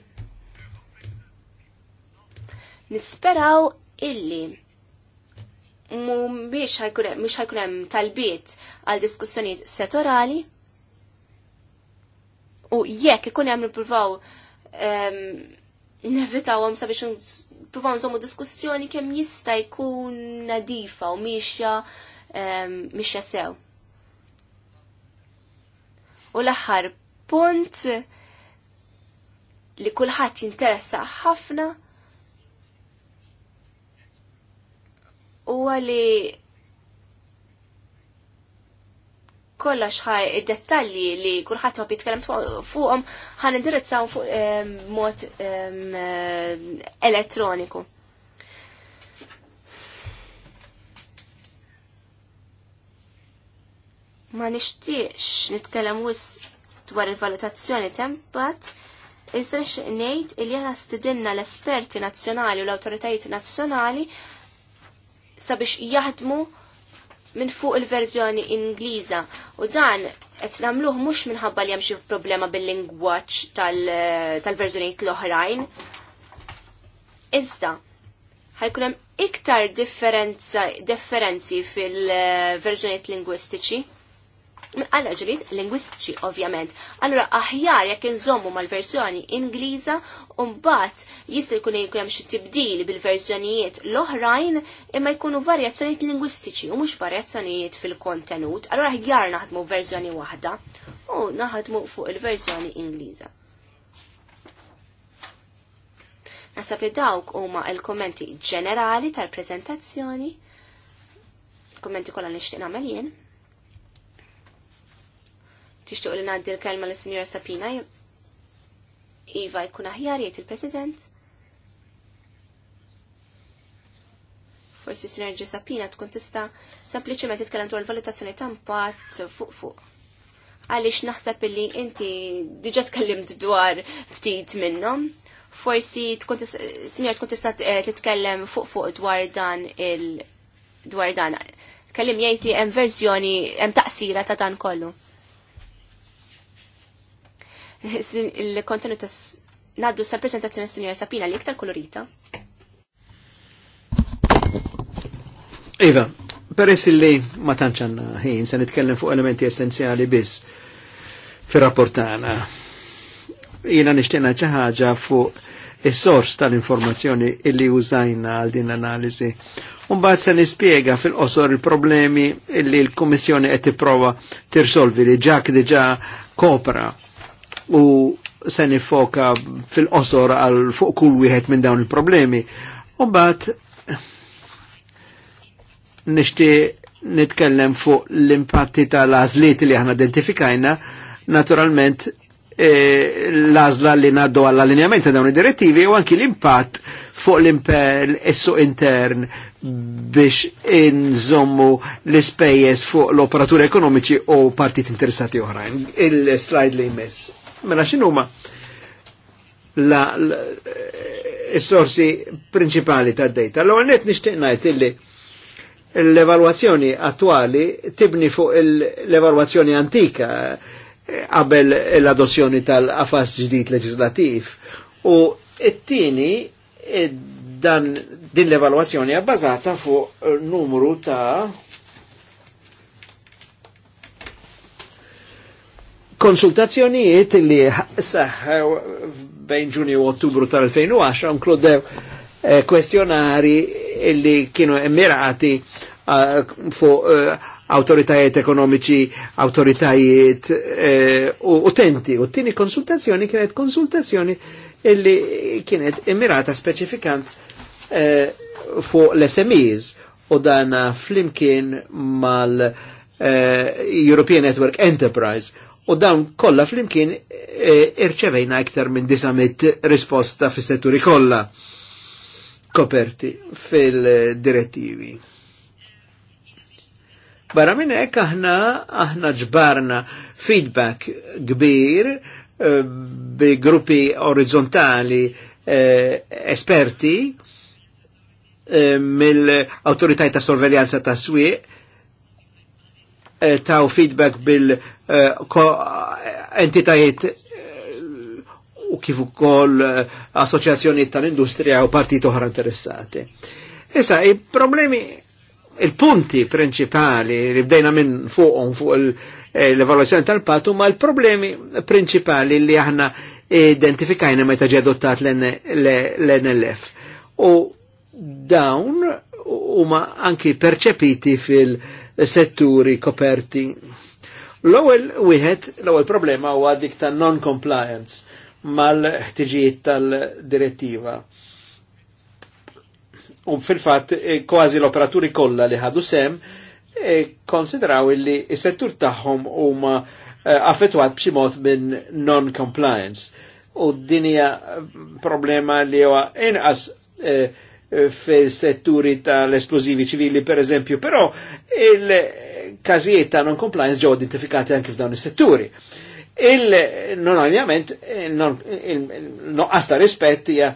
Nisperaw illi mux ħajkunem hemm talbiet għal diskussjonijiet settorali u jekk ikun hemm nippruvaw għom sabiex nippruvaw nżommu diskussjoni kemm jista' jkun nadifa u miexja miexja sew. U l-aħħar punt li kulħadd jinteressa ħafna huwa li kollox ħaj id-dettalji li kulħadd ma jitkellem fuqhom ħan indirizzaw fuq ehm, mod ehm, eh, elettroniku. Ma nixtiex nitkellem wis dwar il-valutazzjoni tempat, iżda ngħid li aħna stidinna l-esperti nazzjonali u l-awtoritajiet nazzjonali sabiex jaħdmu minn fuq il-verżjoni Ingliża u dan qed nagħmluh mhux minħabba li hemm xi problema bil-lingwaġġ tal-verżjonijiet l-oħrajn. Iżda ħajkun hemm iktar differenzi fil-verżjonijiet eh, lingwistiċi għalla ġrid lingwistiċi ovvjament. Allura aħjar jekk inżommu mal-verżjoni Ingliża u mbagħad jista' jkun hemm xi tibdil bil-verżjonijiet l-oħrajn imma jkunu varjazzjonijiet lingwistiċi u mhux varjazzjonijiet fil-kontenut. Allura aħjar naħdmu verżjoni waħda u naħdmu fuq il-verżjoni Ingliża. Nasab li dawk huma l-kommenti ġenerali tal-preżentazzjoni. Kommenti kollha nixtieq nagħmel jien. Tixtuq li naddi l-kelma l sinjora Sapina. Iva jkun aħjar jgħid il-President. Forsi Sinjora Sapina tkun tista' sempliċement titkellem dwar il-valutazzjoni ta' impatt fuq fuq. Għaliex naħseb illi inti diġa tkellimt dwar ftit minnhom forsi tkun sinjor tkun tista' eh, titkellem fuq fuq dwar dan il dwar dan. Kellim jgħid li hemm verżjoni hemm taqsira ta' dan kollu il-kontenut naddu sa' prezentazzjoni s-sinjora Sapina li iktar kolorita. Iva, peress li ma tanċan ħin se nitkellem fuq elementi essenzjali biss fir-rapportana. Jina nixtiena ċaħġa fuq il-sors tal-informazzjoni illi użajna għal din analizi. Umbat se nispiega fil-qosor il-problemi illi l-Kommissjoni qed tipprova tirsolvi li ġak diġà kopra u se nifoka fil-qosor għal fuq kull wieħed minn dawn il-problemi. Umbat nishti nitkellem fuq l-impatti tal għażliet li aħna identifikajna, naturalment e, l-azla li naddu għall-allineament ta' dawn id-direttivi u anki l-impatt fuq l-impel essu intern biex inżommu l-ispejjeż fuq l-operaturi ekonomiċi u partit interessati oħrajn. Il-slide li jmiss. Mela x'inhuma la, la eh, s-sorsi principali ta' data. L-għol net nishtiqnajt illi l-evaluazzjoni attuali tibni fuq l-evaluazzjoni antika eh, qabel l-adozzjoni tal-afas ġdid leġislativ. U it-tieni eh, dan din l-evaluazzjoni għabbażata fuq numru ta' Konsultazzjonijiet li saħħew bejn ġunju u ottubru tal-2010 inkludew eh, kwestjonari li kienu emmirati eh, fuq eh, autoritajiet ekonomiċi, autoritajiet u utenti. U t-tini konsultazzjoni kienet konsultazzjoni illi kienet emmirata specifikant fuq l-SMEs u dana flimkien mal European Network Enterprise U dawn kollha flimkien e, irċevejna iktar minn 900 risposta fis setturi kollha koperti fil-direttivi. Barra minn hekk aħna aħna ġbarna feedback kbir e, bi gruppi orizzontali e, esperti e, mill-autoritajt ta' sorveljanza ta' swieq Eh, taw feedback bil-entitajiet eh, eh, u kifu kol assoċjazzjonijiet tal-industrija u partit oħra interessati. Issa, i problemi il-punti principali li bdejna minn fuq fuq l-evaluazzjoni tal-pat ma il problemi principali li aħna identifikajna meta ġie adottat l-NLF. U dawn huma anki perċepiti fil- setturi koperti. L-ewwel wieħed, l-ewwel problema huwa dik ta' non-compliance mal-ħtiġijiet tal-direttiva. U fil-fatt eh, kważi l-operaturi kollha li ħadu sem eh, konsidraw li s-settur tagħhom huma eh, affettwat b'xi mod minn non-compliance. U dinja problema li huwa inqas eh, Eh, fil-setturi tal-esplosivi ċivili per eżempju, però il kazijiet ta' non-compliance ġo identifikati anki f'dawn is-setturi. Il-non-alliament, il-noqqas ta' rispett hija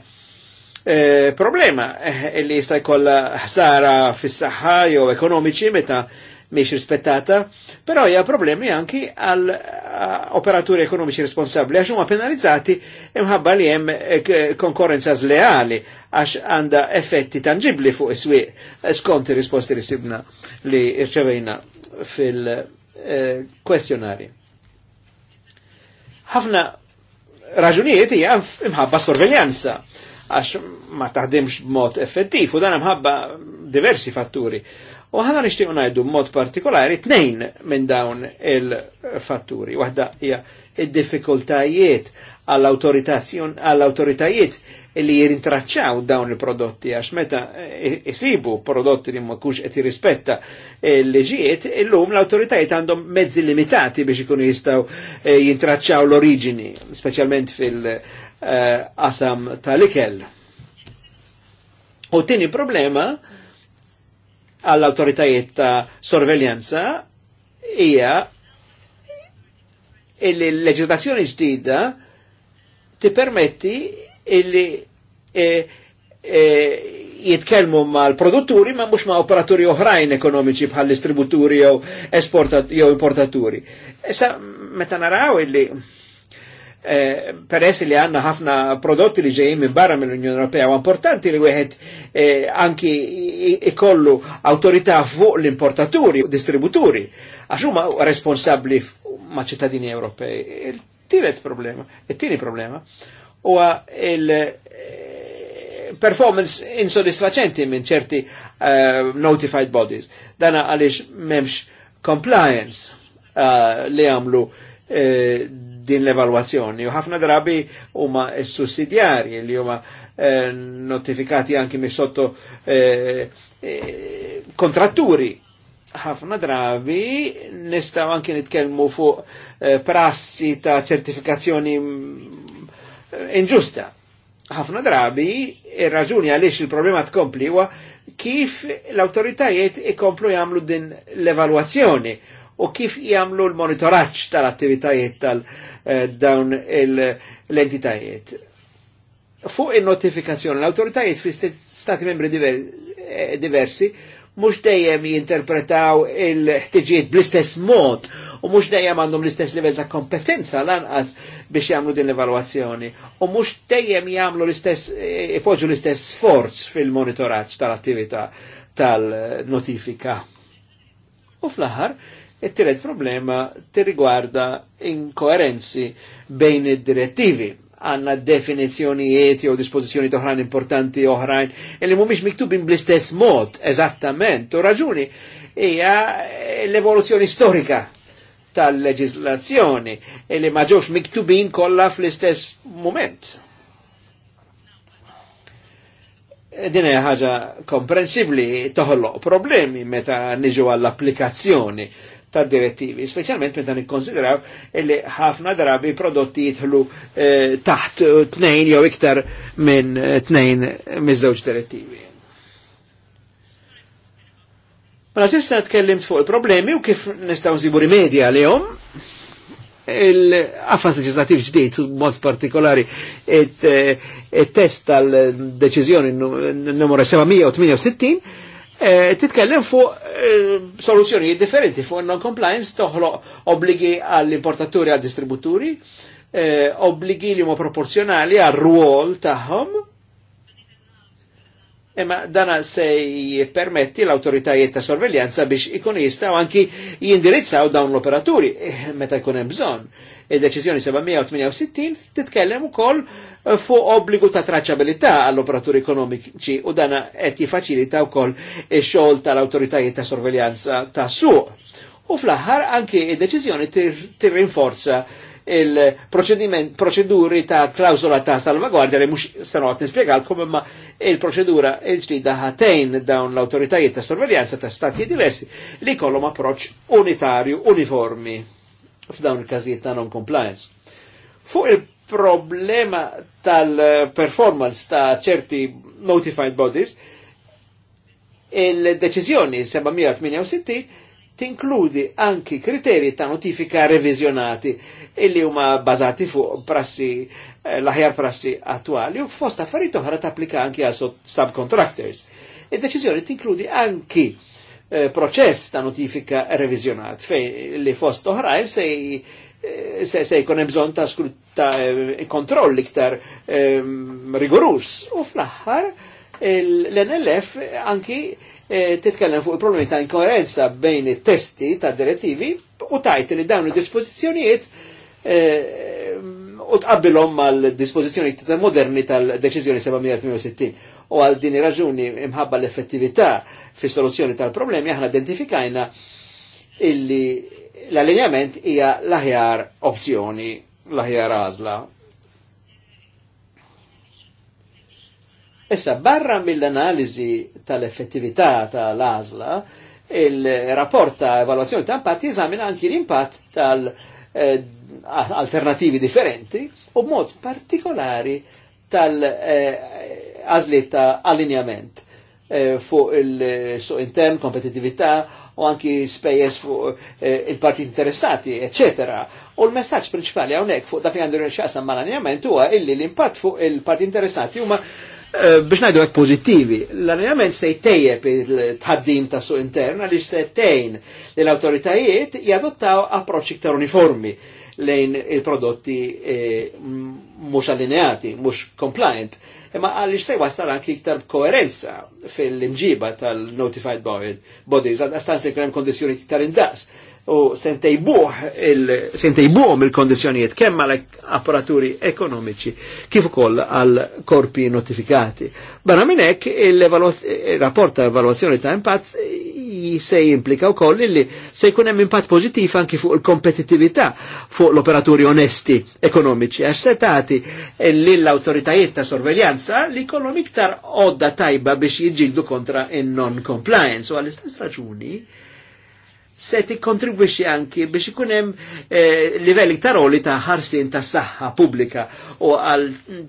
eh, problema eh, li jista' jkollha ħsara fis-saħħa jew ekonomiċi meta' miex rispettata, però hija problemi anki għal eh, operaturi ekonomiċi responsabli għax huma penalizzati imħabba li hemm eh, konkurrenza zleali għax għanda effetti tangibli fuq is-swieq eh, skont ir-risposti li sibna li rċevejna fil-kwestjonari. Ħafna raġunijiet hija imħabba sorveljanza għax ma taħdimx b'mod effettiv u dan imħabba diversi fatturi U ħana nishtiq unajdu mod partikolari tnejn minn dawn il-fatturi. Waħda hija id-diffikultajiet għall-autoritajiet li jirintraċċaw dawn il-prodotti għax meta jisibu prodotti li ma kux qed jirrispetta l-liġijiet, illum l-autoritajiet għandhom mezzi limitati biex ikunu jistaw eh, jintraċċaw l-oriġini, speċjalment fil-qasam eh, tal-ikel. U tini problema għall-autoritajiet ta' sorveljanza hija illi l-leġislazzjoni ġdida tippermetti illi e, e, jitkelmu mal produtturi ma mux ma operaturi oħrajn ekonomiċi bħal distributuri jew esportat jew importaturi. Issa meta naraw illi eh, peress li għanna ħafna prodotti li ġejjin minn barra mill-Unjoni Ewropea u importanti li wieħed eh, anki ikollu autorità fuq l-importaturi u distributuri għax huma responsabbli ma' ċittadini Ewropej. Il-tielet problema, it-tieni problema huwa il- eh, performance insoddisfacenti minn ċerti eh, notified bodies. Dana għaliex memx compliance eh, li għamlu din l-evalwazzjoni. U ħafna drabi huma sussidjarji li huma eh, notifikati anki mis sotto eh, eh, kontratturi. Ħafna drabi nistaw anki nitkellmu fuq eh, prassi ta' ċertifikazzjoni eh, inġusta. ħafna drabi ir-raġuni għaliex il-problema tkompli huwa kif l-autoritajiet ikomplu jagħmlu din l evalwazzjoni u kif jagħmlu l-monitoraċ tal-attivitajiet tal-, -attivitajiet tal Eh, dawn l-entitajiet. Fuq il-notifikazzjoni, l-autoritajiet fi stati membri eh, diversi mux dejjem jinterpretaw il-ħtiġiet bl-istess mod u mux dejjem għandhom l-istess livell ta' kompetenza lanqas biex jagħmlu din l-evalwazzjoni u mux dejjem jagħmlu l-istess eh, ipoġġu l-istess sforz fil-monitoraġġ tal-attività tal-notifika. U fl-aħħar, It-tielet problema tirrigwarda inkoerenzi bejn id-direttivi għanna definizjonijiet jew dispożizzjoni oħrajn importanti oħrajn li mhumiex miktubin bl-istess mod eżattament u raġuni hija l-evoluzzjoni storika tal-leġislazzjoni li ma ġewx miktubin kollha fl-istess moment. Din hija ħaġa komprensibbli toħloq problemi meta niġu għall-applikazzjoni ta' direttivi, specialment meta nikkonsidraw illi ħafna drabi prodotti jitħlu eh, taħt tnejn jew iktar minn eh, tnejn miż-żewġ direttivi. Mela sista tkellimt fuq il-problemi u kif nistgħu nsibu rimedja għalihom il-qafas leġislativ ġdid, mod partikolari, il-test eh, tal-deċizjoni n numru 768, Eh, titkellem fuq eh, soluzzjonijiet differenti fuq non-compliance toħloq obbligi għall-importaturi għall-distributuri, eh, obbligi li ma proporzjonali għall ruol tagħhom. Imma dana se permetti l-autoritajiet ta' sorveljanza biex ikun jistaw anki jindirizzaw dawn l-operaturi meta jkun hemm bżonn id-deċizjoni 768 titkellem ukoll eh, fuq obbligu ta' traċabilità għall-operaturi ekonomiċi u dana qed jifaċilita wkoll ix-xogħol tal-awtoritajiet ta' sorveljanza ta' suq. U fl-aħħar anki id-deċiżjoni tirrinforza il-proċeduri ta' klawsola ta' salvaguardja li mux sanot nispiegalkom ma il-proċedura il-ġdida ħatejn dawn l-autoritajiet ta' sorveljanza ta' stati diversi li kollhom approċ unitarju uniformi f'dawn il-każijiet ta' non-compliance. Fuq il-problema tal-performance ta' ċerti notified bodies, il-deċizjoni 768 tinkludi anki kriteri ta' notifika revizjonati illi huma bazati fuq prassi eh, l-aħjar prassi attuali u fost affarijiet oħra tapplika anki għal subcontractors. id deċizjoni tinkludi anki Eh, proċess ta' notifika revizjonat fej li fost oħrajn se eh, se se jkun hemm bżonn ta', eh, kontroll iktar rigorus u fl-aħħar l-NLF anki titkellem fuq il-problemi ta' inkoerenza bejn it-testi ta' direttivi u tajt li dawn id-dispożizzjonijiet u tqabbilhom mal-dispożizzjoni ta' moderni tal-deċiżjoni 760. U għal din raġuni imħabba l-effettività fi soluzzjoni tal-problemi aħna identifikajna illi l-allinjament hija l-aħjar opzjoni, l-aħjar għażla. Issa barra mill-analiżi tal-effettività tal-għażla, il-rapport ta' evalwazzjoni tal impatt jeżamina anki l-impatt tal- eh, alternativi differenti u mod partikolari tal-għazli eh, ta' allineament eh, fuq il-suq eh, intern, kompetitività u anki spejjeż fuq il-parti interessati, eccetera. U l-messaġġ principali hawnhekk fuq dak li għandu ma' mal-allineament huwa illi l-impatt fuq il-parti interessati huma biex najdu għek pozittivi, l-allenament se jtejjeb il-tħaddim ta' su intern għalix se tejn l-autoritajiet jadottaw approċċi iktar uniformi lejn il-prodotti e, mhux allineati, mhux compliant. Imma għaliex se wassal anki iktar koerenza fil-imġiba tal-notified bodies, għastan se kondizjoni iktar indaqs u sentejbuħ il-sentejbuħom il-kondizjonijiet kemm għal apparaturi ekonomiċi kif ukoll għal korpi notifikati. Barra minn hekk il-rapport tal evaluazzjoni ta' impatt se jimplika wkoll li se jkun hemm impatt pożittiv anki fuq il-kompetittività fuq l-operaturi onesti ekonomiċi għax se tagħti lill-awtoritajiet ta' sorveljanza li kollhom iktar odda tajba biex jiġġieldu kontra in-non compliance u għall-istess raġuni se ti tikkontribwixxi anki biex ikunem eh, livelli ta' roli ta' ħarsin ta' saħħa publika u għal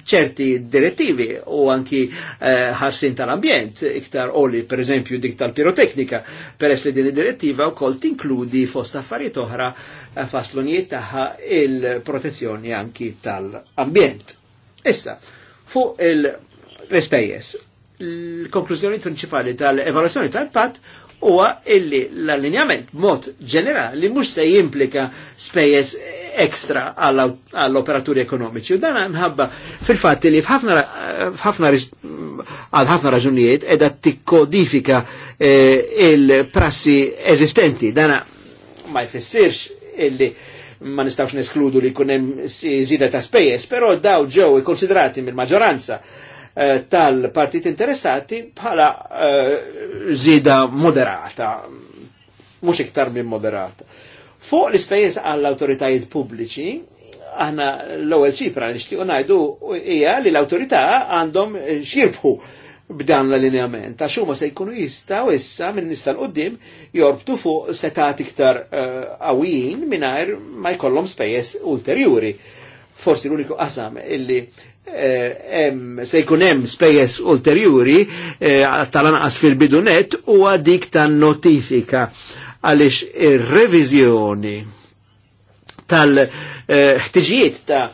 ċerti direttivi u anki ħarsin eh, tal-ambjent iktar oli per eżempju dik tal-piroteknika peress li din direttiva u kol tinkludi fost affarijiet oħra eh, faslunijiet tagħha il-protezzjoni anki tal-ambjent. Issa, fu il-respejjes, l-konklużjoni principali tal-evaluazzjoni tal-pat huwa illi l-allinjament mod ġenerali mhux se jimplika spejjeż ekstra għall-operaturi ekonomiċi. U dan nħabba fil-fatt li f'ħafna għal ħafna raġunijiet edha tikkodifika eh, il-prassi eżistenti. Dan ma jfissirx illi ma nistawx neskludu li kunem zida ta' spejjeż, però daw ġew ikkonsidrati mill-maġġoranza Eh, tal-partit interessati bħala eh, zida moderata, mux iktar minn moderata. Fuq l-ispejjeż għall-autoritajiet pubbliċi, aħna l-ewwel ċifra nixtiequ ngħidu hija li l-awtorità għandhom xirbħu b'dan l-allineament, għax huma se jkunu jistgħu issa minn nista l jorbtu fuq setat iktar eh, għawin uh, mingħajr ma jkollhom spejjeż ulterjuri. Forsi l-uniku qasam illi Eh, se jkun hemm spejjeż ulterjuri eh, tal-anqas fil-bidunet u għadik ta notifika għaliex ir-reviżjoni tal-ħtiġijiet ta'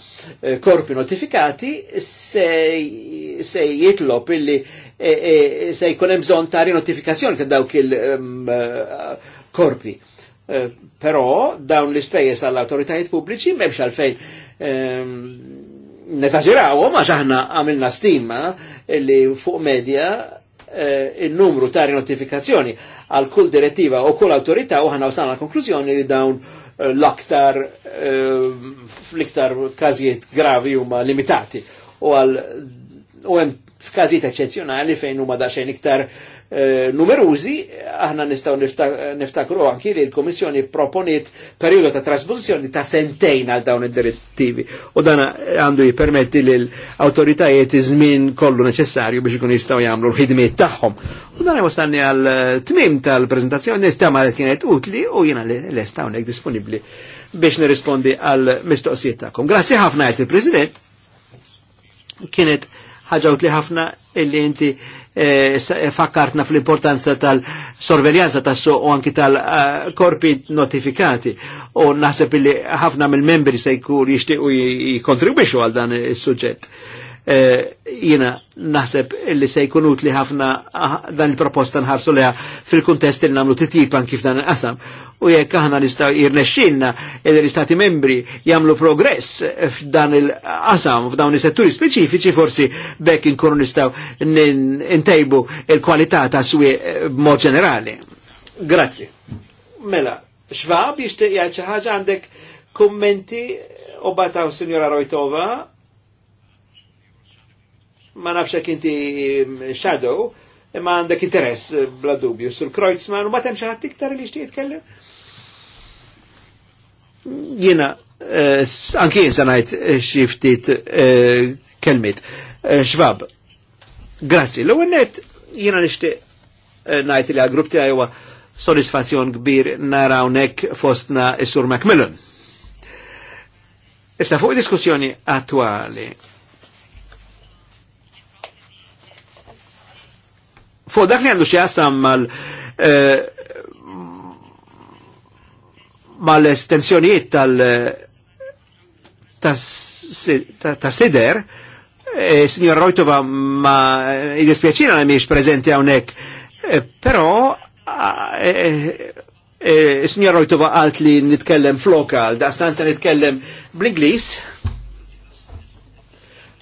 eh, korpi notifikati se, se jitlob illi se jkun hemm bżonn ta' rinotifikazzjoni ta' dawk il-korpi. Però dawn l-ispejjeż għall autoritajiet pubbliċi m'hemmx għalfejn nesaġiraw, ma ġaħna għamilna stima li fuq media eh, il-numru ta' notifikazzjoni għal kull direttiva u kull autorita u ħana wasalna konklużjoni li dawn eh, l-aktar fl-iktar eh, kazijiet gravi huma limitati u għal u hemm f'każijiet eċċezzjonali fejn huma daqsxejn iktar eh, Eh, numerużi, aħna nistaw niftakru anki li l-Komissjoni proponiet periodu ta' trasposizjoni ta' sentejn għal dawn id-direttivi. U dan għandu jipermetti li l-autoritajiet iżmin kollu neċessarju biex ikun jistaw jagħmlu l-ħidmiet tagħhom. U dan wasalni għal eh, tmim tal-preżentazzjoni niftama li kienet utli u jiena lest hawnhekk disponibbli biex nirrispondi għal mistoqsijiet tagħkom. Grazzi ħafna għajt il-President. Kienet ħaġa utli ħafna illi inti E, fakkartna fl-importanza tal-sorveljanza tas-su u anki tal-korpi notifikati. U naħseb li ħafna mill-membri se jkun jixtiequ jikontribwixu għal dan is-suġġett. Eh, jina naħseb illi se jkunut li ħafna ah, dan il-proposta nħarsu liħa fil kontest li nagħmlu titjib kif dan il-qasam. U jekk aħna jirnexxinna jirnexxilna l-istati membri jagħmlu progress f'dan il-qasam f'dawn is-setturi speċifiċi forsi bekk inkunu nistaw intejbu il-kwalità ta' swi eh, b'mod ġenerali. Grazzi. Mela, xvab jixtieq jgħid xi ħaġa għandek kommenti u bataw Sinjora Rojtova ma nafx jekk inti mm, shadow, imma għandek interess eh, bla dubju sul Kreuzmann u ma temx ħadd iktar li xtieq jitkellem. Jiena eh, anki jien se ngħid eh, xi ftit eh, kelmiet. Xvab, grazzi. L-ewwel net jiena nixtieq ngħid li għall-grupp tiegħi huwa sodisfazzjon kbir nara hawnhekk fostna is-Sur Macmillan. Issa fuq diskussjoni attuali Fuq dak li għandu xi jasam mal eh, mal-estensjonijiet tal- ta' sider, eh, signor Rojtova ma id-dispjaċina eh, li miex prezenti għonek, pero signor Rojtova għalt li nitkellem floka, da' stanza nitkellem bl-Inglis,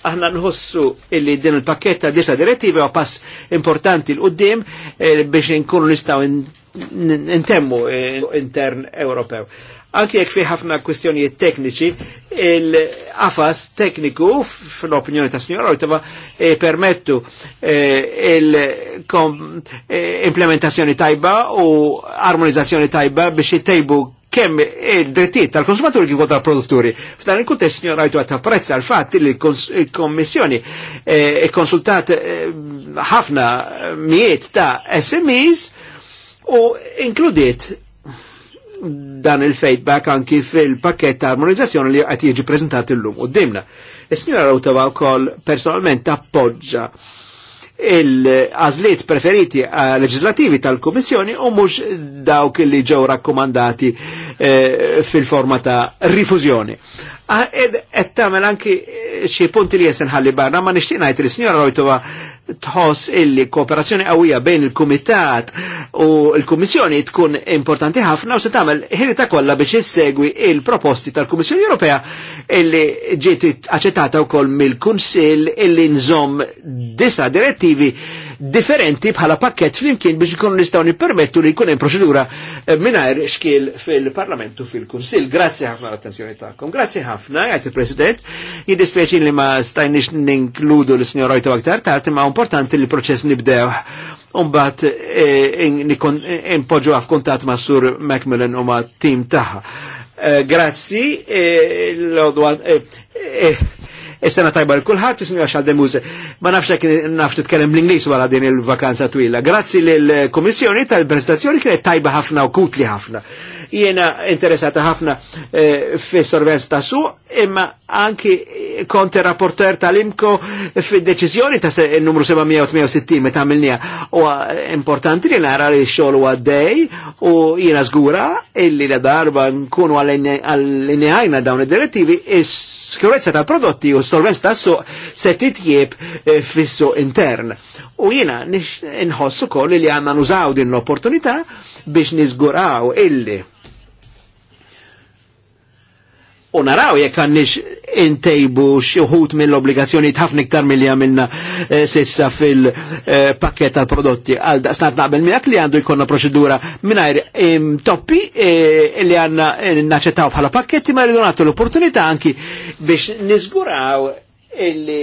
aħna nħossu illi din il paketta disa direttivi għu pass importanti l-qoddim eh, biex nkunu nistaw intemmu eh, intern Ewropew. Anki jekk fi ħafna kwestjonijiet tekniċi, il-qafas tekniku fl-opinjoni ta' signora Rojtova eh, permettu il-implementazzjoni tajba u armonizzazzjoni tajba biex jittejbu kemm il-drittijiet tal-konsumaturi kif tal-produtturi. F'dan il-kuntest signor rajtu għat apprezza għal fatt li l-Kommissjoni eh, konsultat eh, ħafna miet ta' SMEs u inkludiet dan il-feedback anki fil-pakket ta' armonizzazzjoni li għat jieġi prezentat il-lum u dimna. Is-signora e, Rautava personalment appoġġa il-għazliet preferiti eh, leġislativi tal-Komissjoni u mux dawk li ġew rakkomandati eh, fil-forma ta' rifużjoni. Ah, ed tamel anki eh, xie punti li jesen ħalli barra, ma nishtina najt li signora Rojtova tħoss illi kooperazzjoni qawwija bejn il-Kumitat u l-Kummissjoni tkun importanti ħafna u se tagħmel ħirita kollha biex issegwi il-proposti tal-Kummissjoni Ewropea illi ġiet aċċettata wkoll mill-Kunsill illi nżomm disa direttivi differenti bħala pakket flimkien biex ikunu nistgħu nippermettu li jkun hemm proċedura eh, mingħajr xkiel fil-Parlamentu fil-Kunsill. Grazzi ħafna l-attenzjoni tagħkom. Grazzi ħafna, jgħid il-President. Jiddispjaċin li ma stajniex ninkludu l-Sinjor Rojto aktar tard, ma importanti li l-proċess nibdew Umbat eh, impoġu għaf kontat ma' sur Macmillan u ma' tim taħħa. Eh, grazzi, l-odwa Is-sena tajba l kulħat isni għaxħal de Muze. Ma nafx jekk nafx titkellem l-Ingliż wara din il-vakanza twila. Grazzi lill-Kummissjoni tal-prestazzjoni kienet tajba ħafna u kutli ħafna. Jiena interessata ħafna eh, fi sorvenz ta' su, imma anki konti rapporter tal-imko fi deċizjoni ta' numru 768 ta' milnija U eh, importanti li nara li xol u għaddej u jiena zgura illi la darba nkunu għal-linjajna dawn id-direttivi is-sikurezza tal-prodotti u sorvenz ta' su se titjieb eh, fissu intern. U jiena nħossu koll li għanna nużaw din l-opportunità biex nizguraw illi u naraw jekk għandix intejbu xi wħud mill-obbligazzjoni ħafna iktar milja minna eh, sissa fil-pakket tal-prodotti. Għal daqsnat naqbel miegħek li għandu jkollna proċedura mingħajr toppi eh, li għandna eh, naċċettaw bħala pakketti ma rridu nagħtu l-opportunità anki biex niżguraw illi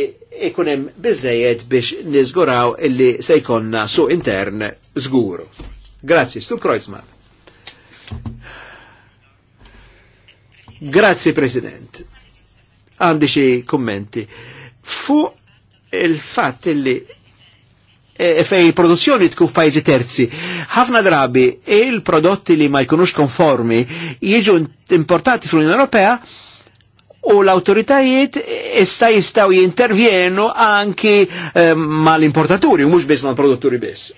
ikun hemm biex niżguraw illi se jkonna su intern żgur. Grazzi, Stu Kreuzmann. Grazie President. Għandi xie kommenti. Fu il-fat li e, e fej produzzjoni tkun f'pajjiżi terzi. Ħafna drabi il-prodotti li ma jkunux konformi jiġu importati fl-Unjoni Ewropea u l-autoritajiet issa jistaw jintervjenu anki eh, mal-importaturi, u mux biss mal-produtturi biss.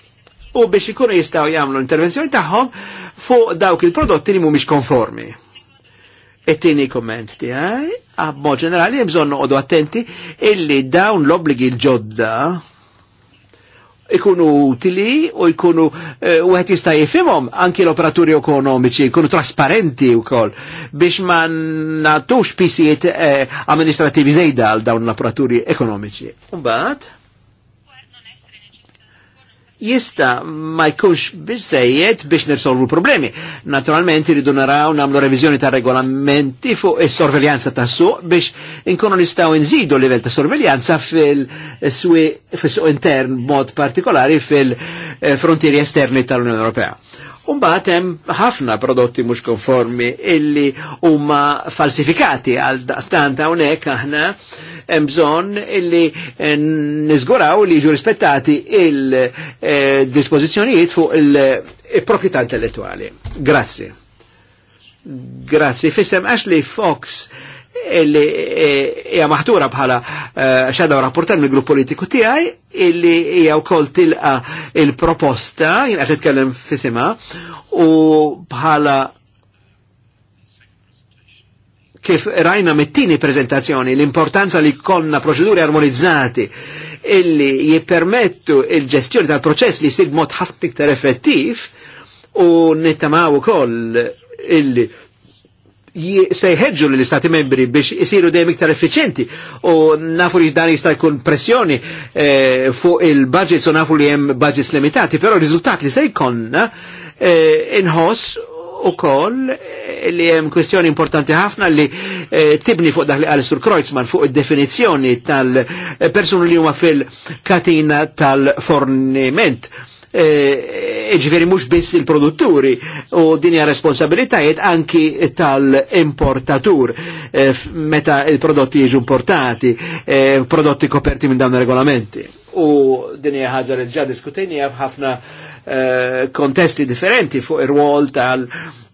U biex ikunu jistaw jamlu intervenzjoni tagħhom fuq dawk il-prodotti li mhumiex konformi. Et-tieni komment għaj, għabmo ġenerali hemm bżonn attenti illi dawn l-obbligi l-ġodda ikunu utili u ikunu eh, u għet jista jifimom anki l-operaturi ekonomiċi, ikunu trasparenti u kol biex ma natux pisijiet eh, amministrativi zejda għal dawn l-operaturi ekonomiċi. Umbat, jista ma jkunx bizzejiet biex nirsolvu problemi. Naturalment iridu naraw namlu revizjoni ta' regolamenti fuq is-sorveljanza ta' suq biex inkunu nistgħu nżidu livell ta' sorveljanza fil-suq intern b'mod partikolari fil-frontieri eh, esterni tal-Unjoni Ewropea. Umbat hemm ħafna prodotti mhux konformi illi huma falsifikati għal stanta hawnhekk aħna hemm bżonn illi eh, niżguraw li jiġu rispettati il-dispożizzjonijiet eh, fuq il-proprjetà eh, intellettuali. Grazzi. Grazzi. Fissem Ashley Fox illi e, hija e, maħtura bħala uh, e, xadaw rapportar mill grupp politiku tiegħi illi hija wkoll tilqa il-proposta jien qed nitkellem fisima u bħala kif rajna mit-tieni prezentazzjoni l-importanza li konna proċeduri armonizzati illi jippermettu il-ġestjoni tal-proċess li jsir mod ħafna iktar effettiv u nittamaw ukoll illi sejħedġu l-istati membri biex isiru dejjem iktar effiċenti u nafu li dan jista' jkun pressjoni eh, fuq il-budgets u nafu li hemm budgets limitati, però riżultat li se jkollna eh, inħoss u koll li hemm kwestjoni importanti ħafna li eh, tibni fuq dak li għal sur Kreuzmann fuq id-definizzjoni tal-persuni li huma fil-katina tal-forniment Eh, ġveri mux biss il-produtturi u dinja responsabilitajiet anki tal-importatur eh, meta il-prodotti jiġu importati, eh, prodotti koperti minn dawn regolamenti. U dinja ħagġa li ġa diskutejnija ħafna kontesti eh, differenti fuq ir-rwol tal-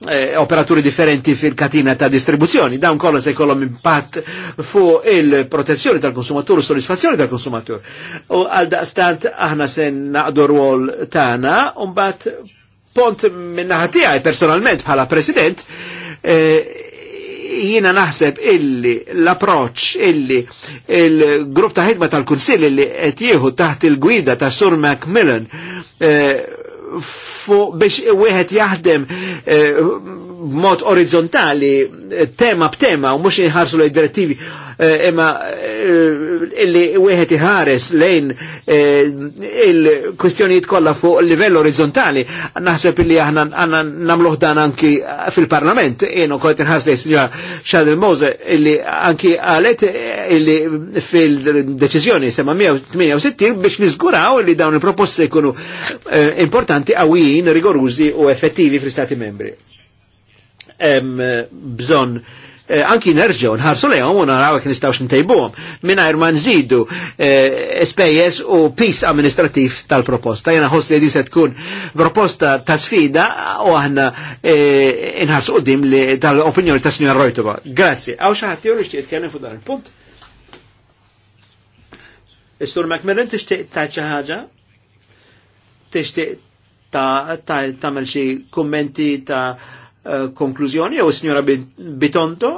eh, operaturi differenti fil-katina ta' distribuzzjoni, dawn kollha se jkollhom impatt fuq il-protezzjoni tal-konsumatur u soddisfazzjoni tal-konsumatur. U għal daqstant aħna se naqdu rwol tagħna u mbagħad pont minnaħa tiegħi personalment bħala President eh, jina naħseb illi l-approċ illi il-grupp ta' ħidma tal kunsil illi qed jieħu taħt il-gwida ta' Sur Macmillan eh, fuq biex wieħed jaħdem eh, b'mod orizzontali tema b'tema u mhux jinħarsu lej direttivi Eh, imma eh, illi wieħed iħares lejn eh, il-kwestjonijiet kollha fuq livell orizzontali, naħseb illi aħna għandna nagħmluh dan anki fil-Parlament, jien ukoll inħass lejn sinjora Xadil Mose illi anki qalet illi fil-deċiżjoni sema 168 biex niżguraw li dawn il-proposti jkunu importanti awin, rigorużi u effettivi fl-Stati membri. Bżon Eh, anki nerġgħu nħarsu lejhom u naraw jekk nistgħux ntejbuhom mingħajr ma nżidu eh, spejjeż u pis amministrattiv tal-proposta. Jena ħoss li din se tkun proposta ta' sfida u aħna eh, inħarsu qudiem li tal-opinjoni ta' Sinjor Rojtova. Grazzi. Għaw xi ħadd jew jitkellem fuq dan il-punt. Is-sur McMillan tixtieq ta' xi ħaġa? Tixtieq ta' tagħmel xi kummenti ta' Eh, konklużjoni jew s signora Bitonto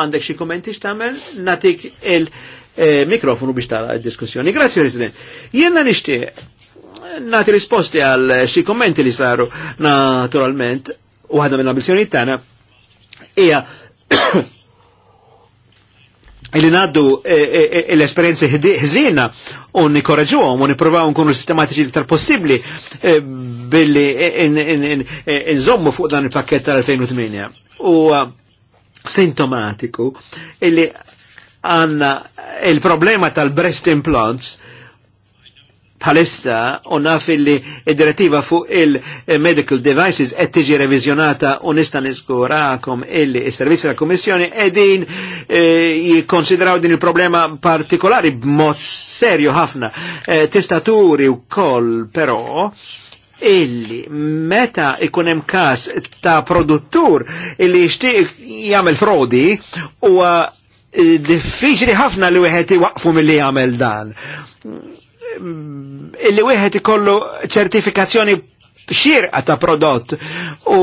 għandek xie kommenti xtamel, natik il-mikrofonu eh, biex tala d-diskussjoni. Grazie President. Jena nixtieq nati risposti għal xie kommenti li saru naturalment u għadna minna bil-sjoni t-tana, ija il li naddu e, e, e, l-esperienzi ħzina u nikoraġuhom u nipprovaw nkunu sistematiċi l-iktar possibli billi nżommu fuq dan il-pakket tal-2008. U sintomatiku il-li għanna il-problema tal-breast implants palessa u naf illi id-direttiva fuq il-medical devices qed tiġi revizjonata u nista' niskurakom illi s-servizzi tal kummissjoni edin eh, jikkonsidraw din il-problema partikolari b'mod serju ħafna. Eh, Tista' turi wkoll però illi meta ikun hemm każ ta' produttur illi jixtieq jagħmel frodi huwa eh, diffiċli ħafna li wieħed iwaqfu milli jagħmel dan illi wieħed ikollu ċertifikazzjoni xirqa ta' prodott u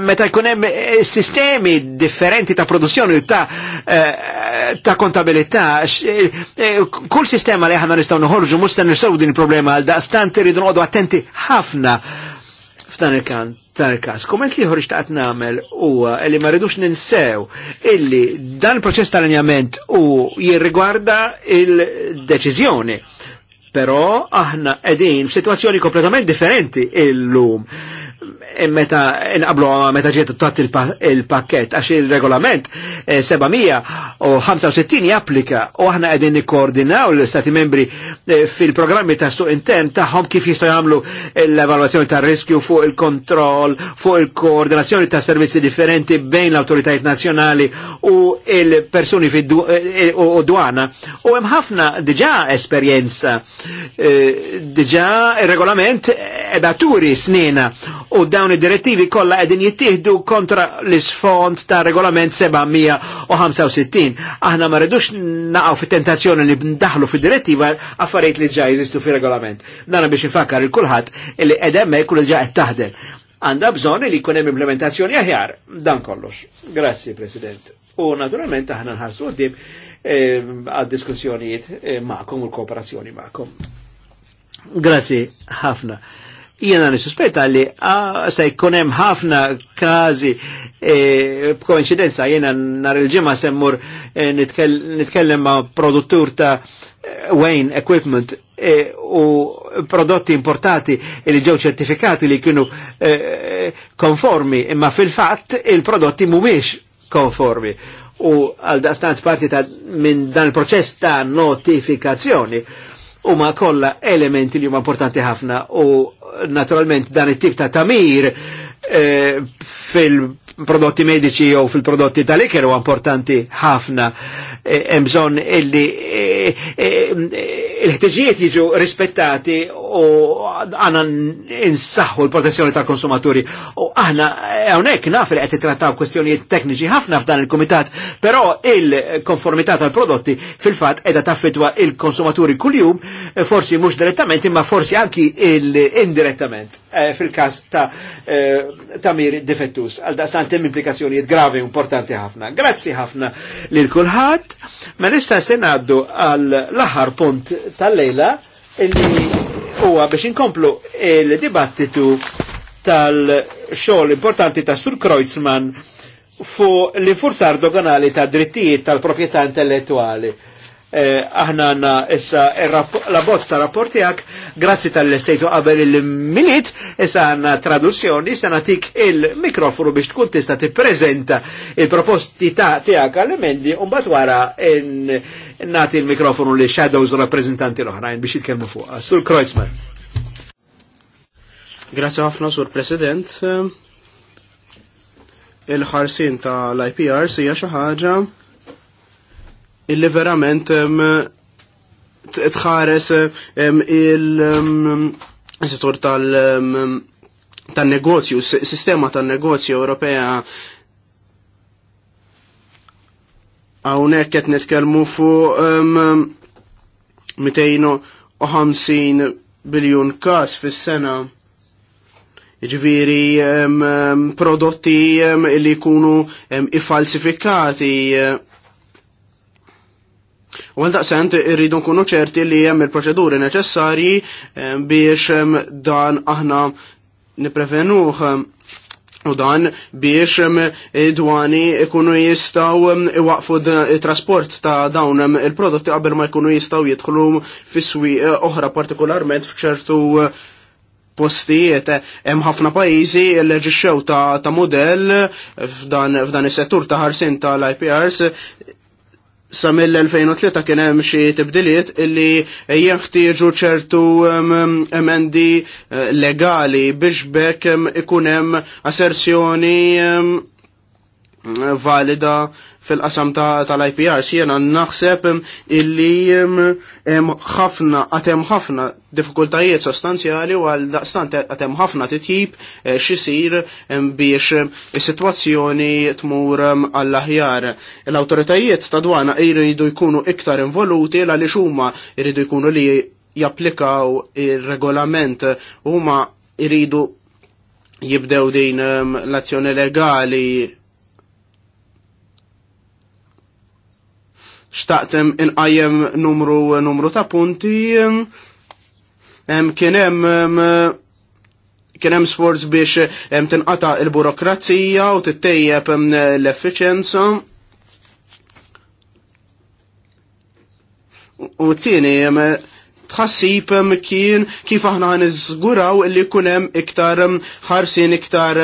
meta jkun hemm sistemi differenti ta' produzzjoni ta' eh, ta' kontabilità eh, kull sistema li aħna nistgħu noħorġu mhux se din il-problema għal daqstant irridu noqogħdu attenti ħafna f'dan il-kan tal każ Kumment li ħorġ ta' nagħmel huwa li ma rridux ninsew illi dan il-proċess tal-allenjament u jirrigwarda il-deċiżjoni. il il deċiżjoni Però aħna edin f'sitwazzjoni kompletament differenti illum. E meta inqablu e meta ġiet tat il-pakket għax il-regolament 765 eh, japplika u aħna qegħdin nikkoordinaw l-Stati membri eh, fil-programmi ta' suq intern tagħhom kif jistgħu jagħmlu l-evalwazzjoni ta' riskju fuq il-kontroll, fuq il-koordinazzjoni ta' servizzi differenti bejn l-awtoritajiet nazzjonali u il-persuni eh, u dwana. U hemm ħafna diġà esperjenza, diġà ir-regolament turi snina u dawn id-direttivi kollha qegħdin jittieħdu kontra l-isfond ta' regolament 765. Aħna ma rridux naqgħu fit-tentazzjoni li ndaħlu fid-direttiva affarijiet li ġaj jeżistu fir-regolament. Nara biex infakkar il-kulħadd li qed hemmhekk kull ġa qed taħdem. Għandha bżonn li jkun hemm implementazzjoni aħjar. Dan kollox. Grazzi, President. U naturalment aħna nħarsu għoddim eh, għad diskussjonijiet eh, ma'kom u l-kooperazzjoni ma'kom. Grazzi ħafna. Jiena nisuspetta li se jkunem ħafna każi e, b'koinċidenza jiena il ġimma semmur e, nitkellem ma' produttur ta' Wayne Equipment e, u prodotti importati li ġew ċertifikati li kienu e, konformi, imma fil-fatt il-prodotti mumiex konformi. U għal-dastant parti ta' minn dan il-proċess ta' notifikazzjoni huma kollha elementi li huma importanti ħafna u naturalment dan it-tip ta' tamir eh, fil-prodotti medici jew fil-prodotti tal-iker huwa importanti ħafna eh, hemm bżonn illi eh, il-ħtiġijiet jiġu rispettati u għana insaħħu l-protezzjoni tal-konsumaturi. U aħna hawnhekk naf li qed titrattaw kwestjonijiet tekniċi ħafna f'dan il-kumitat, però il-konformità tal-prodotti fil-fatt qiegħda taffetwa il-konsumaturi kuljum, forsi mhux direttament imma forsi anki indirettament eh, fil-każ ta' eh, tamir defettus. Għal daqstant hemm implikazzjonijiet gravi importanti ħafna. Grazzi ħafna lil kulħadd, ma mela nissa se għal laħar punt tal-lejla illi huwa biex inkomplu il-dibattitu tal-xogħol importanti ta' Sur Kreuzmann fu l-infurzar doganali ta' drittijiet tal propieta intellettuali. Eh, aħna għanna issa la bozz ta' għak, grazzi tal-estejtu għabel il-miliet, issa għanna traduzzjoni, issa natik il-mikrofonu biex tkun tista' prezenta il-proposti ta' tijak għal-emendi un batwara nati il-mikrofonu li shadows rappresentanti l-oħrajn biex jitkellmu fuq. Sur Kreuzmer. Grazie ħafna, Sur President. Il-ħarsin ta' l-IPR sija xi ħaġa illi verament tħares il-settur tal- tan-negozju, sistema tal negozju Ewropea Hawnhekk qed nitkellmu fuq 250 biljun każ fis-sena. Ġviri jiġifieri, prodotti li jkunu ifalsifikati. U għal daqsent irridu kunu ċerti li hemm il-proċeduri neċessarji biex dan aħna niprevenuħ. U dan biex dwani ikunu jistaw waqfu trasport ta' dawn il-prodotti qabel ma jkunu jistaw jidħlu fiswi eh, oħra partikolarment fċertu eh, postijiet. Hemm ħafna pajjiżi l ġixxew ta', ta f'dan, f'dan is-settur ta' ħarsin tal-IPRs sa mill-2003 kien hemm xi tibdiliet illi jeħtieġu ċertu emendi eh, legali biex bekk ikun hemm asserzjoni valida fil-qasam tal-IPR, ta jena naħseb illi ħafna, għatem ħafna difikultajiet sostanzjali u għal daqstant għatem ħafna titjib eh, xisir biex eh, situazzjoni tmur għall-aħjar. L-autoritajiet ta' dwana jridu jkunu iktar involuti l huma jridu jkunu li japplikaw il-regolament huma jridu jibdew din l-azzjoni legali xtaqtem inqajjem numru numru ta' punti kien hemm kien hemm sforz biex tinqata' il-burokrazija u tittejjeb l efficienza U t tini tħassib kien kif aħna niżguraw li jkun hemm iktar ħarsin iktar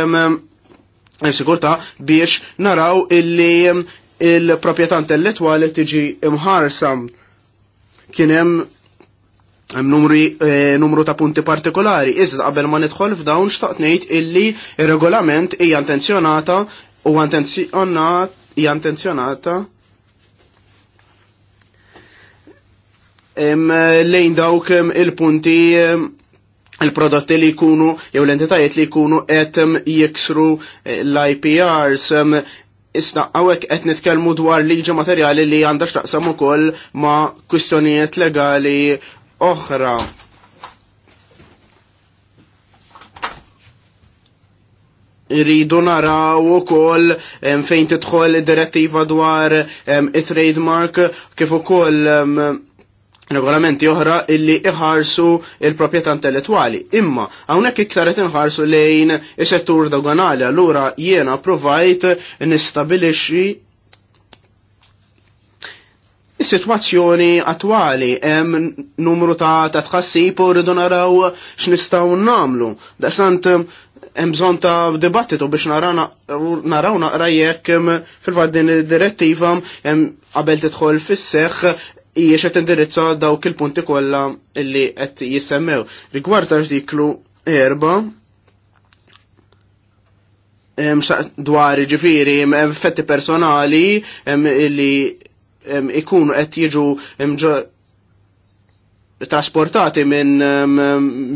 sigurta biex naraw illi il-propieta intellettuali tiġi imħarsam kien hemm eh, numru ta' punti partikolari. Iżda qabel ma nidħol f'dawn xtaqt ngħid illi ir-regolament hija intenzjonata u intenzjonat hija intenzjonata lejn dawk il-punti il-prodotti li jkunu jew l-entitajiet li jkunu qed jiksru eh, l-IPRs Isna, għawek qed nitkellmu dwar liġi materjali li għandha x'taqsam ukoll ma' kwistjonijiet legali oħra. Iridu naraw ukoll fejn tidħol id-direttiva dwar it-trademark kif ukoll regolamenti oħra illi iħarsu il-propieta intellettuali. Imma, hawnhekk iktar inħarsu lejn is-settur doganali, allura jiena provajt nistabilixxi Is-sitwazzjoni attwali hemm numru ta' ta' tħassib u rridu naraw x'nistgħu nagħmlu. Dasant hemm bżonn ta' dibattitu biex naraw naqra jekk mm, fil-fatt din id-direttiva mm, qabel tidħol fis-seħħ hija qed indirizza dawk il-punti kollha li qed jisemmew. Rigward artiklu erba' dwar ġifiri effetti personali li ikunu qed jiġu trasportati minn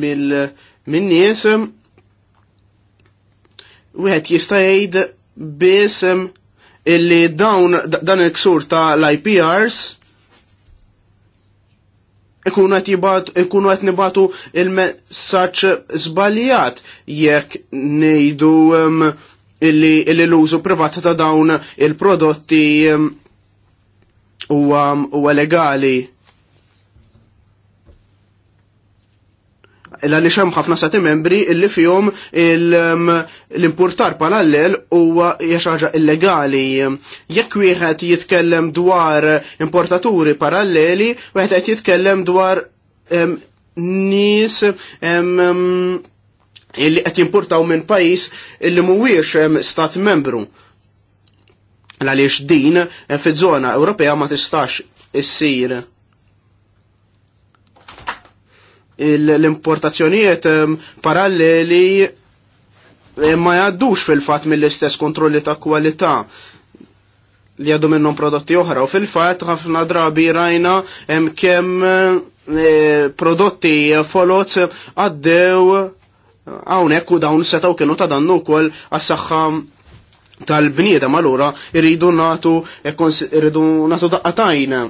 min nies wieħed jista' jgħid biss illi dawn dan il-ksur ta' l-IPRs ikunu qed ikunu nibatu il-messaġġ żbaljat jekk ngħidu um, illi l-użu privat ta' dawn il-prodotti um, huwa legali. illa li xem ħafna sati membri illi fjom um, l-importar palallel huwa jaxaġa illegali. Jekk wieħed jitkellem dwar importaturi paralleli, wieħed qed jitkellem dwar um, nies um, illi qed jimportaw minn pajjiż illi mhuwiex stat membru. L-għaliex din eh, fiż żona Ewropea ma tistax issir l-importazzjonijiet paralleli ma jgħaddux fil-fat mill-istess kontrolli ta' kwalità li għadu minnum prodotti oħra. U fil-fat ħafna drabi rajna kemm eh, prodotti folot għaddew għawnek u dawn setaw kienu ta' dannu kol għas-saxħa tal-bnieda malura irridu natu e irridu natu daqqatajna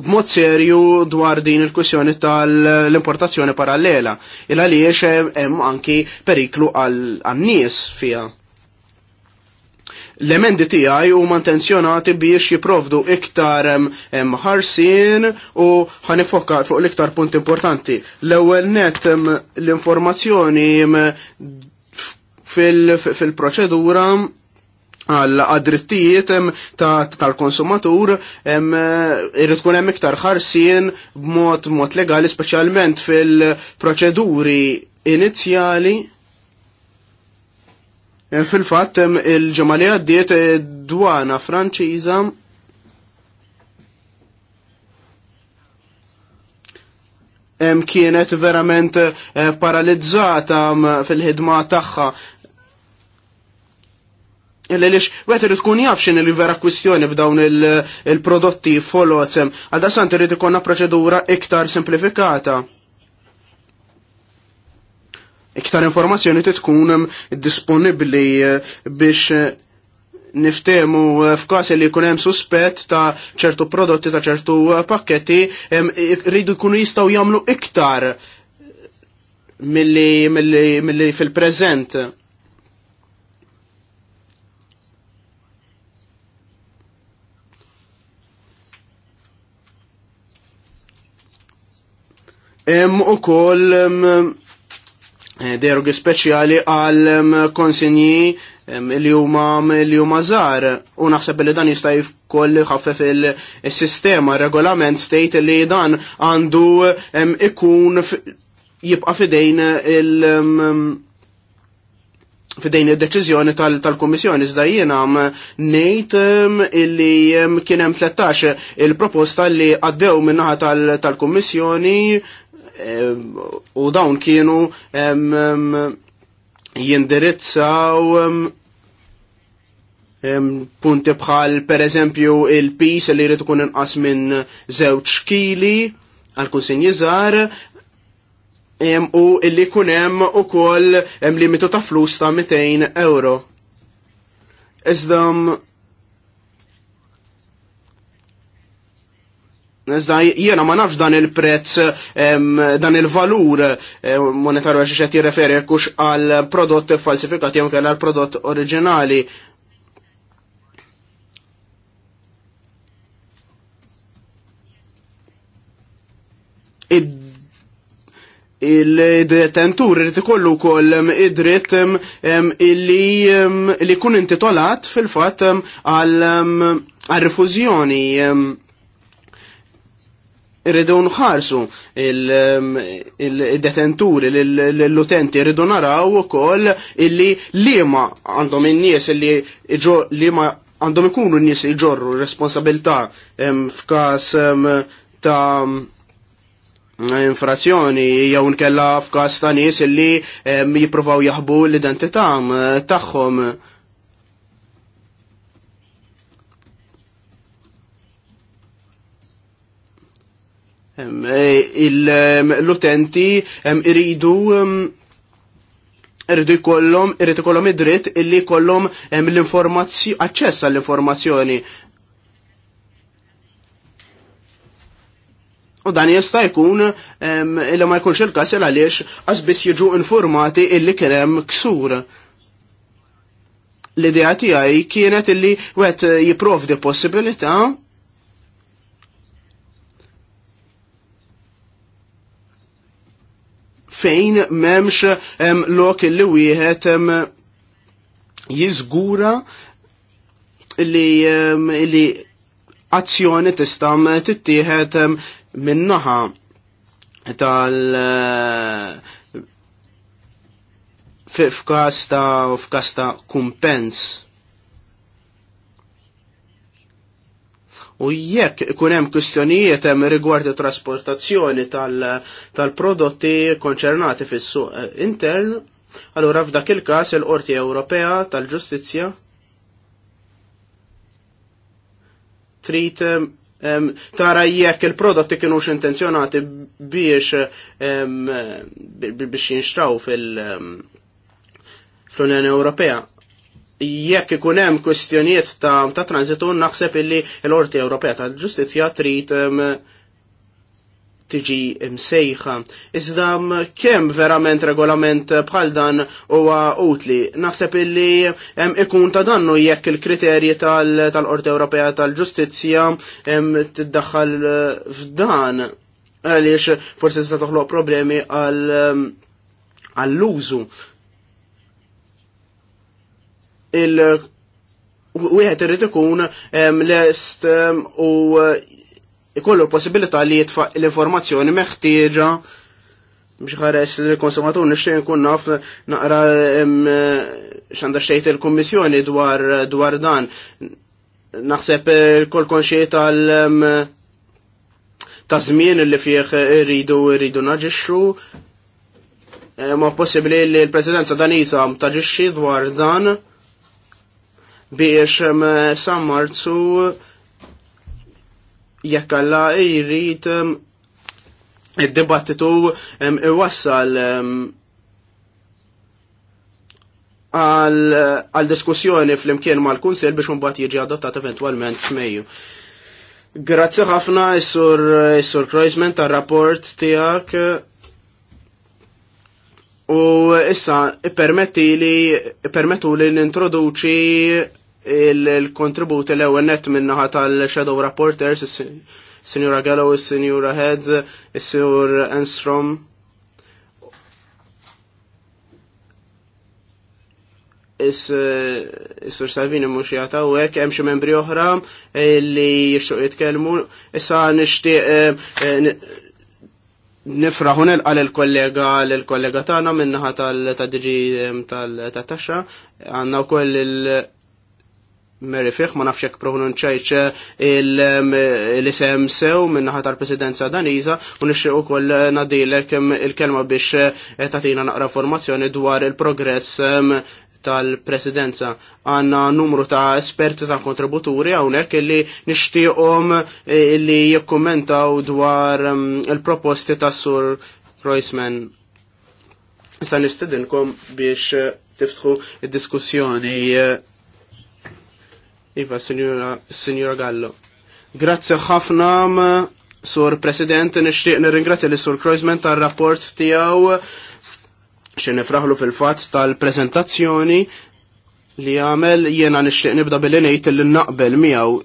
b'mod serju dwar din il-kwissjoni tal-importazzjoni parallela. Il għaliex hemm anki periklu għal-nies fija. L-emendi tiegħi huma intenzjonati biex jipprovdu iktar ħarsin u ħanifokka fuq l-iktar punt importanti. L-ewwel net l-informazzjoni fil-proċedura fil proċedura għal għadrittijiet tal-konsumatur eh, irrit kunem hemm iktar ħarsien b'mod mod legali speċjalment fil-proċeduri inizjali eh, fil-fatt il-ġemali għaddiet eh, dwana franċiża kienet verament paralizzata fil-ħidma tagħha Lelix, għet irrit kun jafxin li vera kwistjoni b'dawn il-prodotti folozem, Għadda dasant irrit ikonna proċedura iktar simplifikata. Iktar informazzjoni tkun disponibli eh, biex eh, niftemu eh, f'kas li jkun hemm suspett ta' ċertu prodotti ta' ċertu pakketti rridu jkunu jistgħu jagħmlu iktar milli, milli, milli fil-preżent. Hemm ukoll eh, derog speċjali għal konsigni li huma li huma żgħar u naħseb li dan jista' jkoll ħaffef il-sistema regolament state li dan għandu ikun jibqa' fidejn il- fidejn id-deċiżjoni tal-Komissjoni iżda jiena ngħid illi kien hemm 13 il-proposta li għaddew minnaħa tal-Kummissjoni u dawn kienu jindirizzaw punti bħal per eżempju il-pis li jrid ikun inqas minn żewġ kili għal kusin jizar u illi kun hemm ukoll limitu ta' flus ta' 200 euro. Iżda Iżda jiena ma nafx dan il-prezz, dan il-valur eh, monetarju għax qed jirreferi kux għal prodott falsifikat jew kell għal prodott oriġinali. il-detentur irrid ikollu wkoll id-dritt li kun intitolat fil-fatt għal rifużjoni irridu nħarsu um, il-detenturi, l-utenti, irridu naraw u koll illi ma għandhom in-nies illi ma għandhom ikunu n-nies iġorru responsabilta um, f'kas um, ta' infrazzjoni jew nkella f'kas ta' nies illi jippruvaw jaħbu l-identità tagħhom. Ta E, l-utenti iridu irridu jkollhom irid ikollhom id-dritt illi jkollhom l-informazzjoni aċċess għall-informazzjoni. U dan jista' jkun illi ma jkunx il-każ il għaliex biss jiġu informati illi kien hemm ksur. L-idea tiegħi kienet illi wieħed jipprovdi possibilità fejn memx lok li wieħed jizgura li, li azzjoni tistam tittieħed minnaħa tal eh, f'kas ta' f'kas ta' kumpens. U jekk ikun hemm kwistjonijiet hemm rigward trasportazzjoni tal-prodotti tal konċernati fis-suq eh, intern, allura f'dak il-każ il-Qorti Ewropea tal-Ġustizzja trid tara jekk il-prodotti kienux intenzjonati biex biex jinxtraw fil- fl-Unjoni Ewropea jekk ikun hemm kwestjonijiet ta', ta transitu naħseb illi l-Orti Ewropea tal-Ġustizzja trid tiġi msejħa. Iżda kemm verament regolament bħal dan huwa utli. Naħseb illi hemm ikun ta' dannu jekk il-kriterji tal-Qorti Ewropea tal-Ġustizzja tiddaħħal eh, f'dan għaliex forsi tista' toħloq problemi għall-użu il wieħed irid ikun lest u eh, ikollu possibilità li jitfaq l-informazzjoni meħtieġa biex ħares l-konsumatur nixtieq nkun naf naqra eh, x'għandha xejt il-kummissjoni dwar dwar dan. Naħseb eh, kol konxie tal ta' żmien li fih iridu iridu naġixxu ma possibbli li l-presidenza danisa taġixxi dwar dan biex sa marzu jekk alla jrid id-dibattitu iwassal għal diskussjoni fl-imkien mal-Kunsel biex mbagħad jiġi adottat eventwalment f'Mejju. Grazzi ħafna is-sur is-sur Kreuzman tar-rapport tiegħek u issa permetti li permettu li nintroduċi il-kontributi il ewwel net minnaħa tal-Shadow Rapporters, il-Sinjura Gallo, il-Sinjura Heads, il-Sinjur Enstrom. Eh, Is-Sur Salvini mux jataw hekk hemm xi membri oħra li jixtieq jitkellmu. Issa nixtieq eh, nifraħu għal il kollega il kollega tagħna minnaħa tal-DG tal-taxxa għandna wkoll il- Merifiħ, ma nafxek proħnunċajċ um, l-isem sew minnaħat tal-presidenza daniza, u u koll nadilek um, il-kelma biex eh, tatina naqra formazzjoni dwar il-progress um, tal-presidenza. Għanna numru ta' esperti ta' kontributuri għawnek li nishtiqom eh, li jekkommentaw dwar il-proposti ta' sur Kreuzman. Sa' nistedinkom biex eh, tiftħu il diskussjoni Iva, Signora Gallo. Grazzi ħafna, Sur President, nishtiq nirringrazzja li Sur Kreuzman tal-rapport tijaw xe nifraħlu fil-fat tal-prezentazzjoni li għamel jena nishtiq nibda billi nejt li naqbel miegħu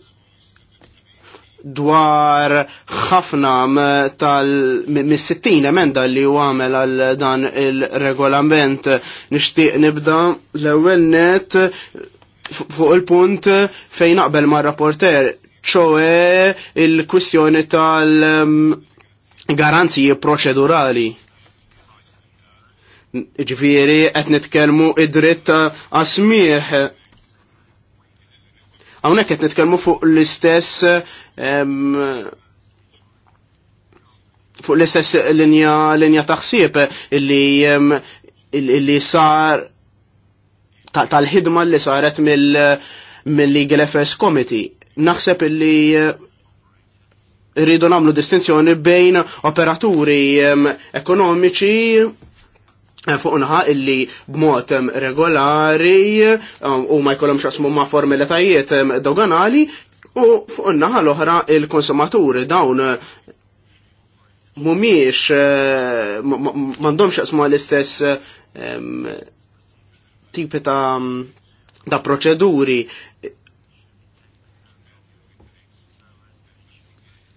dwar ħafna tal-60 emenda li u għamel għal dan il-regolament nishtiq nibda l-ewel net fuq il-punt eh, fejn naqbel ma' rapporter, ċoe il-kwistjoni tal-garanziji ehm, proċedurali. Ġviri, qed nitkellmu id-dritt għasmiħ. Hawnhekk qed nitkellmu fuq l-istess ehm, fuq l-istess linja taħsib taħsieb illi ehm, illi sar tal-ħidma li saret mill-Legal FS Committee. Naħseb li eh, rridu namlu distinzjoni bejn operaturi ekonomiċi eh, fuqnaħa illi b'mod regolari u ma jkollhom x'asmu ma' formalitajiet doganali u fuqnaħa l-oħra il-konsumaturi dawn eh, mumiex mandom xasmu l-istess tipi ta', ta proċeduri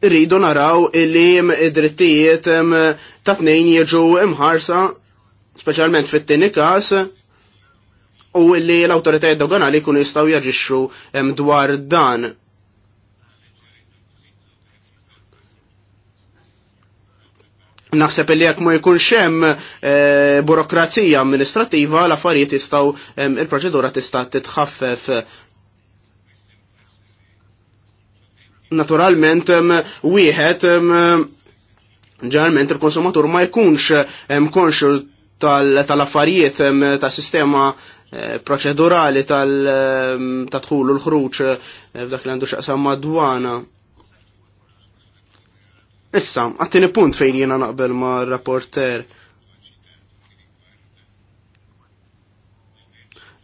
rridu naraw illi id-drittijiet ta' tnejn jiġu imħarsa, speċjalment fit-tieni każ, u illi l-awtoritajiet doganali jkunu jistgħu jaġixxu dwar dan. naħseb li jekk ma jkunx hemm eh, burokrazija amministrativa l-affarijiet jistgħu il-proċedura tista' titħaffef naturalment wieħed ġeneralment il-konsumatur ma jkunx konxu tal-affarijiet ta' sistema eh, proċedurali tal tħulu l-ħruġ eh, f'dak li għandu xaqsam madwana. dwana Issa, għattini punt fejn jena naqbel ma' rapporter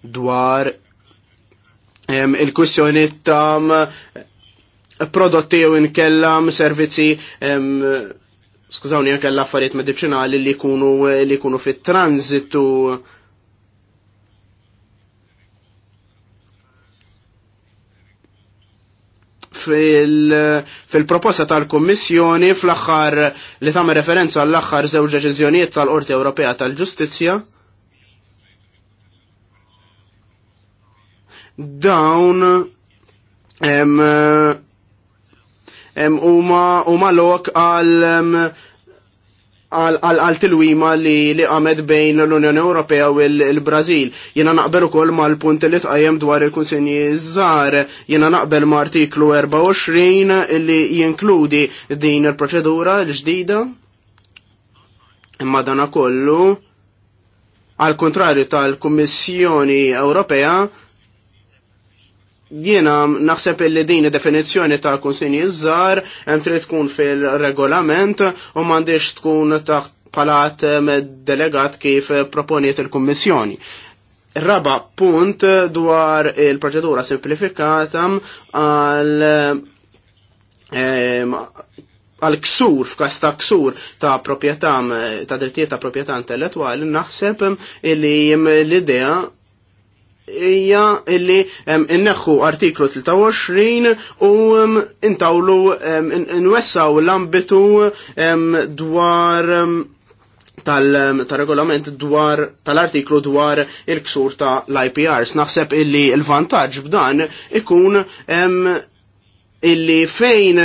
dwar il-kwissjoni ta' eh, prodotti u nkellam servizzi eh, skużawni anke affarijiet medicinali li kunu eh, li kunu fit-transitu fil-proposta tal-Kommissjoni fl-axħar li tam referenza għall-axħar żewġ deċiżjonijiet tal-Qorti Ewropea tal-Ġustizzja. Dawn huma lok għal għal tilwima li li għamed bejn l-Unjoni Ewropea u l-Brazil. Jena naqbel ukoll mal-punt li tqajjem dwar il-kunsenji żgħar, jena naqbel ma' artiklu 24 li jinkludi din il-proċedura l-ġdida. Imma dana kollu għal kontrarju tal-Kummissjoni Ewropea Jiena naħseb illi din definizzjoni ta' kunsinji iż-żar hemm trid tkun fil-regolament u m'għandix tkun taħt palat delegat kif proponiet il-Kummissjoni. Raba punt dwar il-proċedura simplifikata għal ehm, għal ksur, f'kas ta' ksur ta' proprjetà ta' drittijiet ta' proprjetà intellettwali, naħseb li l-idea hija illi inneħu artiklu 23 u intawlu nwessaw l-ambitu dwar tal-regolament dwar tal-artiklu dwar il-ksur ta' l-IPRs. Naħseb illi il-vantaġġ b'dan ikun illi fejn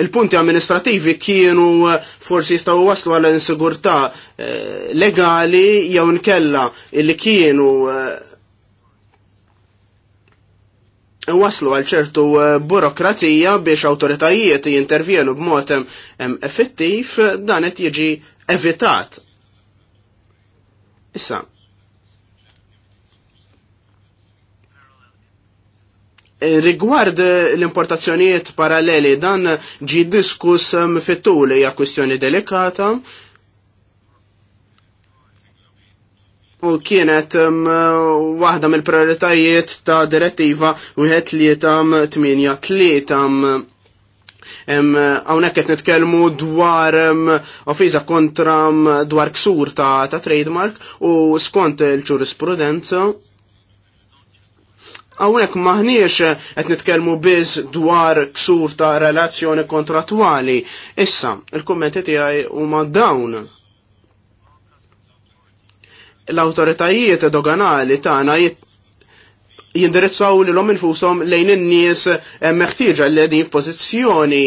il-punti amministrativi kienu forsi jistaw waslu għal insigurtà eh, legali jew nkella illi kienu eh, waslu għal ċertu eh, burokrazija biex autoritajiet jintervjenu b'mod effettiv dan qed jiġi evitat. Issa. Eh, rigward eh, l-importazzjonijiet paralleli dan ġi diskus fit-tuli hija kwistjoni delikata u kienet um, waħda mill-prioritajiet ta' direttiva u jħed li tam 8 tlietam Għawnek qed nitkellmu dwar ofiża kontra dwar ksur ta', ta trademark u skont il-ġurisprudenza għawnek maħniex qed nitkellmu biss dwar ksur ta' relazzjoni kontratwali. Issa, il-kummenti tiegħi huma dawn l-autoritajiet doganali tagħna jindirizzaw li l-om infusom lejn in-nies meħtieġa li din pożizzjoni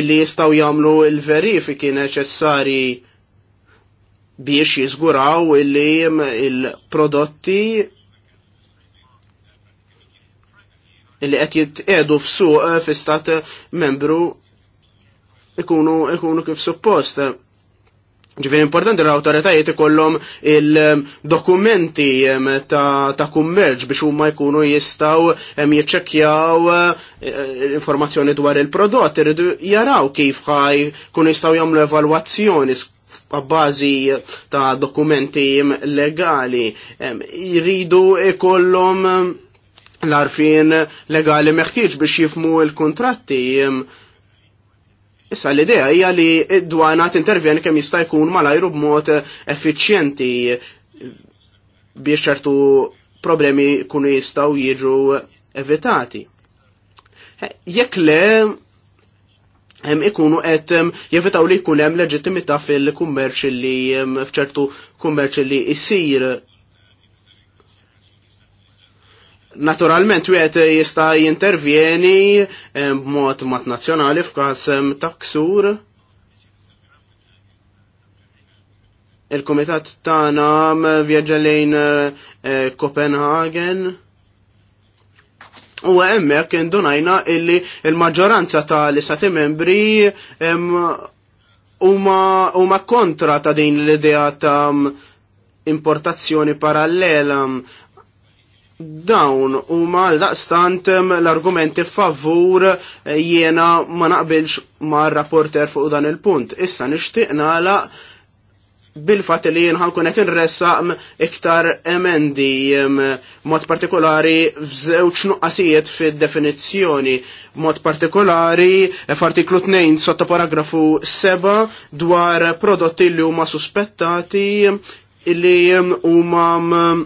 illi jistgħu jagħmlu l-verifiki neċessari biex jiżguraw illi il-prodotti illi qed jitqedu f'suq fi stat membru ikunu ikunu kif suppost. Ġivin importanti l-autoritajiet ikollhom il-dokumenti ta' kummerġ biex huma jkunu jistaw jiċċekkjaw eh, eh, informazzjoni dwar il-prodott, irridu jaraw kif ħaj kunu jistaw jagħmlu evalwazzjoni bażi ta' dokumenti legali. Jridu ikollhom l-arfin legali meħtieġ biex jifmu l-kontratti Issa l-idea hija li d-dwana t-intervjeni kemm jista' jkun malajru b'mod effiċjenti biex ċertu problemi kunu jistaw jiġu evitati. Eh, jekk le hemm ikunu qed jevitaw li jkun hemm leġittimità fil-kummerċ li f'ċertu kummerċ li jsir Naturalment, wieħed jista' jintervjeni eh, b'mod mat nazzjonali f'każ ta' ksur. Il-kumitat tagħna vjaġġa lejn eh, Copenhagen. U hemmhekk indunajna illi il-maġġoranza tal-istati membri huma kontra ta' din l-idea ta' importazzjoni parallela Dawn huma daqstant l-argumenti favur eh, jiena ma naqbilx ma' rapporter fuq dan il-punt. Issa nixtieq nagħlaq bil-fat li jinħan kunet nressa iktar emendi mod partikolari f'żewġ nuqqasijiet fid-definizzjoni. Mod partikolari eh, f'artiklu 2 sotto paragrafu 7 dwar prodotti li huma suspettati li huma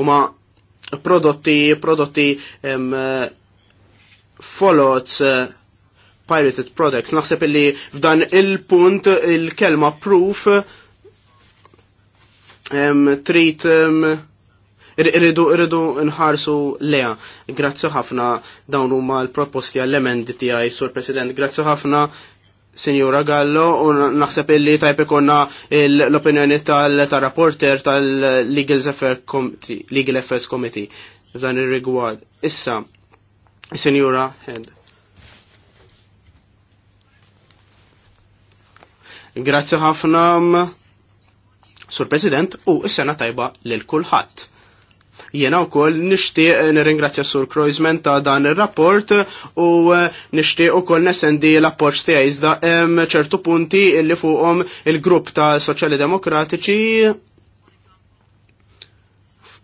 huma prodotti prodotti uh, pirated products. Naħseb illi f'dan il-punt il-kelma proof trid irridu irridu nħarsu leja. Grazzi ħafna dawn huma l-proposti għall-emendi tiegħi, Sur President. Grazzi ħafna Sinjura Gallo, u naħseb illi tajb ikonna l-opinjoni tal-rapporter tal-Legal Affairs Committee f'dan ir-rigward. Issa, Sinjura Head. Grazzi ħafna, Sur President, u s-sena tajba lil kulħadd. Jena wkoll nixtieq eh, nirringrazzja Sur Kreuzman ta' dan ir-rapport u eh, nixtieq ukoll nesendi l-appoġġ tiegħi iżda hemm ċertu punti illi fuqhom il-grupp ta' Soċjali Demokratiċi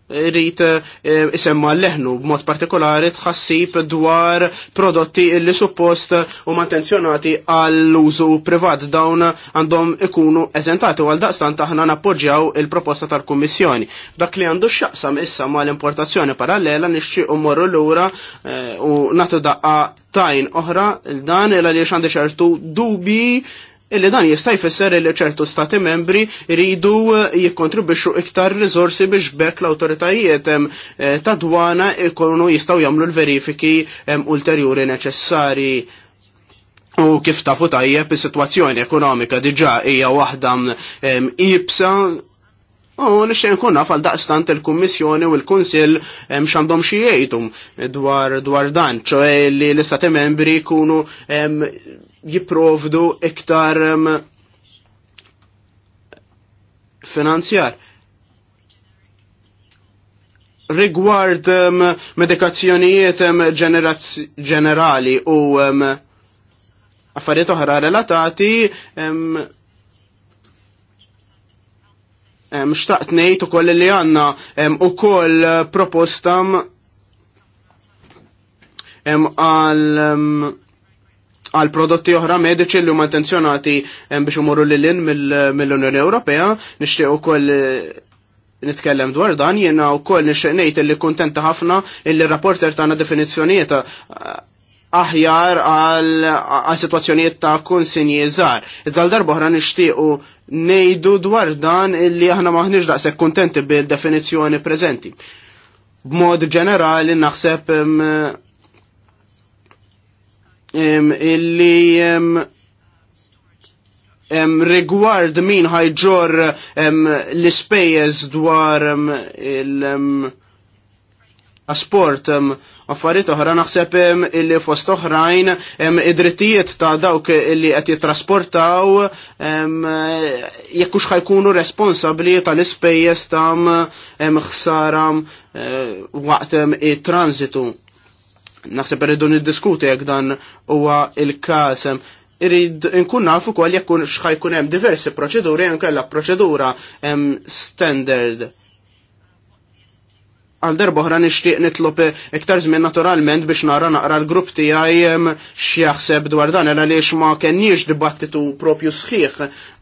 rrit eh, isemma leħnu b'mod partikolari tħassib dwar prodotti illi suppost u mantenzjonati għall-użu privat dawn għandhom ikunu eżentati għal daqstan taħna nappoġġjaw il-proposta tal-Kummissjoni. Dak li għandu x'aqsam issa ma l-importazzjoni parallela nixtieq morru lura eh, u natu daqqa tajn oħra dan il għaliex għandi ċertu dubi illi dan jista' jfisser li ċertu stati membri jridu eh, jikkontribwixxu iktar riżorsi biex bekk l-awtoritajiet eh, ta' dwana ikunu jistgħu jagħmlu l-verifiki ulterjuri neċessari. U kif tafu tajjeb is-sitwazzjoni ekonomika diġà hija waħda ibsa U nixtieq nkun naf għal daqstant il-Kummissjoni u l-Kunsill x'għandhom xi dwar dwar dan, ċoe li l-istati membri jkunu jipprovdu iktar finanzjar. Rigward medikazzjonijiet ġenerali u affarijiet oħra relatati, Mxtaqt nejt u koll li għanna u koll eh, propostam għal għal prodotti oħra medici li huma intenzjonati biex umorru l lin mill-Unjoni Ewropea, nixtieq ukoll eh, nitkellem dwar dan, jiena wkoll nixtieq ngħid li kuntenta ħafna il rapporter tagħna definizzjonijiet eh, aħjar għal situazzjoniet ta' konsinji żgħar. Iżda darbo darba oħra nixtiequ ngħidu dwar dan illi aħna maħniġ daqshekk kuntenti bil-definizzjoni preżenti. B'mod ġenerali naħseb illi um, rigward min ħajġor um, l-ispejjeż dwar um, il um, asport um, affarijiet oħra naħseb illi fost oħrajn id-drittijiet ta' dawk illi qed jittrasportaw jekk hux ħajkunu responsabbli tal-ispejjeż ta' ħsara waqt it-transitu. Naħseb irridu niddiskuti jekk dan huwa il-każ Irid nkun nafu kol jekk xħajkun hemm diversi proċeduri hemm kellha proċedura standard għal darba oħra nixtieq nitlob iktar żmien naturalment biex nara naqra l-grupp tiegħi x'jaħseb dwar dan għal għaliex ma kenniex dibattitu propju sħiħ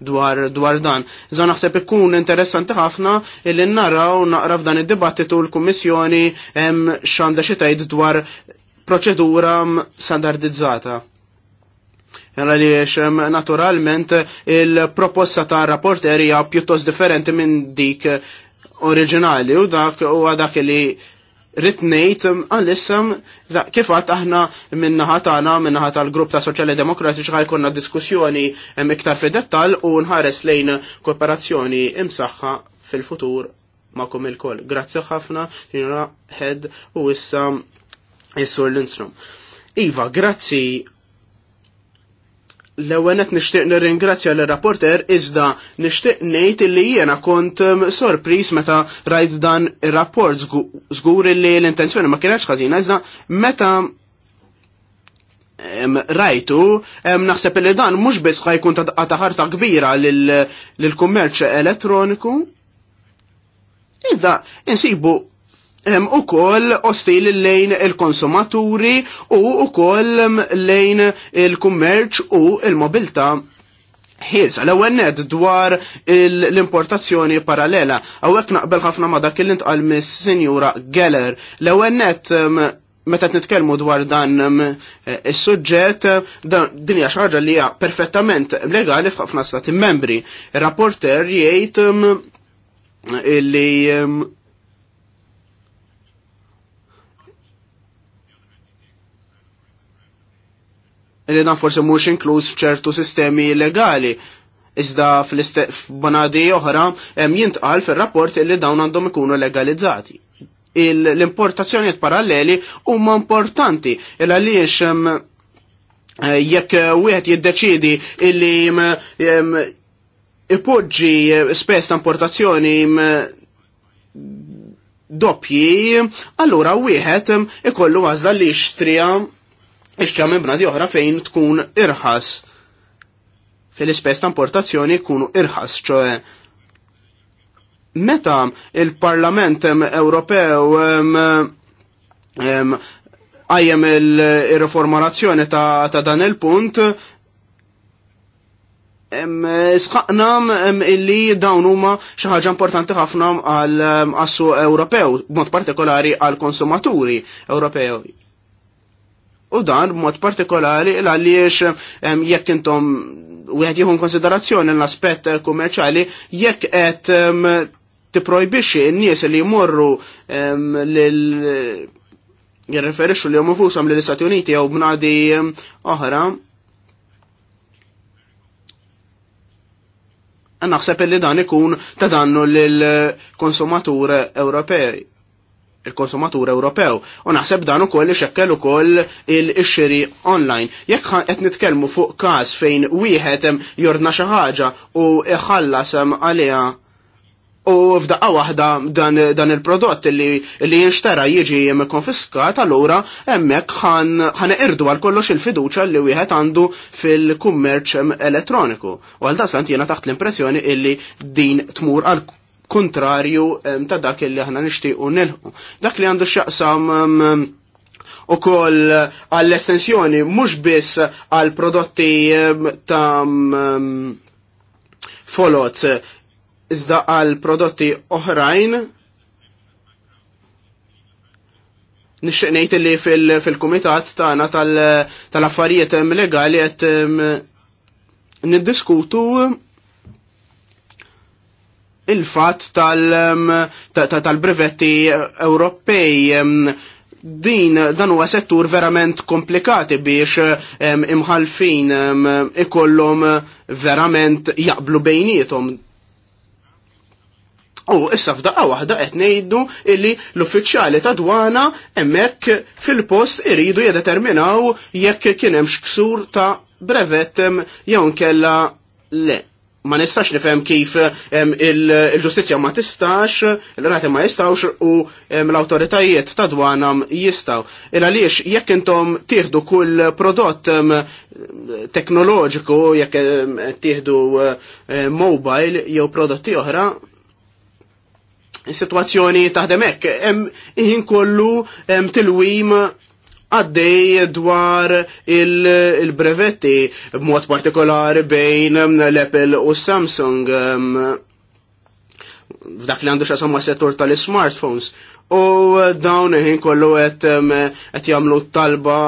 dwar dwar dan. Iżda naħseb ikun interessanti ħafna illi naraw naqra f'dan id-dibattitu l-Kummissjoni hemm x'għandha xi tgħid dwar proċedura standardizzata. Għaliex naturalment il-proposta ta' rapporterija pjuttost differenti minn dik oriġinali u dak u dak li ritnejt um, għal-issam um, kifat aħna minnaħat għana minnaħat għal-grupp ta' Soċjali Demokratiċi ħajkonna diskussjoni um, iktar fi dettal u nħares lejn kooperazzjoni imsaħħa fil-futur kum il-koll. Grazzi ħafna, jina head u issa jessur l-instrum. Iva, grazzi L-ewenet nishtiq nirringrazzja l-rapporter iżda nishtiq ngħid li jiena kont um, sorpris meta rajt dan ir-rapport żgur li l-intenzjoni ma kienax ħażina iżda meta rajtu naħseb li dan mhux biss ħajkun ta' ħarta kbira lil kummerċ elettroniku iżda insibu Hemm ukoll ostil lejn il-konsumaturi u ukoll lejn il-kummerċ u il-mobilta ħies l-ewwel ned dwar l-importazzjoni parallela. Għawek naqbel ħafna ma dak l-int ntqal mis-Sinjura Geller. L-ewwel net meta nitkellmu dwar dan eh, is-suġġett din hija xi ħaġa li hija perfettament legali f'ħafna stati membri. rapporter jgħid li li dan forse mhux inkluż f'ċertu sistemi legali. Iżda f'banadi oħra jintqal fir-rapport li dawn għandhom ikunu legalizzati. L-importazzjonijiet paralleli huma importanti il għaliex eh, jekk wieħed jiddeċidi illi ipoġġi eh, spess ta' importazzjoni doppji, allura wieħed ikollu għażla li xtrija iċċa minn di oħra fejn tkun irħas fil-ispess ta' importazzjoni jkunu irħas, ċoħe meta il-Parlament Ewropew għajjem il-reformulazzjoni ta', ta dan il-punt, sqaqna illi dawn huma xi ħaġa importanti ħafna għal assu Ewropew, b'mod partikolari għal konsumaturi Ewropew. U dan b'mod partikolari għaliex jekk intom u għed jihun konsiderazzjoni l-aspet kummerċali jekk qed tiprojbixi n-nies li jmorru lil jirreferixxu li jom li lill istati Uniti jew bnadi oħra. Naħseb li dan ikun ta' dannu lill konsumatur Ewropej il-konsumatur Ewropew. U naħseb dan ukoll xekkel ukoll il-xiri online. Jekk qed nitkellmu fuq każ fejn wieħed jorna xi ħaġa u iħallas għaliha u f'daqqa waħda dan, dan il-prodott li, li jinxtara jiġi konfiskat, allura hemmhekk ħan irdu għal kollox il-fiduċa li wieħed għandu fil-kummerċ elettroniku. U għal dasant jiena taħt l-impressjoni illi din tmur għal kontrarju ta' dak li aħna nixtiequ nilħu. Dak li għandu x'jaqsam u koll għall-estensjoni, mux biss għall-prodotti ta' folot, iżda għall-prodotti oħrajn. Nixtieq ngħid li fil-kumitat tagħna tal-affarijiet legali qed niddiskutu il-fat um, tal-brevetti Ewropej. Um, din dan huwa settur verament komplikati biex um, imħalfin ikollhom verament jaqblu bejnietom. U issa f'daqqa waħda qed ngħidu illi l-uffiċjali ta' dwana hemmhekk fil-post iridu jiddeterminaw jekk kien hemm xksur ta' brevet jew nkella le ma nistax nifhem kif il-ġustizzja ma tistax, il-rati ma jistawx u l-autoritajiet ta' dwana jistaw. Il għaliex jekk intom tieħdu kull prodott teknoloġiku, jekk tieħdu mobile jew prodotti oħra, situazzjoni taħdemek, jien kollu tilwim għaddej dwar il-brevetti il b'mod partikolari bejn um, l-Apple u Samsung um, f'dak li għandu xasamma settur tal-smartphones. U uh, dawn ħin kollu um, għet jamlu talba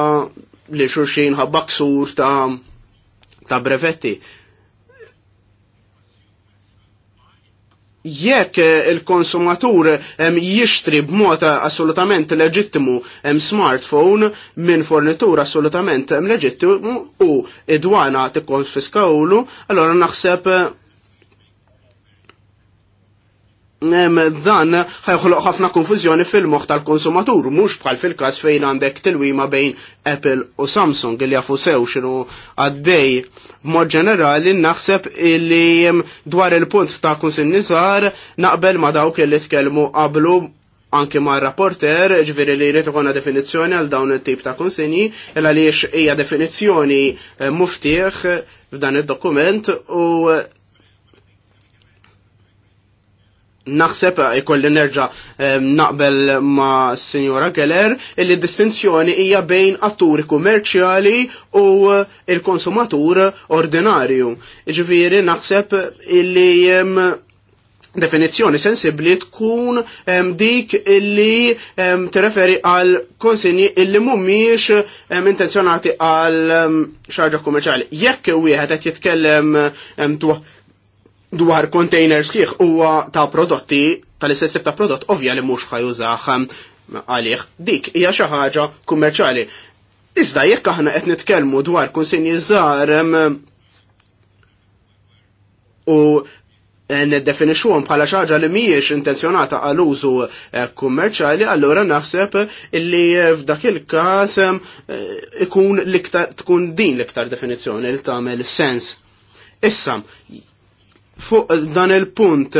li xurxin ħabba ksur ta' ta' brevetti. jekk eh, il-konsumatur jixtri b'mod assolutament leġittimu smartphone minn fornitur assolutament leġittimu u id-dwana konfiskawlu allora naħseb dan ħajħloq ħafna konfużjoni fil-moħ tal-konsumatur, mhux bħal fil-każ fejn għandek tilwima bejn Apple u Samsung li jafu sew xinu għaddej. Mod ġenerali naħseb li dwar il-punt ta' kunsin nizar naqbel ma dawk li tkellmu qablu anke ma' rapporter, ġviri li jrid ikonna definizzjoni għal dawn il tip ta' konsinji, il għaliex hija definizzjoni eh, muftiħ f'dan id-dokument u naħseb eh, ikolli nerġa eh, naqbel ma' Signora Keller illi distinzjoni hija bejn atturi kummerċjali u eh, il-konsumatur ordinarju. Ġifieri naħseb illi definizzjoni sensibli tkun dik illi tirreferi għal konsinji illi mumiex intenzjonati għal xarġa kummerċjali. Jekk wieħed qed jitkellem tuħ dwar containers kieħ huwa ta' prodotti tal-istess ta' prodott ovvja li mhux ħajużaħ għalih dik hija xi ħaġa kummerċjali. Iżda jekk aħna qed nitkellmu dwar kunsinji żgħar u neddefinixuhom bħala xi ħaġa li mhijiex intenzjonata għal użu eh, kummerċjali, allura naħseb li f'dak il-każ eh, ikun l-iktar tkun din l-iktar definizzjoni li tagħmel sens. Issa, fuq dan il-punt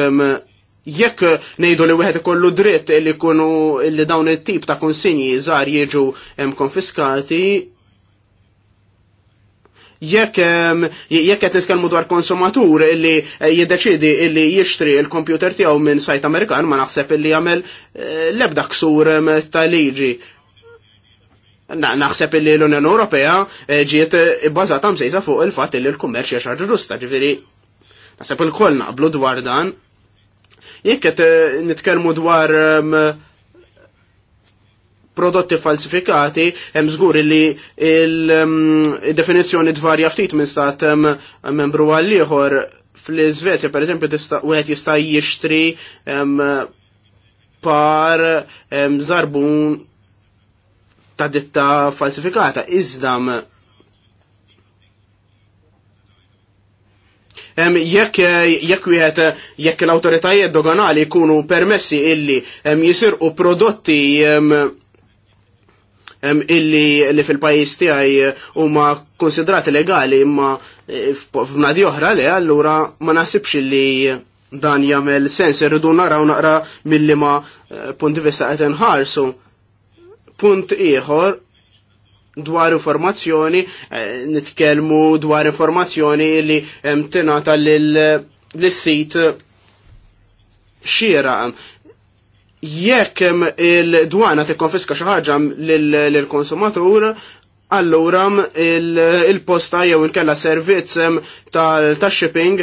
jekk nejdu li wieħed ikollu dritt li kunu li dawn it-tip ta' konsinji żgħar jiġu konfiskati jekk jekk qed nitkellmu dwar konsumatur illi eh, jiddeċidi illi jixtri l-kompjuter tiegħu minn sajt Amerikan ma naħseb illi jagħmel eh, l-ebda ksur ta' liġi. Naħseb illi l-Unjoni Ewropea eh, ġiet ibbażata msejsa fuq il-fatt illi l-kummerċ jaxar ġusta, ġifieri Nasab il-koll naqblu dwar dan. Jekk qed eh, nitkellmu dwar ehm, prodotti falsifikati, hemm żgur li il-definizzjoni ehm, tvarja ftit minn stat ehm, membru għal ieħor fl-Iżvezja pereżempju tista' wieħed jista' jixtri par zarbun ta' ditta falsifikata. Iżdam jekk jekk wieħed jekk l-awtoritajiet doganali jkunu permessi illi jisirqu prodotti illi li fil-pajis tiegħi huma konsidrati legali imma eh, f'nadi oħra le allura ma naħsibx li dan jagħmel sens irridu naraw naqra mill-li ma eh, punti vista qed inħarsu. Punt ieħor dwar informazzjoni, eh, nitkellmu dwar informazzjoni li tingħata l-sit xira. Jekk il-dwana tikkonfiska xi ħaġa lill-konsumatur, allura il-posta jew il-kella servizz tal-shipping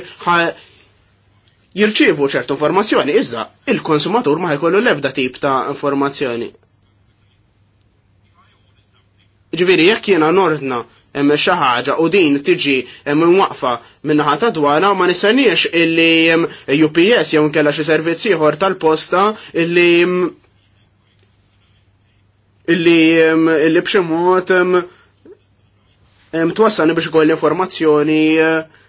jirċievu ċertu informazzjoni, iżda il-konsumatur ma jkollu l-ebda tip ta' informazzjoni. Ġviri, jekk jena nordna emme xaħġa u din tiġi mwaqfa minnaħa ta' dwana ma nistenniex illi UPS jew nkella xi servizz ieħor tal-posta illi illi illi b'xi mod biex ikoll informazzjoni eh,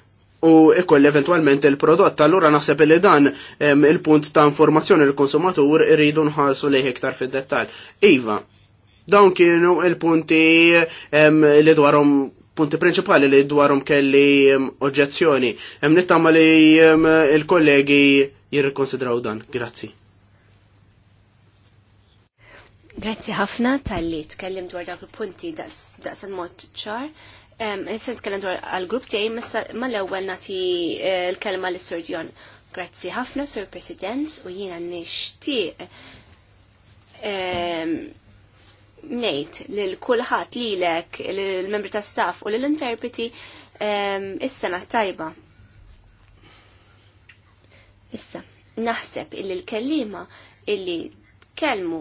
u ikoll eventualment il-prodott. Allura naħseb li dan il-punt ta' informazzjoni l-konsumatur irridu nħarsu lejh iktar fid-dettall. Iva, Dawn kienu il-punti li dwarhom punti prinċipali li dwarhom kelli oġġezzjoni. Hemm nittama li il-kollegi jirrikonsidraw dan. Grazzi. Grazzi ħafna tal-li tkellim dwar dak il-punti daqs il-mod ċar. Nisan tkellem dwar għal-grupp tiegħi ma l-ewwel nagħti eh, l-kelma l surdjon Grazzi ħafna, Sur President, u jiena nixtieq ngħid lil kulħadd lilek l membri ta' staff u lill-interpreti is-sena tajba. Issa, naħseb illi l-kellima illi tkellmu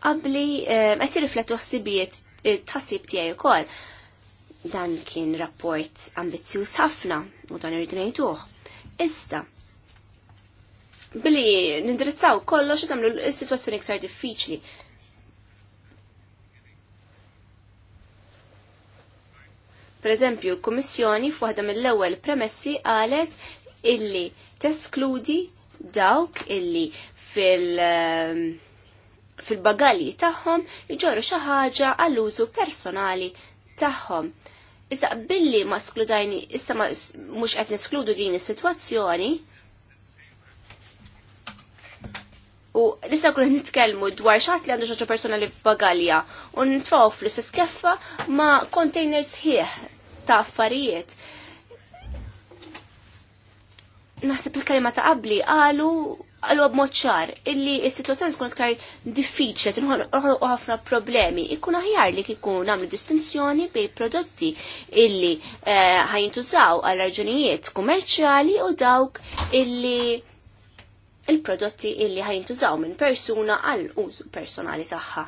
qabli qed jirriflettu ħsibijiet eh, tħassib tiegħi wkoll. Dan kien rapport ambizjuż ħafna u dan irridu ngħiduh. Issa, billi nindirizzaw kollox u tagħmlu s-sitwazzjoni iktar diffiċli Per eżempju, l-Kummissjoni f'waħda mill-ewwel premessi qalet illi teskludi dawk illi fil- ehm, fil-bagalji tagħhom iġorru xi ħaġa għall-użu personali tagħhom. Iżda billi ma skludajni, issa mhux qed niskludu din is-sitwazzjoni, U nisa kuna nitkellmu dwar xaħat li għandu li f f'bagalja u nitfaw fl-istess keffa ma' containers hieħ ta' affarijiet. Naħseb il kalima ta' qabli għalu għalu għabmod ċar illi s-situazzjoni tkun aktar diffiċli, tkun ħafna problemi. Ikkun aħjar li kikun għamlu distinzjoni bej prodotti illi eh, ħajntużaw għal raġunijiet kummerċjali u dawk illi il-prodotti illi ħajintużaw minn persuna għal użu personali tagħha.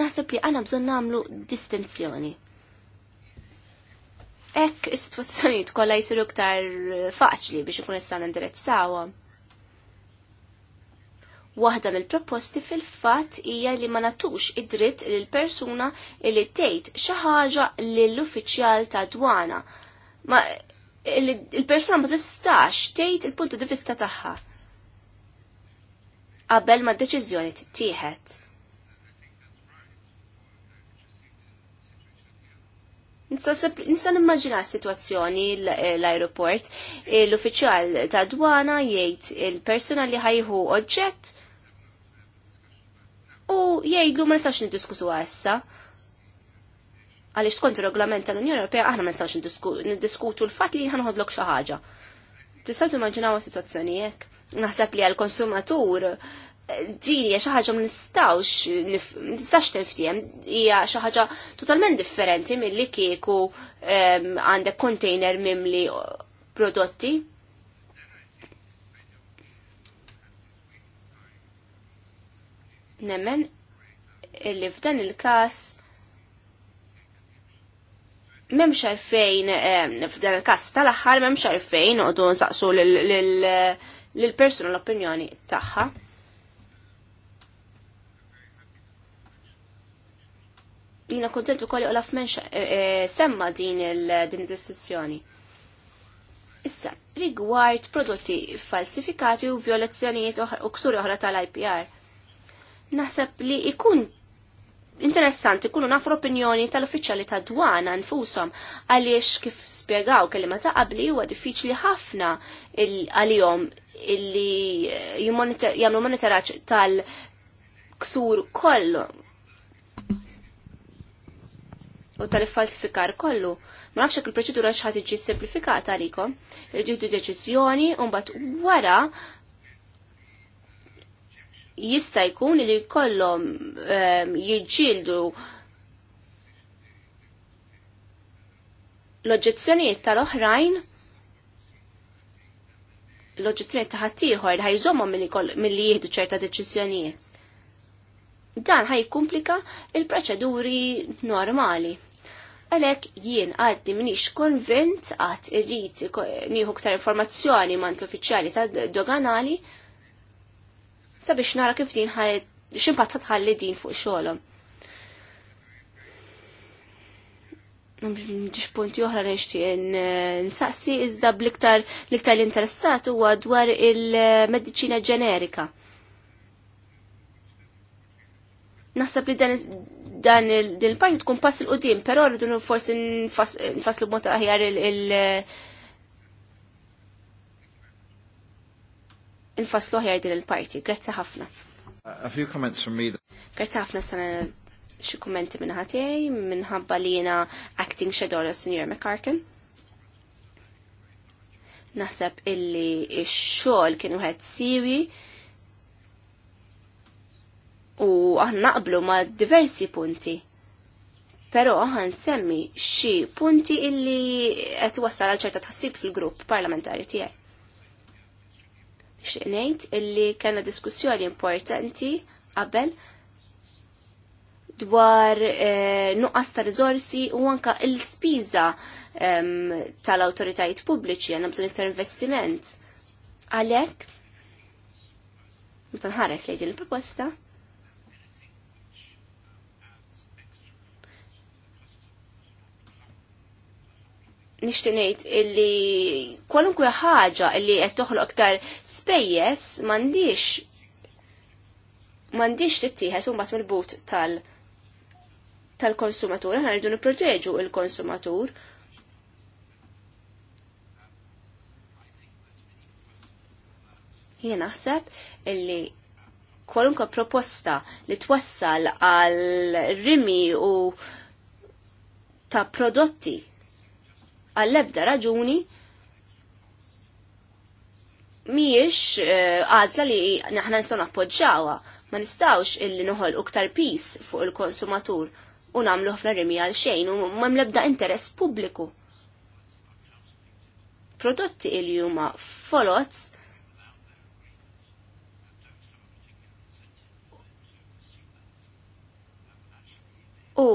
Naħseb li għana bżon namlu distinzjoni. Ek is-situazzjonijiet kollha jsiru iktar faċli biex ikun issa indirizzawa. Waħda mill-proposti fil-fatt hija li ma natux id-dritt lil persuna li tgħid xi ħaġa lill-uffiċjal ta' dwana ma il-persuna ma tistax tgħid il-puntu di vista tagħha qabel ma d-deċiżjoni tittieħed. Nista' nimmaġina s-sitwazzjoni l-aeroport, l-uffiċjal ta' dwana jgħid il persona li ħajħu oġġett u jgħidlu ma nistax nidiskutu għessa għaliex skont ir reglament tal-Unjoni Ewropea aħna ma nistgħux niddiskutu l-fatt li ħanħodlok xi ħaġa. Tistgħu timmaġinaw sitwazzjoni hekk? Naħseb li għall-konsumatur eh, din hija xi ħaġa ma nistgħux nistax tinftiem hija xi ħaġa totalment differenti milli kieku ehm, għandek container mimli prodotti. Nemmen illi f'dan il-każ memx għalfejn, eh, f'dan il-kas tal-axħar, memx għalfejn għodu nsaqsu l-personal opinjoni taħħa. Jina kontentu kolli u laf menx eh, eh, semma din il-din Issa, rigward prodotti falsifikati u violazzjonijiet u ksuri oħra tal-IPR. Naħseb li ikun interessanti kullu nafu opinjoni tal-uffiċjali ta' dwana nfushom għaliex kif spiegaw kelima ta' qabli huwa diffiċli ħafna għalihom illi jagħmlu monitoraġġ tal-ksur kollu u tal-falsifikar kollu. Ma nafx il proċedura x'ħad tiġi simplifikata għalikom, irġidu deċiżjoni u mbagħad wara jista' jkun li jkollhom ehm, jiġġieldu l-oġġezzjonijiet tal-oħrajn l-oġġezzjonijiet ta' ħaddieħor li ħajżomhom milli jieħdu ċerta deċiżjonijiet. Dan ħajkumplika il-proċeduri normali. Għalek jien għaddi minix konvent għad irrit nieħu ktar informazzjoni mant l-uffiċjali tad doganali sabiex nara kif din ħaj x'impatt tħalli din fuq xolom. Mġiġ punti oħra n nsaqsi iżda bliktar l-iktar interessat huwa dwar il-mediċina ġenerika. Naħseb li dan il-parti tkun pass il-qudiem, però rridu forsi nfasslu mota aħjar il- infassu ħjar din il-parti. Grazzi ħafna. A few comments from me. Grazzi ħafna sana xi kummenti minn ħatej minħabba li jiena acting shadow Senior McCarkin. Naħseb illi x-xogħol kien wieħed siwi u aħna naqblu ma' diversi punti. Pero aħna nsemmi xi punti illi qed wassal għal ċerta tħassib fil-grupp parlamentari tiegħek xinejt illi kena diskussjoni importanti qabel dwar eh, nuqqas ta' rizorsi u anka il-spiża ehm, tal-autoritajiet pubbliċi għandna bżonn iktar investiment. Għalhekk meta nħares din il-proposta, nishtinejt illi kwalunkwe ħaġa illi qed toħloq aktar spejjes m'għandix m'għandix tittieħed u mbagħad mill-but tal tal-konsumatur, aħna rridu nipproteġu il-konsumatur. Jien naħseb illi kwalunkwe proposta li twassal għal rimi u ta' prodotti għall-ebda raġuni miex eh, għazla li naħna nistaw nappoġġawa, ma nistawx illi noħol uktar pis fuq il-konsumatur u namlu ħafna rimi għal xejn u ma mlebda interess pubbliku. Prodotti il huma folots u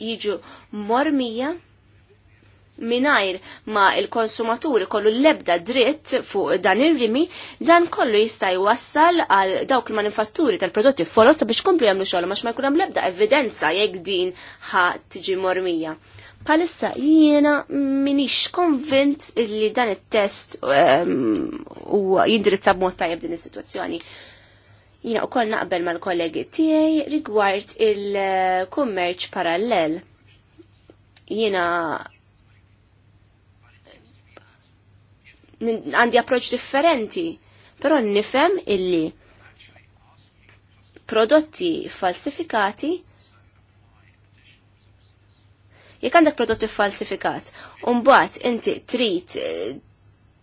jiġu mormija minajr ma il-konsumaturi kollu l-ebda dritt fuq dan ir-rimi, dan kollu jista' jwassal għal dawk il-manifatturi tal-prodotti folot biex komplu jagħmlu xogħol għax ma jkun hemm l-ebda evidenza jekk din ħa tiġi mormija. Palissa jiena minix konvint li dan it-test ehm, u jindirizza b'mod tajjeb din is-sitwazzjoni. Jina u koll naqbel mal-kollegi tijaj rigward il-kummerċ parallel. Jina għandi approċ differenti, pero nifem illi prodotti falsifikati jekk għandek prodotti falsifikat, umbat inti trit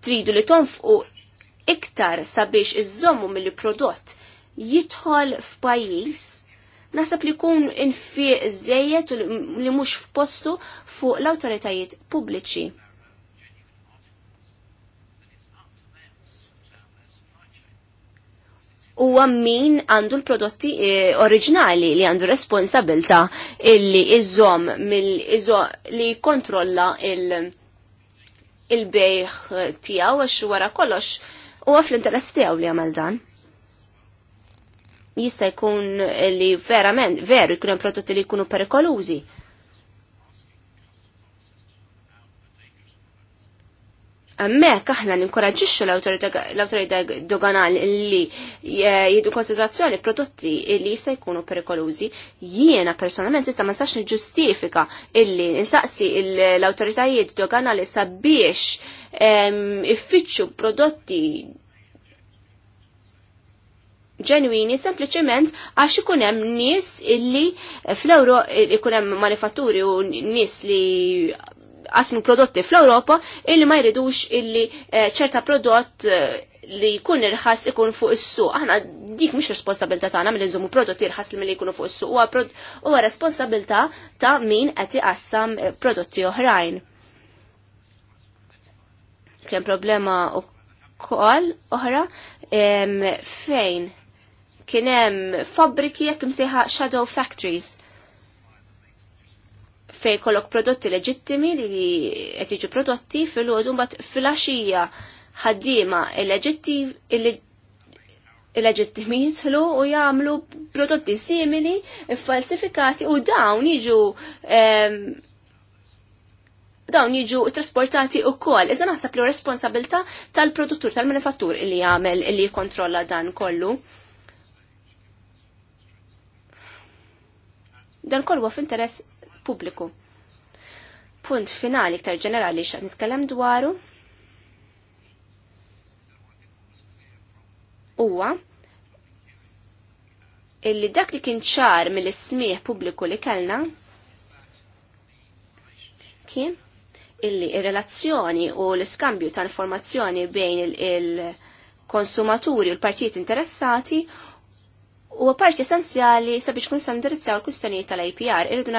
tridu li tonfqu iktar sabiex iżommu mill-prodott jidħol f'pajjiż nasab li jkun infiq żejjed li mhux f'postu fuq l-awtoritajiet pubbliċi. u min għandu l-prodotti eh, oriġinali li għandu responsabilta illi iżom li kontrolla il-bejħ il tijaw għax wara kollox u għaf l-interess tijaw li għamal dan jista' jkun li verament veru jkun hemm prodotti li jkunu perikolużi. Ammek aħna ninkoraġġixxu l-awtorità doganali li eh, jiedu konsiderazzjoni prodotti li jista' jkunu perikolużi. Jiena personalment issa ma nistax niġġustifika illi insaqsi l-awtoritajiet doganali sabiex ehm, iffittxu prodotti ġenwini sempliciment għax ikun hemm nies illi fl euro ikun hemm manifatturi u nies li għasmu prodotti fl-Ewropa illi ma jridux illi eh, ċerta prodott eh, li jkun irħas ikun fuq is-suq. Aħna dik mhix responsabilità tagħna milli nżommu prodotti irħas li milli jkunu fuq is-suq. Huwa huwa responsabilità ta' min qed iqassam eh, prodotti oħrajn. Kien problema wkoll oħra fejn kien hemm fabbriki jekk shadow factories fej kollok prodotti leġittimi li qed jiġu prodotti fil-għodu mbagħad fil-għaxija il illeġittimi jidħlu u jagħmlu prodotti simili falsifikati u dawn jiġu dawn jiġu trasportati u koll. Iżda naħseb li responsabilta tal-produttur tal-manifattur li jagħmel li jikkontrolla dan kollu. dan kollu f'interess pubbliku. Punt finali iktar ġenerali xa nitkellem dwaru huwa illi dak li kien ċar mill-ismieħ pubbliku li kellna kien illi ir-relazzjoni u l-iskambju ta' informazzjoni bejn il-konsumaturi u l-partijiet interessati u parti essenzjali sabiex kun sandirizzaw l-kustonijiet tal-IPR irridu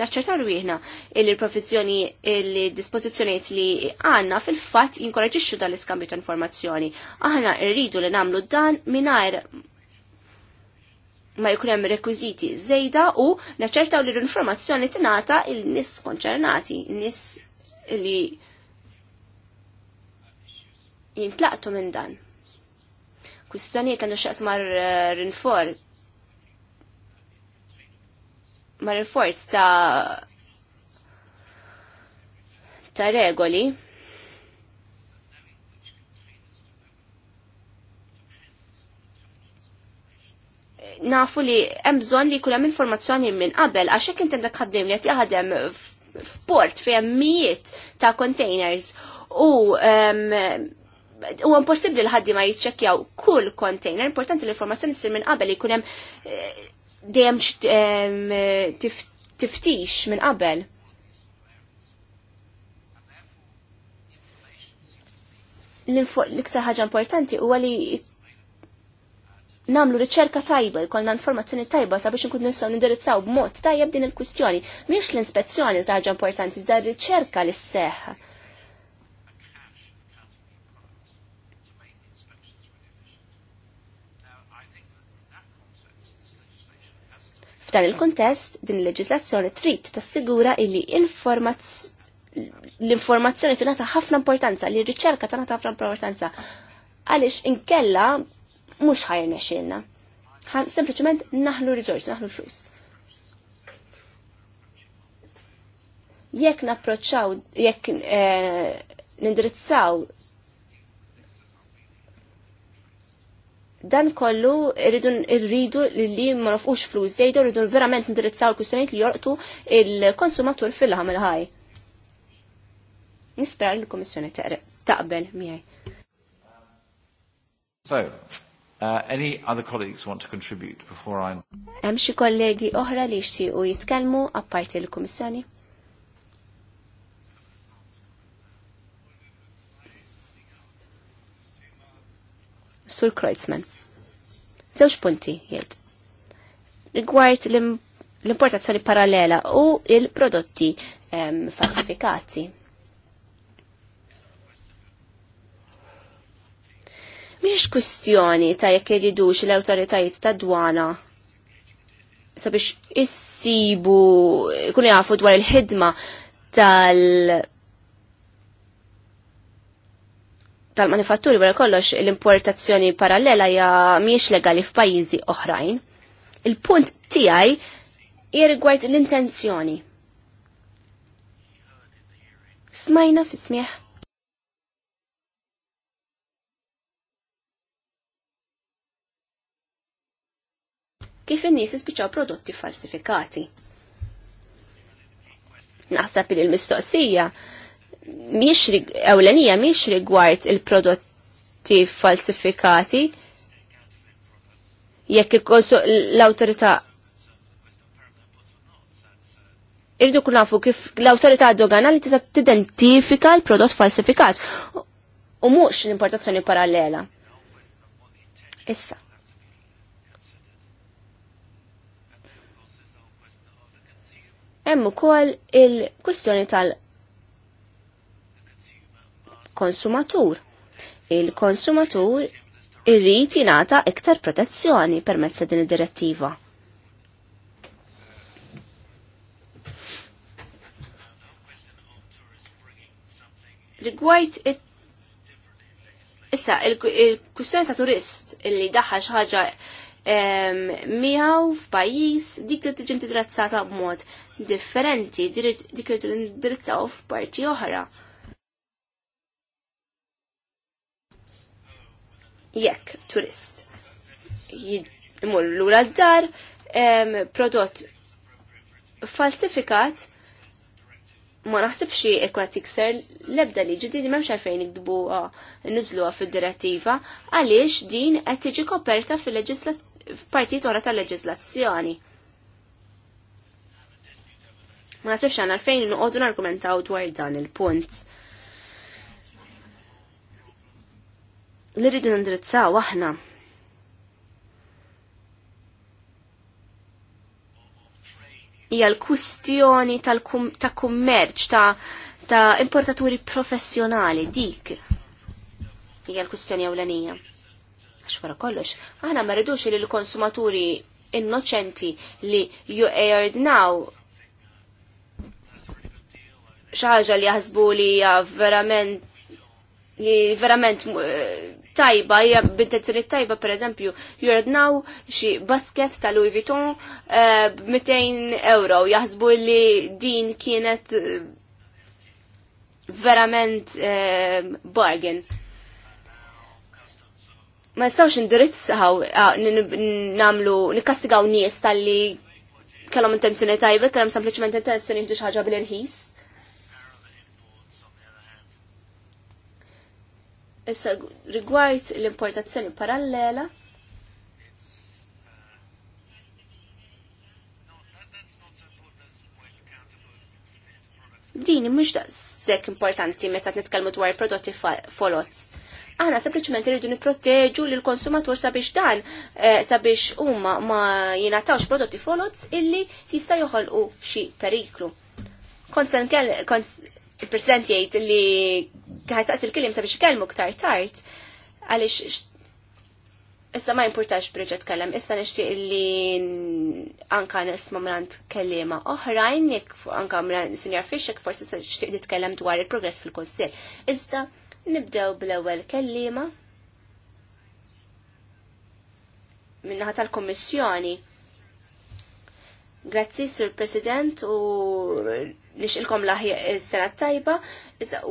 naċċertaw wieħna il professjoni il-dispożizzjonijiet li għanna fil-fatt jinkoraġixxu dan l-iskambju ta' informazzjoni. Aħna rridu li nagħmlu dan mingħajr ma jkun hemm rekwiżiti żejda u naċċertaw li l-informazzjoni tingħata il-nies konċernati, nies li jintlaqtu minn dan kwistjonijiet għandu xaqs mar eh, rinfor Mar rinfor ta' ta' regoli nafu li hemm bżonn li jkun hemm informazzjoni minn qabel għax hekk inti ħaddim li qed jaħdem f'port fejn mijiet ta' containers u u impossibbli li ħaddi ma jiċċekkjaw kull container, importanti l-informazzjoni ssir minn qabel jkun hemm eh, dejjem tiftix minn qabel. L-iktar ħaġa importanti huwa li namlu riċerka tajba, jkollna informazzjoni tajba sabiex nkun nistgħu nindirizzaw b'mod tajjeb din il-kwistjoni. Mhix l-ispezzjoni ta' ħaġa importanti, iżda riċerka li sseħħ F'dan il kontest din il-leġislazzjoni trid tassigura illi l-informazzjoni tingħata ħafna importanza, li r-riċerka tingħata ħafna importanza għaliex inkella mhux ħajrna xilna. Sempliċement naħlu riżorsi, naħlu flus. Jekk napproċċaw, jekk eh, nindirizzaw dan kollu irridu irridu li ma nafqux flus zejdu irridu verament indirizzaw l-kustjoniet li jorqtu il-konsumatur fil-ħamil ħaj. Nispera li l-Komissjoni taqbel miegħi. So, uh, any other colleagues want to contribute before I... Hemm xi kollegi oħra li jixtiequ jitkellmu apparti l-Kummissjoni? Sur Kreuzmann. Zewx punti jiet. Rigward l-importazzjoni parallela u il-prodotti falsifikati. Miex kustjoni ta' jekk iridux l-autoritajiet ta' dwana sabiex issibu kun jafu dwar il-ħidma tal- tal-manifatturi wara kollox l-importazzjoni parallela hija mhijiex legali f'pajjiżi oħrajn. Il-punt tiegħi jirrigward l-intenzjoni. Smajna fi smieħ kif in-nies ispiċċaw prodotti falsifikati. Naħseb li l-mistoqsija miex ewlenija miex rigward il-prodotti falsifikati jekk l-autorità Irdu kun nafu kif l-autorità dogana li tista' tidentifika l-prodott falsifikat u mhux l-importazzjoni parallela. Issa. Hemm ukoll il-kwistjoni tal- konsumatur. Il-konsumatur irrit jingħata iktar protezzjoni permezz din id-direttiva. Rigward Issa, il-kustjoni ta' turist illi daħħa xaħġa miegħu f'pajjiż dik li tiġi indirizzata b'mod differenti, dik li tindirizzaw f'parti oħra. jekk turist imur l-ura d-dar prodott falsifikat ma naħsibx xie ikun tikser l-ebda liġi din m'hemmx għalfejn ikdbuha niżluha fid-direttiva għaliex din qed tiġi koperta f'partit oħra tal-leġislazzjoni. Ma nasibx għan għalfejn noqogħdu nargumentaw dwar dan il-punt. li rridu aħna. Hija l-kustjoni ta' kummerċ ta' ta' importaturi professjonali dik hija l-kustjoni ewlenija. Għax wara kollox, aħna ma rridux li l-konsumaturi innoċenti li ju ejordnaw xaħġa li jaħsbu li verament li verament eh, tajba, hija b'intenzjoni tajba pereżempju jordnaw xi basket ta' Louis Vuitton eh, b'200 euro, jaħsbu li din kienet eh, verament eh, bargain ma nistawx indirizzaw namlu nikastigaw nies tal-li kellhom intenzjoni tajba, kellhom sempliċement intenzjoni ħdux ħaġa bil-irħis. Issa rigward l-importazzjoni parallela, din mhux daqshekk importanti meta nitkellmu dwar prodotti folot. Aħna sempliċement irridu nipproteġu lil konsumatur sabiex dan eh, sabiex huma ma jingħatawx prodotti folot illi jista' joħolqu xi periklu. Kont se il-President jgħid li ħajsaqs il-kelim sabiex kelmu ktar tard, għaliex issa ma importax proġett kellem, issa nixtieq li anka nisma' mrant kellima oħrajn, jekk anka mrant Sinjar Fishek forsi tixtieq nitkellem dwar il-progress fil-Kunsill. Iżda nibdew bl-ewwel kellima minnaħa tal-Kommissjoni. Grazzi, Sur President, u nixilkom laħja s-sena tajba,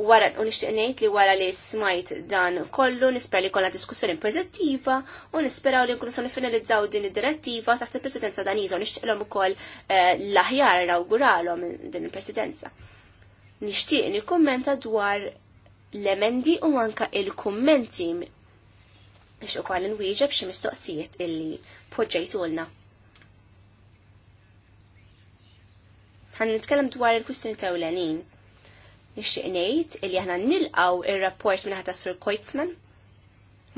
wara u nixtieq ngħid li wara li smajt dan kollu nispera li kollha diskussjoni pożittiva u nisperaw li nkunu sa nifinalizzaw din id-direttiva taħt il-presidenza Daniża u nixtieqlhom ukoll eh, l-aħjar inawguralhom din il-presidenza. Nixtieq nikkummenta dwar l-emendi u anka il-kummenti biex n-wijġab xi mistoqsijiet illi poġġejtulna. ħan nitkellem dwar il-kwistjoni ta' ewlenin. Nixtieq ngħid illi aħna nilqgħu ir-rapport minn ħata Sur Koitzman.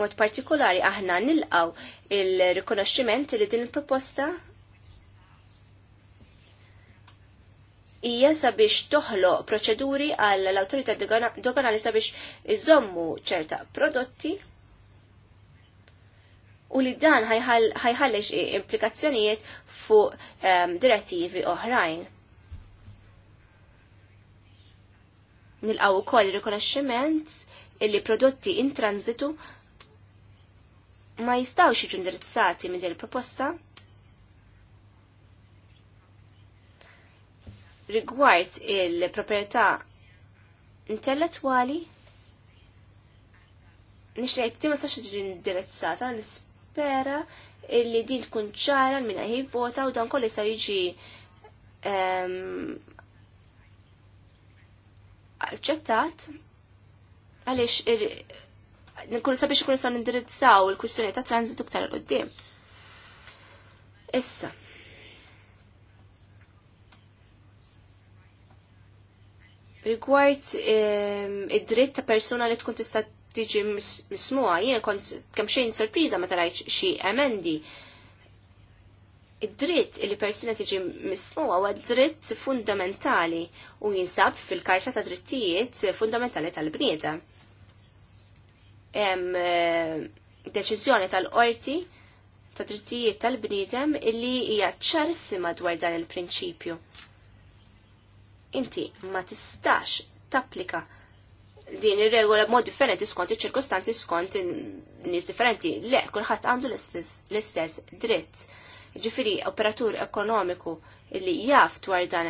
Mod partikolari aħna nilqaw il-rikonoxximent li din il-proposta hija sabiex toħloq proċeduri għall l-autorità doganali sabiex iżommu ċerta prodotti u li dan ħajħallex implikazzjonijiet fuq um, direttivi oħrajn. Nilqaw ukoll riconoscement illi prodotti in transitu ma jistawx jiġu indirizzati minn din il-proposta rigward il-proprjetà intellettwali nixtieq din ma sax tiġi indirizzata nispera illi din tkun ċara minn ħin vota u dan kollu jista' jiġi ehm, aċċettat għaliex nkun sabiex ikun nistgħu nindirizzaw il-kwistjoni ta' transitu ktar il qudiem. Issa. Rigward ehm, id-dritt ta' persuna li tkun tista' tiġi mismuha, jien kont kemm xejn sorpriża meta rajt xi emendi id-dritt li persuna tiġi mismuwa huwa dritt fundamentali u jinsab fil-karta ta' drittijiet fundamentali tal-bniedem. Hemm eh, deċiżjoni tal-qorti ta' drittijiet tal-bniedem illi hija ċarsima dwar dan il-prinċipju. Inti ma tistax tapplika din ir-regola b'mod differenti skont iċ-ċirkostanzi skont nies differenti. Le, kulħadd għandu l-istess dritt ġifiri operatur ekonomiku illi jaf dwar dan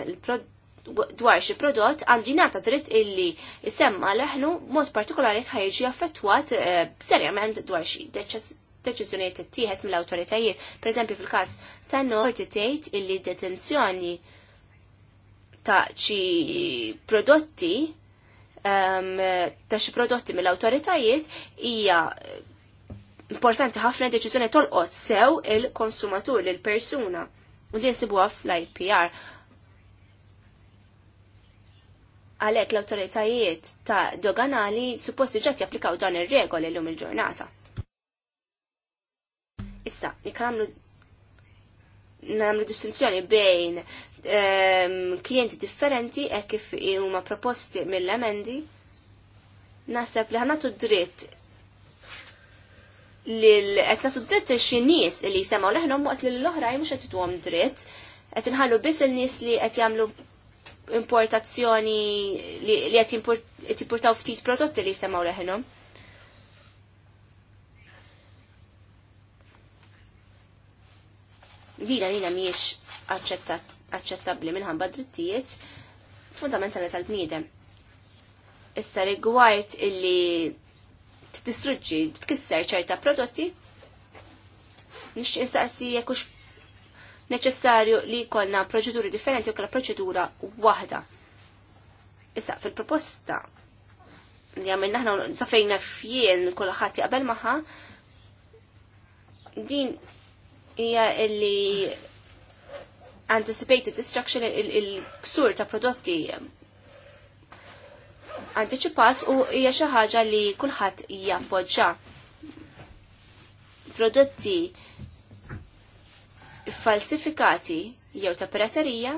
dwar xi prodott għandu jingħata dritt illi semma leħnu mod partikolari ħajġi affettwat eh, serjament dwar xi deċiżjonijiet ittieħed mill-awtoritajiet. Pereżempju fil-każ tan-Norti tgħid illi detenzjoni ta' xi prodotti ehm, ta' xi prodotti mill-awtoritajiet hija importanti ħafna deċiżjoni tolqot sew il-konsumatur lil persuna u din sibuha fl-IPR. Għalhekk l-awtoritajiet ta' doganali supposti ġat japplikaw dan ir-regoli llum il-ġurnata. Issa, jekk nagħmlu namlu distinzjoni bejn klijenti ehm, klienti differenti e kif huma proposti mill-emendi, naħseb li ħanatu dritt li qed nagħtu dritt xi nies li jsemgħu leħnhom waqt li l-oħrajn mhux qed tituhom dritt, qed inħallu biss il-nies li qed jagħmlu importazzjoni li qed jimpurtaw ftit prodotti li jsemgħu leħnhom. Dina jina miex aċċettabli minħabba drittijiet fundamentali tal-bniedem. Issa rigward illi t-distruġġi, tkisser ċerta prodotti. Nix insaqsi jekux neċessarju li konna proċeduri differenti u kalla proċedura wahda. Issa, fil-proposta li għamil naħna safejna fjien kullħat jaqbel maħħa, din hija illi anticipated destruction il-ksur ta' prodotti antiċipat u hija xi ħaġa li kulħadd jappoġġa. Prodotti falsifikati jew ta' piraterija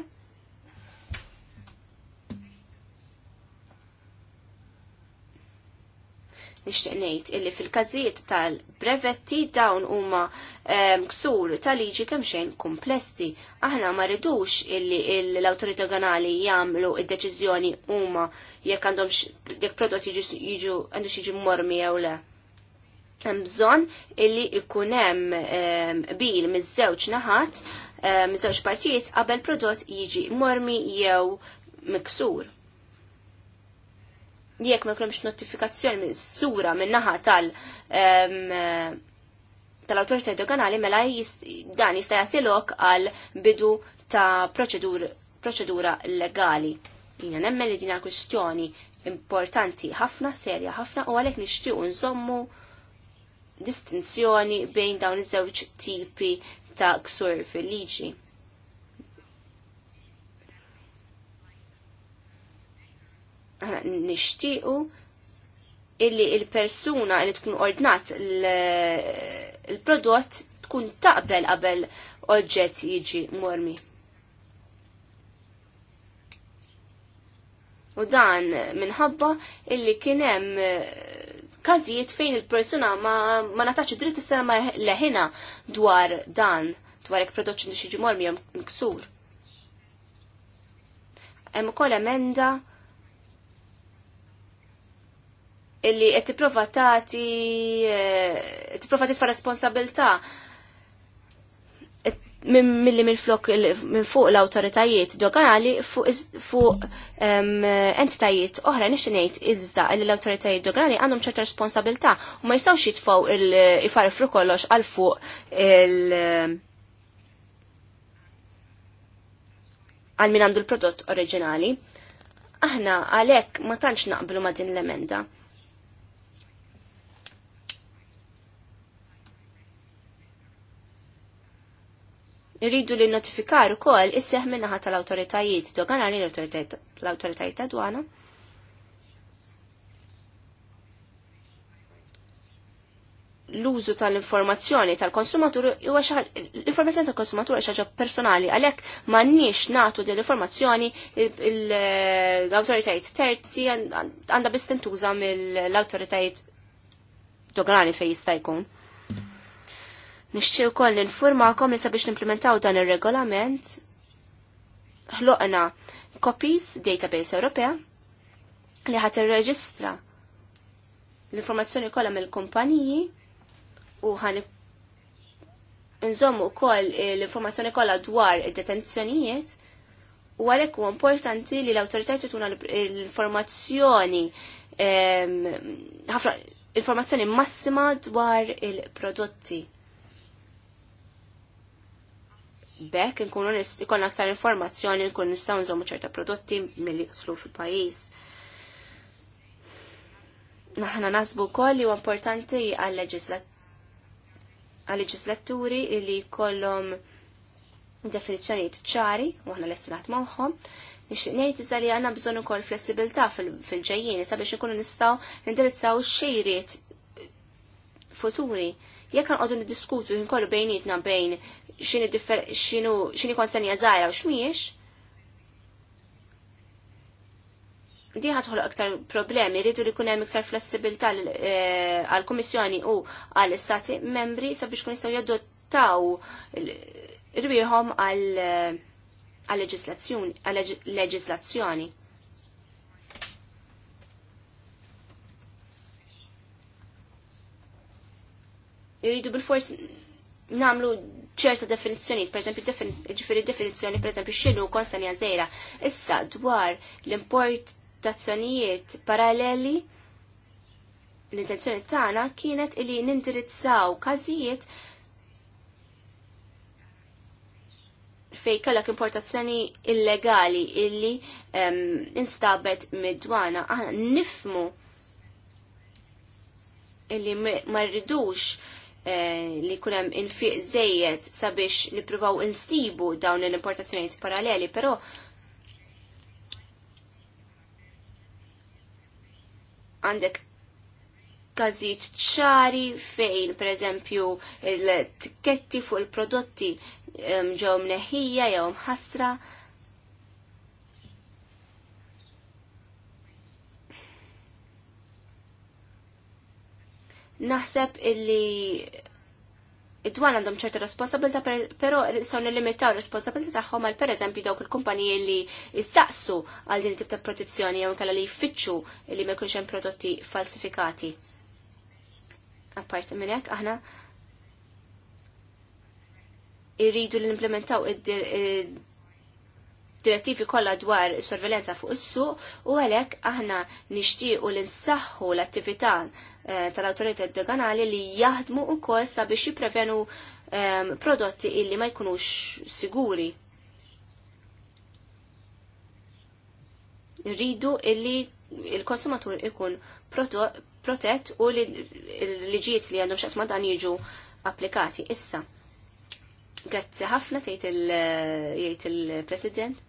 nixtieq ngħid illi fil-każijiet tal-brevetti dawn huma ehm, ksur tal-liġi kemm xejn komplessi. Aħna ma rridux illi l autorita doganali jagħmlu id-deċiżjoni huma jekk għandhom jekk prodotti jiġu għandu jiġi mormi jew le. Hemm bżonn illi ikun hemm ehm, bil miż-żewġ naħat ehm, miż-żewġ partijiet qabel prodott jiġi mormi jew miksur jekk ma jkunx notifikazzjoni minn sura minn naħa tal tal-autorità doganali mela dan jista' jagħtilok għal bidu ta' proċedura legali. Jina nemmen li din kwistjoni importanti ħafna serja ħafna u għalhekk nixtiequ nżommu distinzjoni bejn dawn iż-żewġ tipi ta' ksur fil-liġi. nixtiequ illi il-persuna li tkun ordnat il-prodott tkun taqbel qabel oġġett jiġi mormi. U dan minħabba illi kienem eh, kazijiet fejn il-persuna ma, ma nataċ dritt s-sena leħina dwar dan, dwar jekk prodott xinti xiġi mormi jom ksur. Hemm ukoll emenda illi qed tipprova tagħti eh, tipprova titfa' responsabilità milli minn flok minn fuq l-awtoritajiet doganali fuq entitajiet oħra nix ngħid iżda li l-awtoritajiet doganali għandhom ċerta responsabilità u ma jistgħux jitfgħu il ifarfru kollox għal fuq il- għal min għandu l-prodott oriġinali. Aħna għalhekk ma tantx naqblu ma' din l-emenda. rridu li notifikar ukoll seħ minnaħa tal-awtoritajiet doganari l autoritajiet ta' dwana. L-użu tal-informazzjoni tal-konsumatur huwa l-informazzjoni tal-konsumatur hija xaġa personali għalhekk m'għandniex nagħtu din l-informazzjoni l-awtoritajiet terzi għandha biss tintuża mill-awtoritajiet doganali fejn jista' jkun. Nixxie u koll informakom li sabiex nimplementaw dan il-regolament ħloqna copies database Ewropea li ħat reġistra l-informazzjoni kollha mill-kumpaniji u ħan nżommu koll l-informazzjoni kollha dwar id-detenzjonijiet u għalhekk huwa importanti li l-awtoritajiet tuna l-informazzjoni ehm, ħafna informazzjoni massima dwar il-prodotti bekk nkunu ikon aktar informazzjoni nkun nistgħu nżommu ċerta prodotti milli jitlu fil-pajjiż. Naħna nasbu wkoll li huwa importanti għal leġislatturi li jkollhom definizzjonijiet ċari, u aħna l naħt magħhom, nixtieq ngħid iżda li għandna bżonn ukoll flessibilità fil-ġejjieni sabiex ikunu nistgħu nindirizzaw xejriet futuri jekk għanqodu niddiskutu jinkollu bejnietna bejn xini, xinu, xini konsenja zaħra u xmiex, di ħatħolq aktar problemi, rridu li kunem iktar flessibilità eh, għal-Komissjoni u għal-Istati membri sabiex kun jistaw jadottaw rwieħom għal legislazzjoni. Irridu bil-fors namlu ċerta definizjoni, per esempio ġifiri definizzjoni, per esempio xinu konsenja zejra. Issa dwar l-importazzjonijiet paralleli, l-intenzjoni tagħna kienet li nindirizzaw każijiet fej kellek importazzjoni illegali illi um, instabet mid-dwana. Aħna nifmu illi ma rridux Eh, li kunem il-fiq zejjed sabiex li provaw insibu dawn l-importazzjonijiet paralleli, pero għandek kazit ċari fejn, per eżempju, il-tiketti fuq il-prodotti ehm, ġew mneħija jew mħasra. Um Naħseb illi id-dwan għandhom ċerta responsabilta, pero nistaw limitaw responsabilta tagħhom għal pereżempju dawk il kumpanji li jistaqsu għal din tip ta' protezzjoni jew kalla li jfittxu li ma jkunx hemm prodotti falsifikati. Apparti minn hekk aħna irridu li implementaw id direttivi kollha dwar sorveljanza fuq is-suq u għalhekk aħna nixtiequ l nsaħħu l-attività eh, tal-autorità doganali li jaħdmu wkoll sabiex jipprevenu ehm, prodotti illi ma jkunux siguri. Rridu illi il-konsumatur ikun protett u li l-liġijiet li għandhom xaqsma dan jiġu applikati issa. Grazzi ħafna tgħid eh, il-President.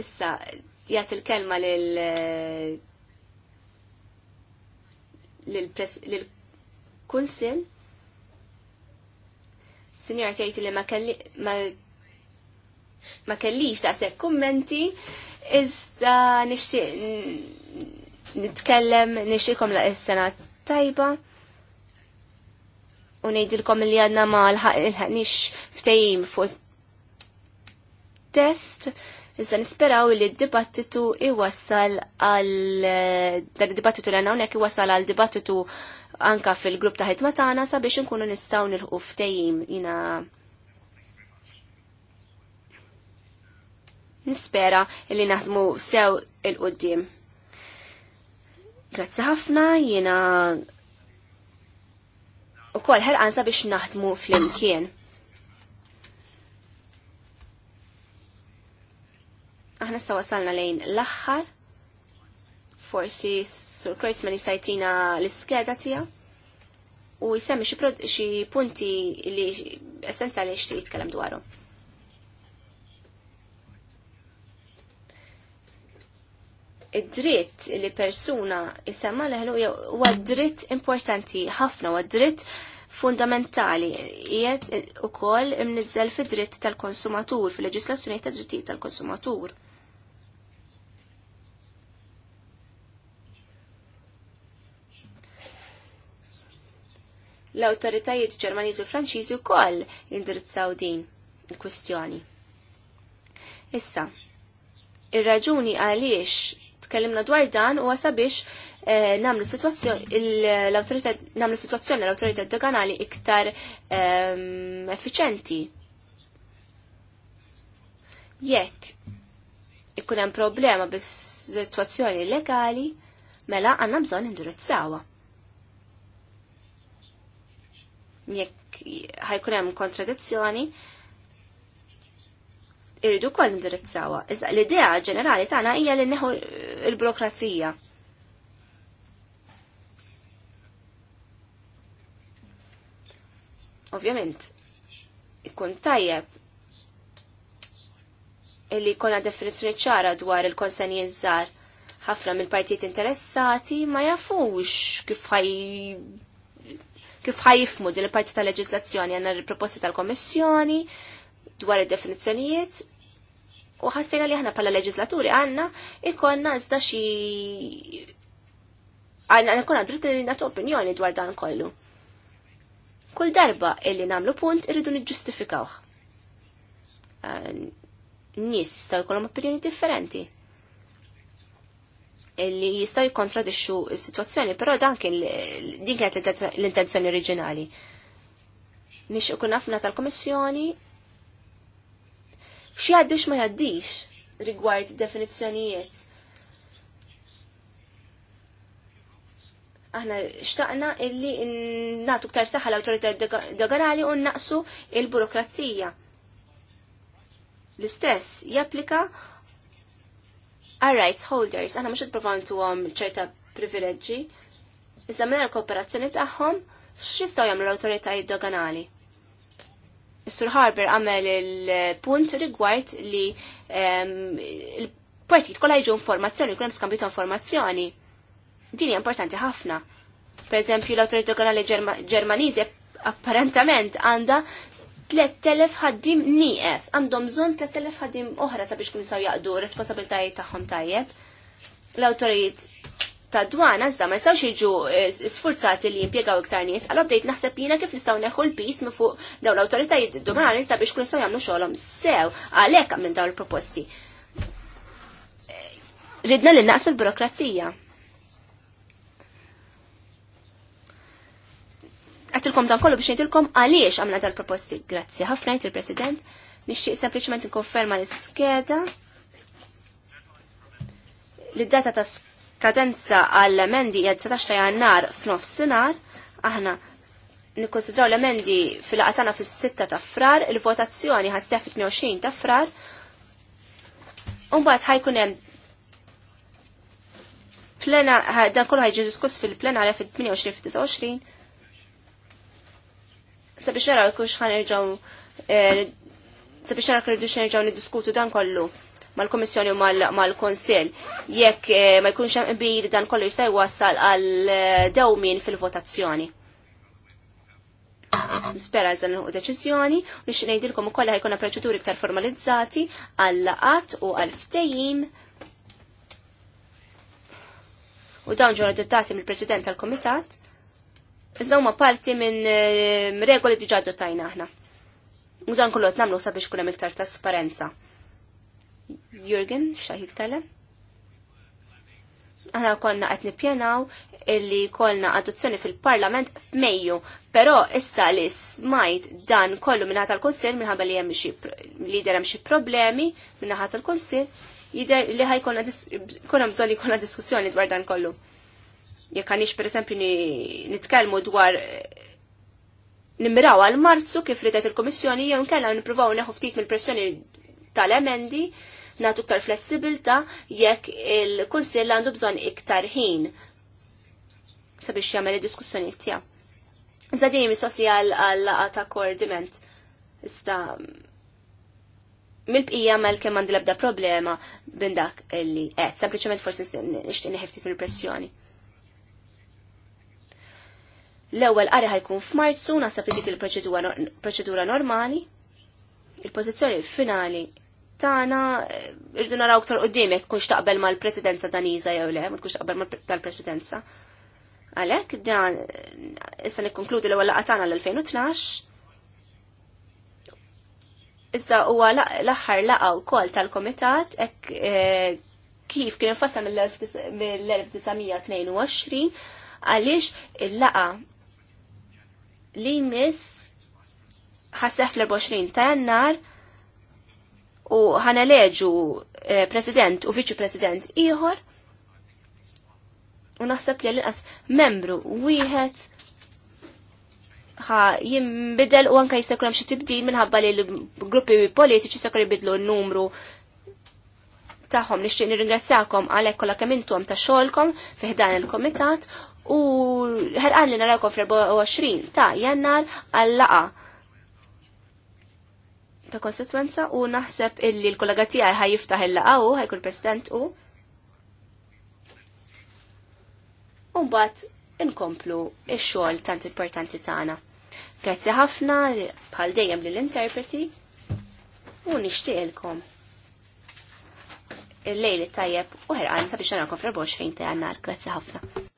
Issa, jgħat il-kelma lil lil kunsil Sinjor tgħid li ma kelli ma kellix taqseb kummenti iżda nixtieq nitkellem nixtieqkom la is-sena tajba u ngħidilkom li għadna ma l-ħaqnix ftejim fuq test, iżda nisperaw li d-dibattitu iwassal għal dan id-dibattitu li hawnhekk iwassal għal dibattitu anka fil-grupp ta' ħidma tagħna sabiex inkunu nistgħu nilħu ftehim jina nispera li naħdmu sew il-qoddim. Grazzi ħafna jiena u kol ħerqanza biex naħdmu fl-imkien. Aħna sa wasalna lejn l-aħħar. Forsi Sur Kreutzmann jistajtina l-iskeda tiegħu u jisemmi xi punti li li xie jitkellem dwarhom. id-dritt li persuna jisemma leħlu huwa dritt importanti ħafna, huwa dritt fundamentali jiet u koll imnizzel fi dritt tal-konsumatur, fil leġislazzjoni ta' drittijiet tal-konsumatur. l-autoritajiet ġermaniż u franċiżi wkoll indirizzaw din il-kwistjoni. Issa, ir-raġuni għaliex tkellimna dwar dan huwa sabiex nagħmlu eh, namlu situazzjoni l-autorità namlu situazzjoni l-autorità doganali iktar ehm, effiċenti. Jekk ikun hemm problema bis-sitwazzjoni legali, mela għandna bżonn indirizzawha. jekk ħajkun hemm kontradizzjoni, irridu wkoll indirizzawa. Iżda l-idea ġenerali tagħna hija li neħu l-burokrazija. Ovvjament, ikun tajjeb illi jkollna definizzjoni ċara dwar il-konsenji żgħar ħafna mill-partijiet interessati ma jafux kif ħaj kif ħajifmu din il-parti tal-leġislazzjoni għandna il proposti tal komissjoni dwar id-definizzjonijiet u ħassejna li aħna pala leġislaturi għanna ikonna iżda xi għanna dritt li natu opinjoni dwar dan kollu. Kull darba illi namlu punt irridu niġġustifikawh. Nies jistgħu jkollhom opinjoni differenti li jistaw jikontradixxu s-situazzjoni, però dan kien din kienet l-intenzjoni oriġinali. Nix ikun nafna tal-Komissjoni xi għaddix ma jgħaddix rigward definizzjonijiet. Aħna xtaqna illi natu ktar saħħa l awtorità doganali u naqsu il-burokrazija. L-istess japplika għal rights holders, aħna mhux id-provantu għom ċerta privileġġi, iżda minna l-kooperazzjoni tagħhom xistaw jagħmlu l-awtoritajiet doganali. Sur Harber għamel il-punt rigward li ehm, il-partit kollha jiġu informazzjoni, kolla hemm skambju ta' informazzjoni. Din hija importanti ħafna. Per eżempju, l-autorità doganali Ġermaniżi apparentament għandha 3000 ħaddim nieqes, għandhom bżonn 3000 ħaddim oħra sabiex kun jistgħu jaqdu responsabiltajiet tagħhom tajjeb. l autorijiet ta' dwana zda ma jistgħux jiġu eh, sfurzati li jimpiegaw iktar nies, għal bdejt naħseb jiena kif nistgħu neħu l-pis minn fuq dawn l-awtoritajiet doganali sabiex kun jistgħu jagħmlu xogħolhom sew għalhekk minn daw il-proposti. Eh, ridna li naqsu l-burokrazija. għatilkom dan kollu biex ngħidilkom għaliex għamla dal-proposti. Grazzi ħafna jt il-President. Nixtieq sempliċement nkonferma l-iskeda l-data ta' skadenza għall-emendi jgħad 17 jannar f'nofsinhar aħna nikkonsidraw l-emendi fil-qatana fis-6 ta' frar, il-votazzjoni ħassef fit-22 ta' frar. Umbagħad ħajkun hemm plena dan kollu ħajġi diskuss fil-plenarja fit-28 fit-29 sabiex xara kux ħan irġaw sabiex naraw eh, niddiskutu dan kollu mal-Komissjoni u mal-Konsil. Jekk eh, ma jkunx hemm qbir dan kollu jista' jwassal għal eh, dawmin fil-votazzjoni. Nispera eżan u deċiżjoni u nejdilkom ngħidilkom ukoll ħajkun proċeduri iktar formalizzati għal laqat u għal ftehim u dawn ġew adottati mill-President tal-Komitat Iżda huma parti minn eh, regoli diġà dotajna aħna. U dan kollu qed nagħmlu sabiex kull hemm iktar trasparenza. Jürgen, xa jitkellem? Aħna konna qed nippjanaw illi kolna adozzjoni fil-Parlament f'Mejju, però issa li smajt dan kollu minnaħat tal-Konsil minħabba li hemm xi li hemm xi problemi minnaħat tal-Konsil, jidher li ħajkonna bżonn jkollna diskussjoni dwar dan kollu jekk għanix per esempio nitkellmu dwar eh, nimmiraw għal marzu kif ridet il-Komissjoni jew nkella nippruvaw neħu ftit mill-pressjoni tal-emendi nagħtu iktar flessibilta jekk il-Kunsill għandu bżonn iktar ħin sabiex jagħmel id-diskussjoni tiegħu. Iżda din mistoqsi għal laqa ta' koordiment. Iżda mill-bqija mal kemm għandi l-ebda problema bindak dak li qed, sempliċement forsi nixtieq ftit mill-pressjoni. L-ewwel qari ħajkun f'Marzu naħseb li dik il-proċedura normali. Il-pożizzjoni finali tagħna eh, irdu naraw aktar qudiem jekk tkunx taqbel mal-presidenza Daniża jew le, ma tkunx taqbel mal-presidenza. Għalhekk dan eh, issa nikkonkludu l-ewwel laqgħa tagħna l-2012 Iżda huwa l-aħħar laqa wkoll tal-Komitat eh, kif kien infassal mill-1922 għaliex il-laqa li miss ħassef l-24 ta' jannar u ħaneleġu eh, president u viċi president ieħor u naħseb li l-inqas membru wieħed ħa jimbidel u anka jista' xie xi tibdil minħabba li l-gruppi politiċi se jbidlu n-numru taħħom nixtieq nirringrazzakom għalhekk kollha kemm intom ta' xogħolkom fih dan il-kumitat u ħerqan li narawkom fl-24 ta' jannar għallaqa ta' konsekwenza u naħseb illi l-kollega tiegħi ħaj jiftaħ il-laqa u ħajkun president u u mbagħad inkomplu ix-xogħol tant importanti tagħna. Grazzi ħafna bħal dejjem lill interpreti u nixtieqilkom il-lejli tajjeb u ħerqan sabiex narawkom fl-24 ta' jannar. Grazzi ħafna.